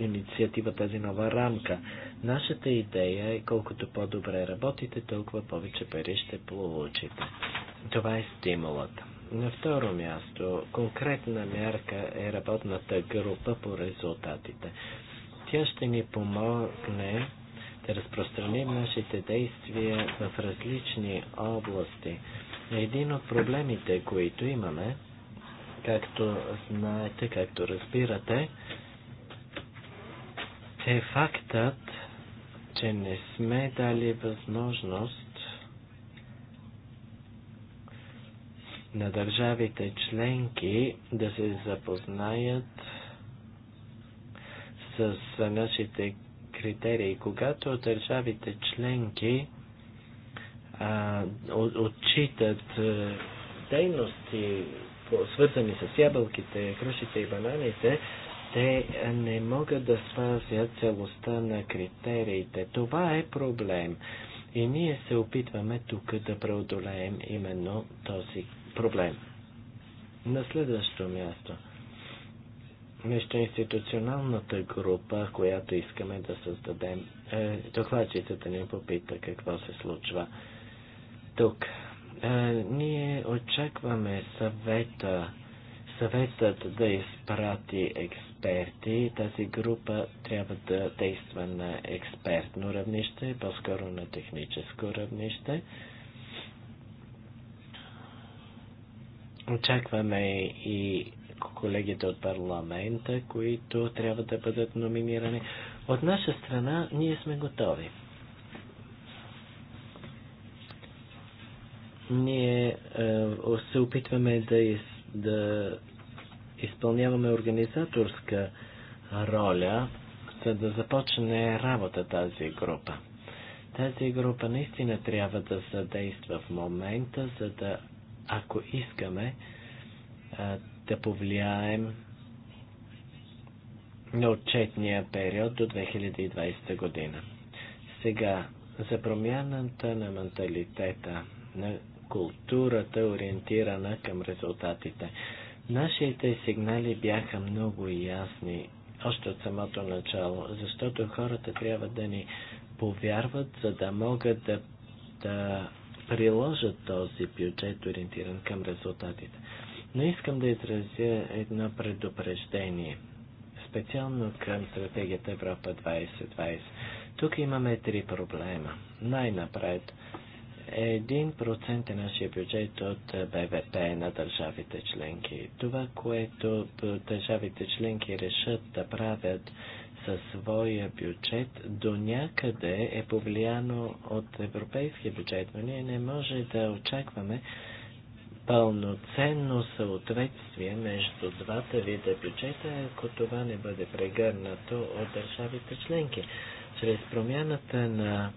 S2: инициатива, тази нова рамка. Нашата идея е колкото по-добре работите, толкова повече пари ще получите. Това е стимулът. На второ място, конкретна мярка е работната група по резултатите. Тя ще ни помогне да разпространим нашите действия в различни области. Един от проблемите, които имаме, както знаете, както разбирате, е фактът, че не сме дали възможност на държавите членки да се запознаят с нашите критерии. Когато държавите членки отчитат дейности, свързани с ябълките, крушите и бананите, те не могат да спазят целостта на критериите. Това е проблем. И ние се опитваме тук да преодолеем именно този проблем. На следващо място. Междуинституционалната група, която искаме да създадем, е, докладчицата ни попита какво се случва. Е, тук. А, е, ние очакваме съвета, съветът да изпрати експерти. Тази група трябва да действа на експертно равнище, по-скоро на техническо равнище. Очакваме и колегите от парламента, които трябва да бъдат номинирани. От наша страна ние сме готови. Ние е, се опитваме да, из, да изпълняваме организаторска роля, за да започне работа тази група. Тази група наистина трябва да съдейства в момента, за да, ако искаме, е, да повлияем на отчетния период до 2020 година. Сега, за промяната на менталитета, на културата ориентирана към резултатите. Нашите сигнали бяха много ясни още от самото начало, защото хората трябва да ни повярват, за да могат да, да приложат този бюджет, ориентиран към резултатите. Но искам да изразя едно предупреждение, специално към стратегията Европа 2020. Тук имаме три проблема. Най-напред – 1% е нашия бюджет от е, БВП на държавите членки. Това, което е, държавите членки решат да правят със своя бюджет, до някъде е повлияно от европейския бюджет, но ние не може да очакваме пълноценно съответствие между двата вида бюджета, ако това не бъде прегърнато от държавите членки. Чрез промяната на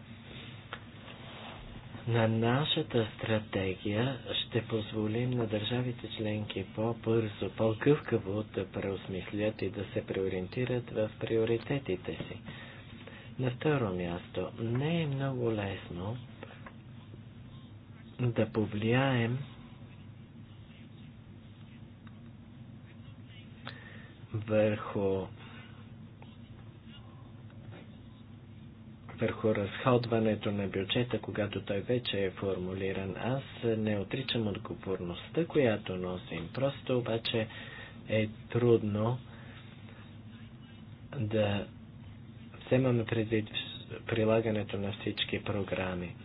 S2: на нашата стратегия ще позволим на държавите членки по-бързо, по-гъвкаво да преосмислят и да се преориентират в приоритетите си. На второ място, не е много лесно да повлияем върху върху разходването на бюджета, когато той вече е формулиран. Аз не отричам отговорността, която носим. Просто обаче е трудно да вземаме предвид прилагането на всички програми.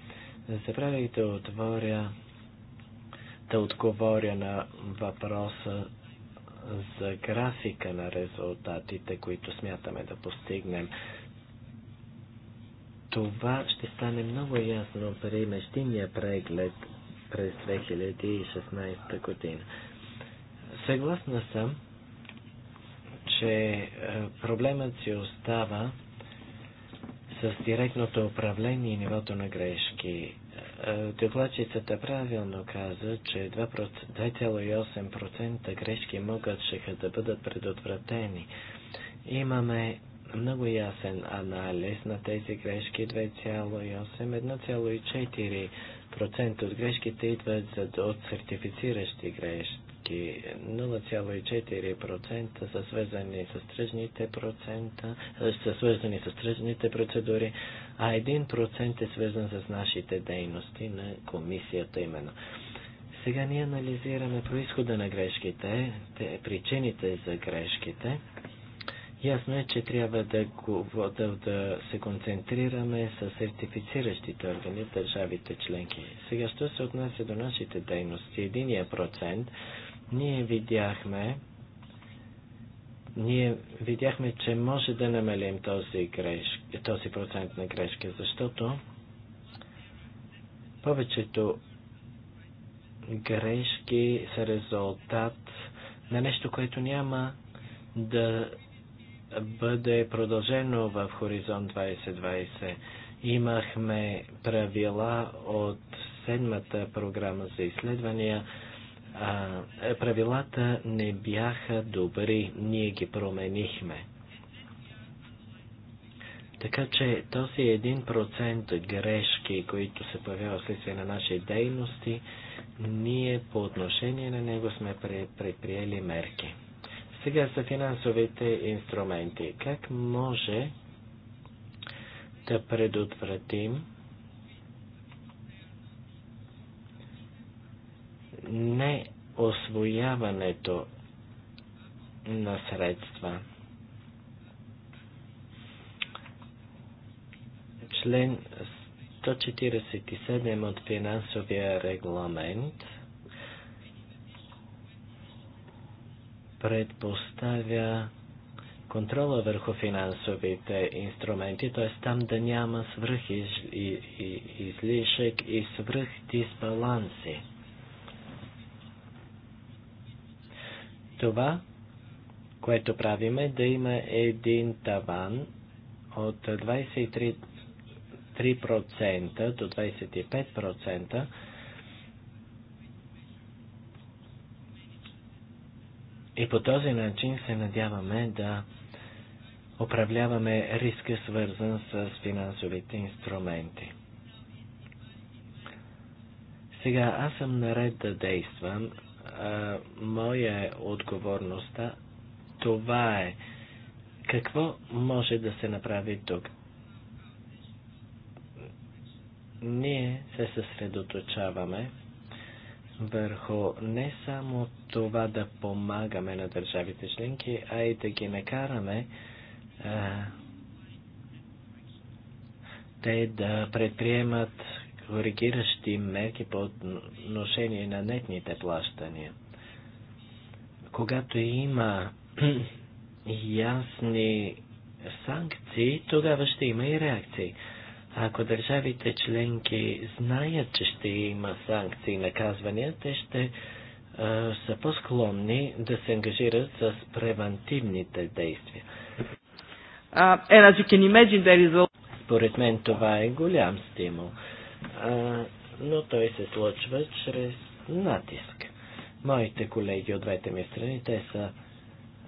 S2: Забравих да отворя, да отговоря на въпроса за графика на резултатите, които смятаме да постигнем. Това ще стане много ясно при междинния преглед през 2016 година. Съгласна съм, че е, проблемът си остава с директното управление и нивото на грешки. Е, докладчицата правилно каза, че 2,8% грешки могат да бъдат предотвратени. Имаме много ясен анализ на тези грешки 2,8, 1,4% от грешките идват от сертифициращи грешки. 0,4% са свързани с тръжните процента, е, са свързани с тръжните процедури, а 1% е свързан с нашите дейности на комисията именно. Сега ние анализираме происхода на грешките, причините за грешките Ясно е, че трябва да, да, да се концентрираме с сертифициращите органи в държавите членки. Сега, що се отнася до нашите дейности? Единия процент ние видяхме, ние видяхме, че може да намалим този, греш, този процент на грешки, защото повечето грешки са резултат на нещо, което няма да бъде продължено в Хоризонт 2020. Имахме правила от седмата програма за изследвания. А, правилата не бяха добри, ние ги променихме. Така че този 1% грешки, които се появяват вследствие на наши дейности, ние по отношение на него сме предприели мерки. Сега са финансовите инструменти. Как може да предотвратим не освояването на средства. Член 147 от финансовия регламент – предпоставя контрола върху финансовите инструменти, т.е. там да няма свръх из, и, и, излишък и свръх дисбаланси. Това, което правим е да има един таван от 23% до 25%, И по този начин се надяваме да управляваме риска, свързан с финансовите инструменти. Сега аз съм наред да действам. А, моя е отговорността. Това е. Какво може да се направи тук? Ние се съсредоточаваме върху не само това да помагаме на държавите членки, а и да ги накараме те да предприемат коригиращи мерки по отношение на нетните плащания. Когато има ясни санкции, тогава ще има и реакции. Ако държавите членки знаят, че ще има санкции и наказвания, те ще а, са по-склонни да се ангажират с превантивните действия. Uh, and as you can imagine, there is a... Според мен това е голям стимул, а, но той се случва чрез натиск. Моите колеги от двете ми страни, те са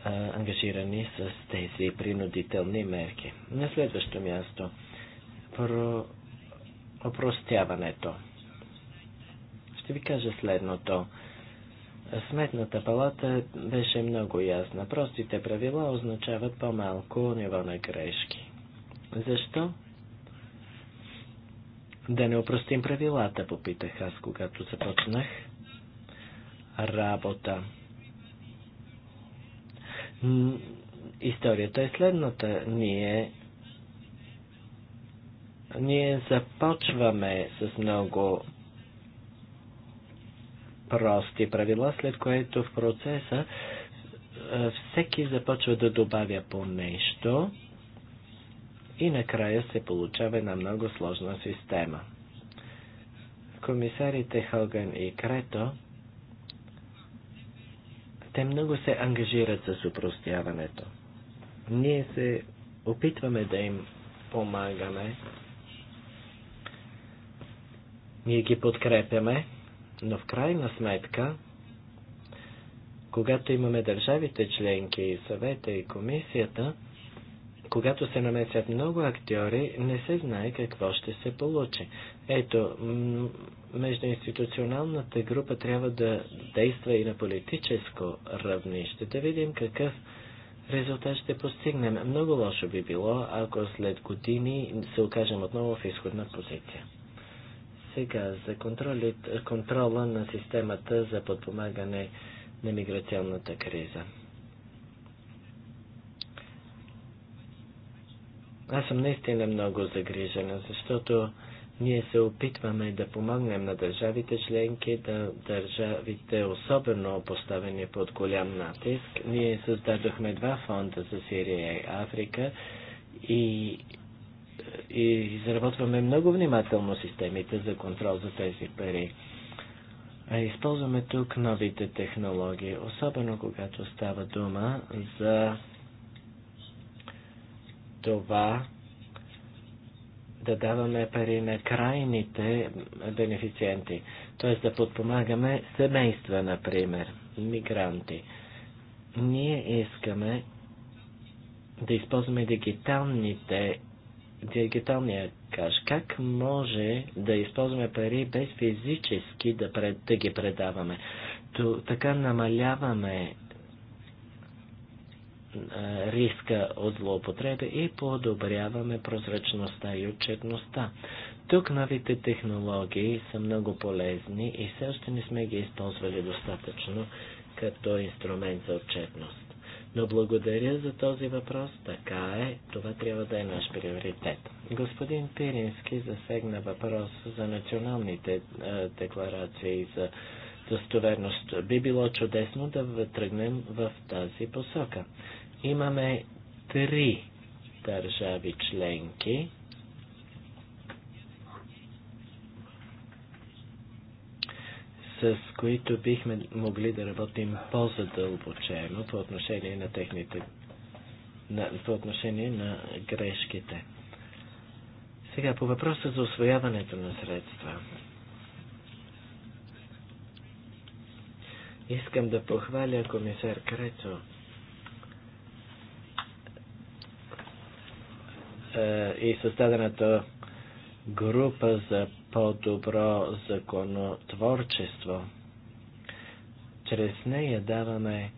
S2: а, ангажирани с тези принудителни мерки. На следващо място – про... опростяването. Ще ви кажа следното. Сметната палата беше много ясна. Простите правила означават по-малко ниво на грешки. Защо? Да не опростим правилата, попитах аз, когато започнах работа. Историята е следната. Ние ние започваме с много прости правила, след което в процеса всеки започва да добавя по нещо и накрая се получава една много сложна система. Комисарите Хоган и Крето те много се ангажират с упростяването. Ние се опитваме да им помагаме ние ги подкрепяме, но в крайна сметка, когато имаме държавите членки, и съвета и комисията, когато се намесят много актьори, не се знае какво ще се получи. Ето, междуинституционалната група трябва да действа и на политическо равнище, да видим какъв резултат ще постигнем. Много лошо би било, ако след години се окажем отново в изходна позиция. Сега за контрола на системата за подпомагане на миграционната криза. Аз съм наистина много загрижена, защото ние се опитваме да помогнем на държавите членки, да държавите особено поставени под голям натиск. Ние създадохме два фонда за Сирия и Африка и и изработваме много внимателно системите за контрол за тези пари. а Използваме тук новите технологии, особено когато става дума за това да даваме пари на крайните бенефициенти, т.е. да подпомагаме семейства, например, мигранти. Ние искаме да използваме дигиталните дигиталния каш. Как може да използваме пари без физически да, пред, да ги предаваме? То, така намаляваме е, риска от злоупотреби и подобряваме прозрачността и отчетността. Тук новите технологии са много полезни и все още не сме ги използвали достатъчно като инструмент за отчетност. Но благодаря за този въпрос. Така е. Това трябва да е наш приоритет. Господин Пирински засегна въпрос за националните е, декларации за достоверност. Би било чудесно да тръгнем в тази посока. Имаме три държави членки, с които бихме могли да работим по-задълбочено по отношение на техните, на, по отношение на грешките. Сега по въпроса за освояването на средства. Искам да похваля комисар Крето. Е, и създадената група за по-добро законотворчество. Чрез нея даваме,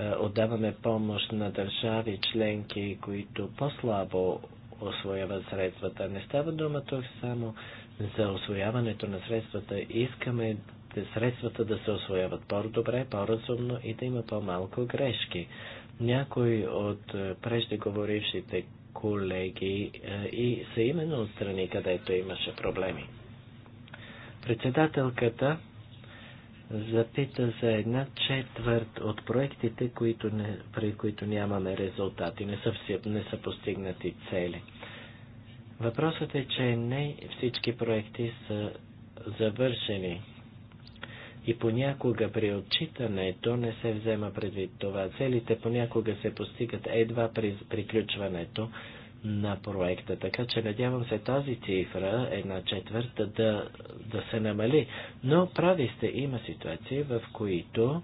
S2: е, отдаваме помощ на държави членки, които по-слабо освояват средствата. Не става дума тук само за освояването на средствата. Искаме средствата да се освояват по-добре, по-разумно и да има по-малко грешки. Някои от е, преждеговорившите колеги е, и са именно от страни, където имаше проблеми. Председателката запита за една четвърт от проектите, които не, при които нямаме резултати, не са, все, не са постигнати цели. Въпросът е, че не всички проекти са завършени и понякога при отчитането не се взема предвид това. Целите понякога се постигат едва при приключването на проекта. Така че надявам се тази цифра, една четвърта, да, да се намали. Но прави сте, има ситуации, в които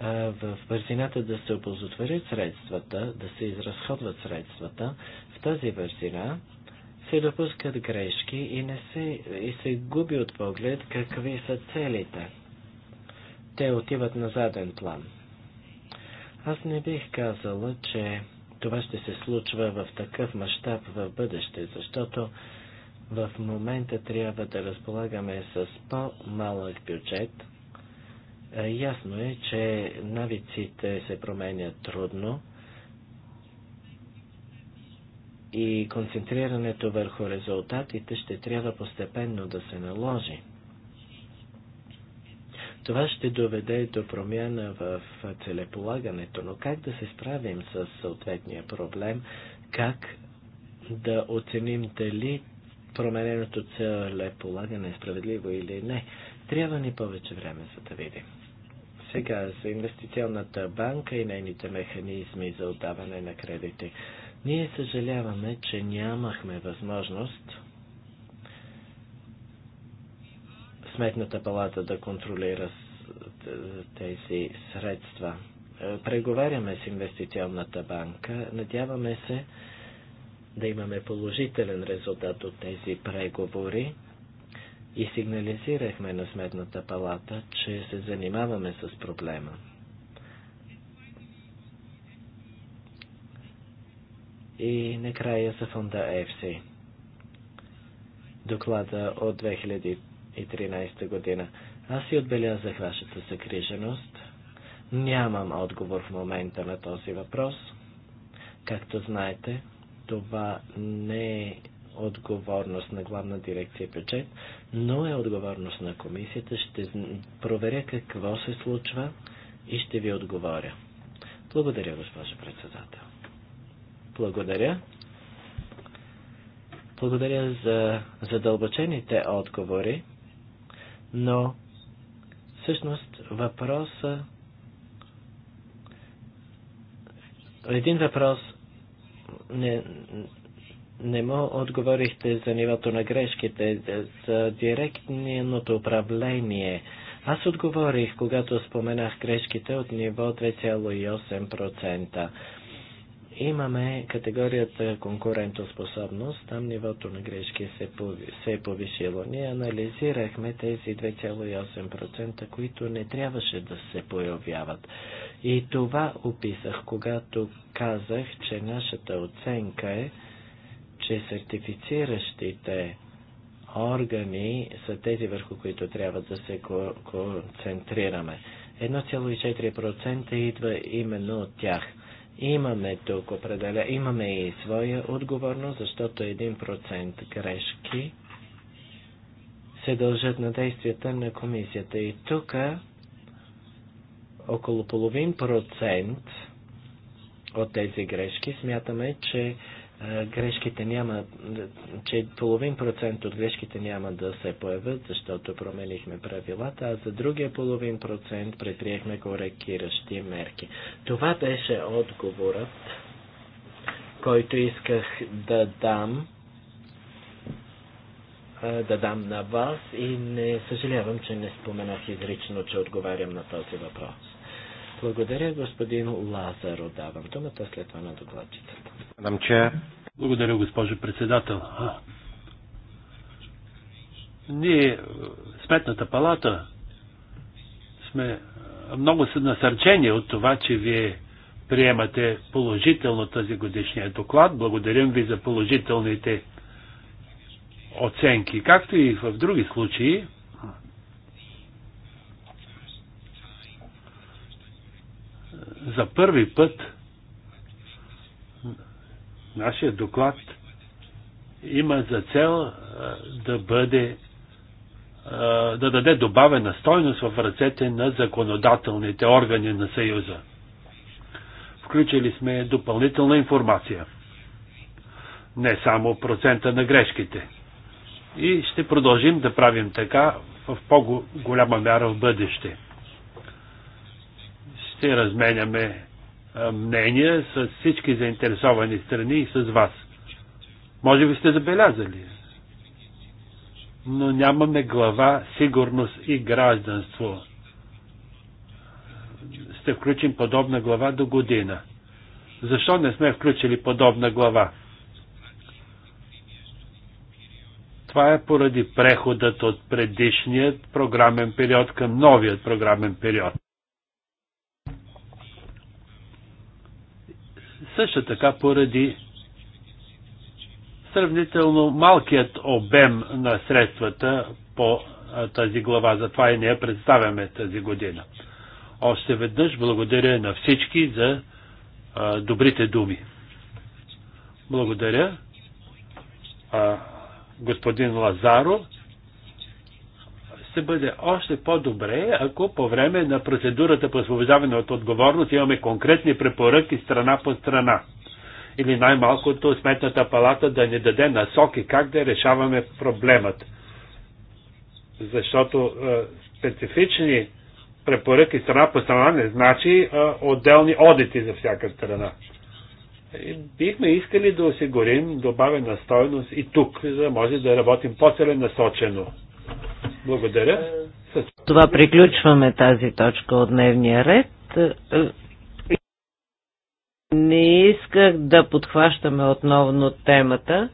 S2: а, в бързината да се оползотворят средствата, да се изразходват средствата, в тази бързина се допускат грешки и, не се, и се губи от поглед какви са целите. Те отиват на заден план. Аз не бих казала, че това ще се случва в такъв мащаб в бъдеще, защото в момента трябва да разполагаме с по-малък бюджет. Ясно е, че навиците се променят трудно и концентрирането върху резултатите ще трябва постепенно да се наложи. Това ще доведе до промяна в целеполагането, но как да се справим с съответния проблем, как да оценим дали промененото целеполагане е справедливо или не, трябва ни повече време за да видим. Сега за инвестиционната банка и нейните механизми за отдаване на кредити. Ние съжаляваме, че нямахме възможност Сметната палата да контролира тези средства. Е, преговаряме с инвестиционната банка. Надяваме се да имаме положителен резултат от тези преговори и сигнализирахме на Сметната палата, че се занимаваме с проблема. И накрая за фонда EFSI. Доклада от 2005 2013 година. Аз си отбелязах вашата загриженост. Нямам отговор в момента на този въпрос. Както знаете, това не е отговорност на главна дирекция бюджет, но е отговорност на комисията. Ще проверя какво се случва и ще ви отговоря. Благодаря, госпожо председател. Благодаря. Благодаря за задълбочените отговори но всъщност въпроса един въпрос не, не му отговорихте за нивото на грешките, за директното управление. Аз отговорих, когато споменах грешките от ниво 2,8%. Имаме категорията конкурентоспособност, там нивото на грешки се, пови, се е повишило. Ние анализирахме тези 2,8%, които не трябваше да се появяват. И това описах, когато казах, че нашата оценка е, че сертифициращите органи са тези върху които трябва да се концентрираме. 1,4% идва именно от тях. Имаме тук определя, имаме и своя отговорност, защото един процент грешки се дължат на действията на комисията. И тук около половин процент от тези грешки смятаме, че е, грешките няма, че половин процент от грешките няма да се появят, защото променихме правилата, а за другия половин процент предприехме коректиращи мерки. Това беше отговорът, който исках да дам е, да дам на вас и не съжалявам, че не споменах изрично, че отговарям на този въпрос. Благодаря, господин Лазаро. Давам
S3: думата след това на докладчицата. Дамче. Благодаря, госпожо председател. Ние, е, Сметната палата, сме е, много са насърчени от това, че вие приемате положително тази годишния доклад. Благодарим ви за положителните оценки, както и в други случаи. за първи път нашия доклад има за цел да бъде да даде добавена стойност в ръцете на законодателните органи на Съюза. Включили сме допълнителна информация. Не само процента на грешките. И ще продължим да правим така в по-голяма мяра в бъдеще ще разменяме мнения с всички заинтересовани страни и с вас. Може би сте забелязали, но нямаме глава сигурност и гражданство. Ще включим подобна глава до година. Защо не сме включили подобна глава? Това е поради преходът от предишният програмен период към новият програмен период. Също така поради сравнително малкият обем на средствата по тази глава. Затова и не я представяме тази година. Още веднъж благодаря на всички за добрите думи. Благодаря. господин Лазаро ще бъде още по-добре, ако по време на процедурата по освобождаване от отговорност имаме конкретни препоръки страна по страна. Или най-малкото сметната палата да ни даде насоки как да решаваме проблемът. Защото е, специфични препоръки страна по страна не значи е, отделни одити за всяка страна. И бихме искали да осигурим добавена стойност и тук, за да може да работим по-целенасочено. Благодаря.
S1: Това приключваме тази точка от дневния ред. Не исках да подхващаме отново темата.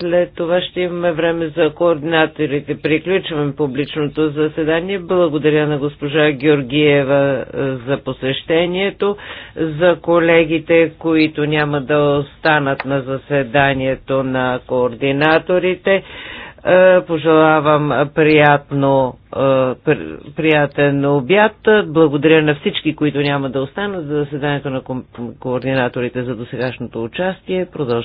S1: След това ще имаме време за координаторите. Приключваме публичното заседание. Благодаря на госпожа Георгиева е, за посещението, за колегите, които няма да останат на заседанието на координаторите. Е, пожелавам приятно, е, приятен обяд. Благодаря на всички, които няма да останат за заседанието на координаторите за досегашното участие. Продължаваме.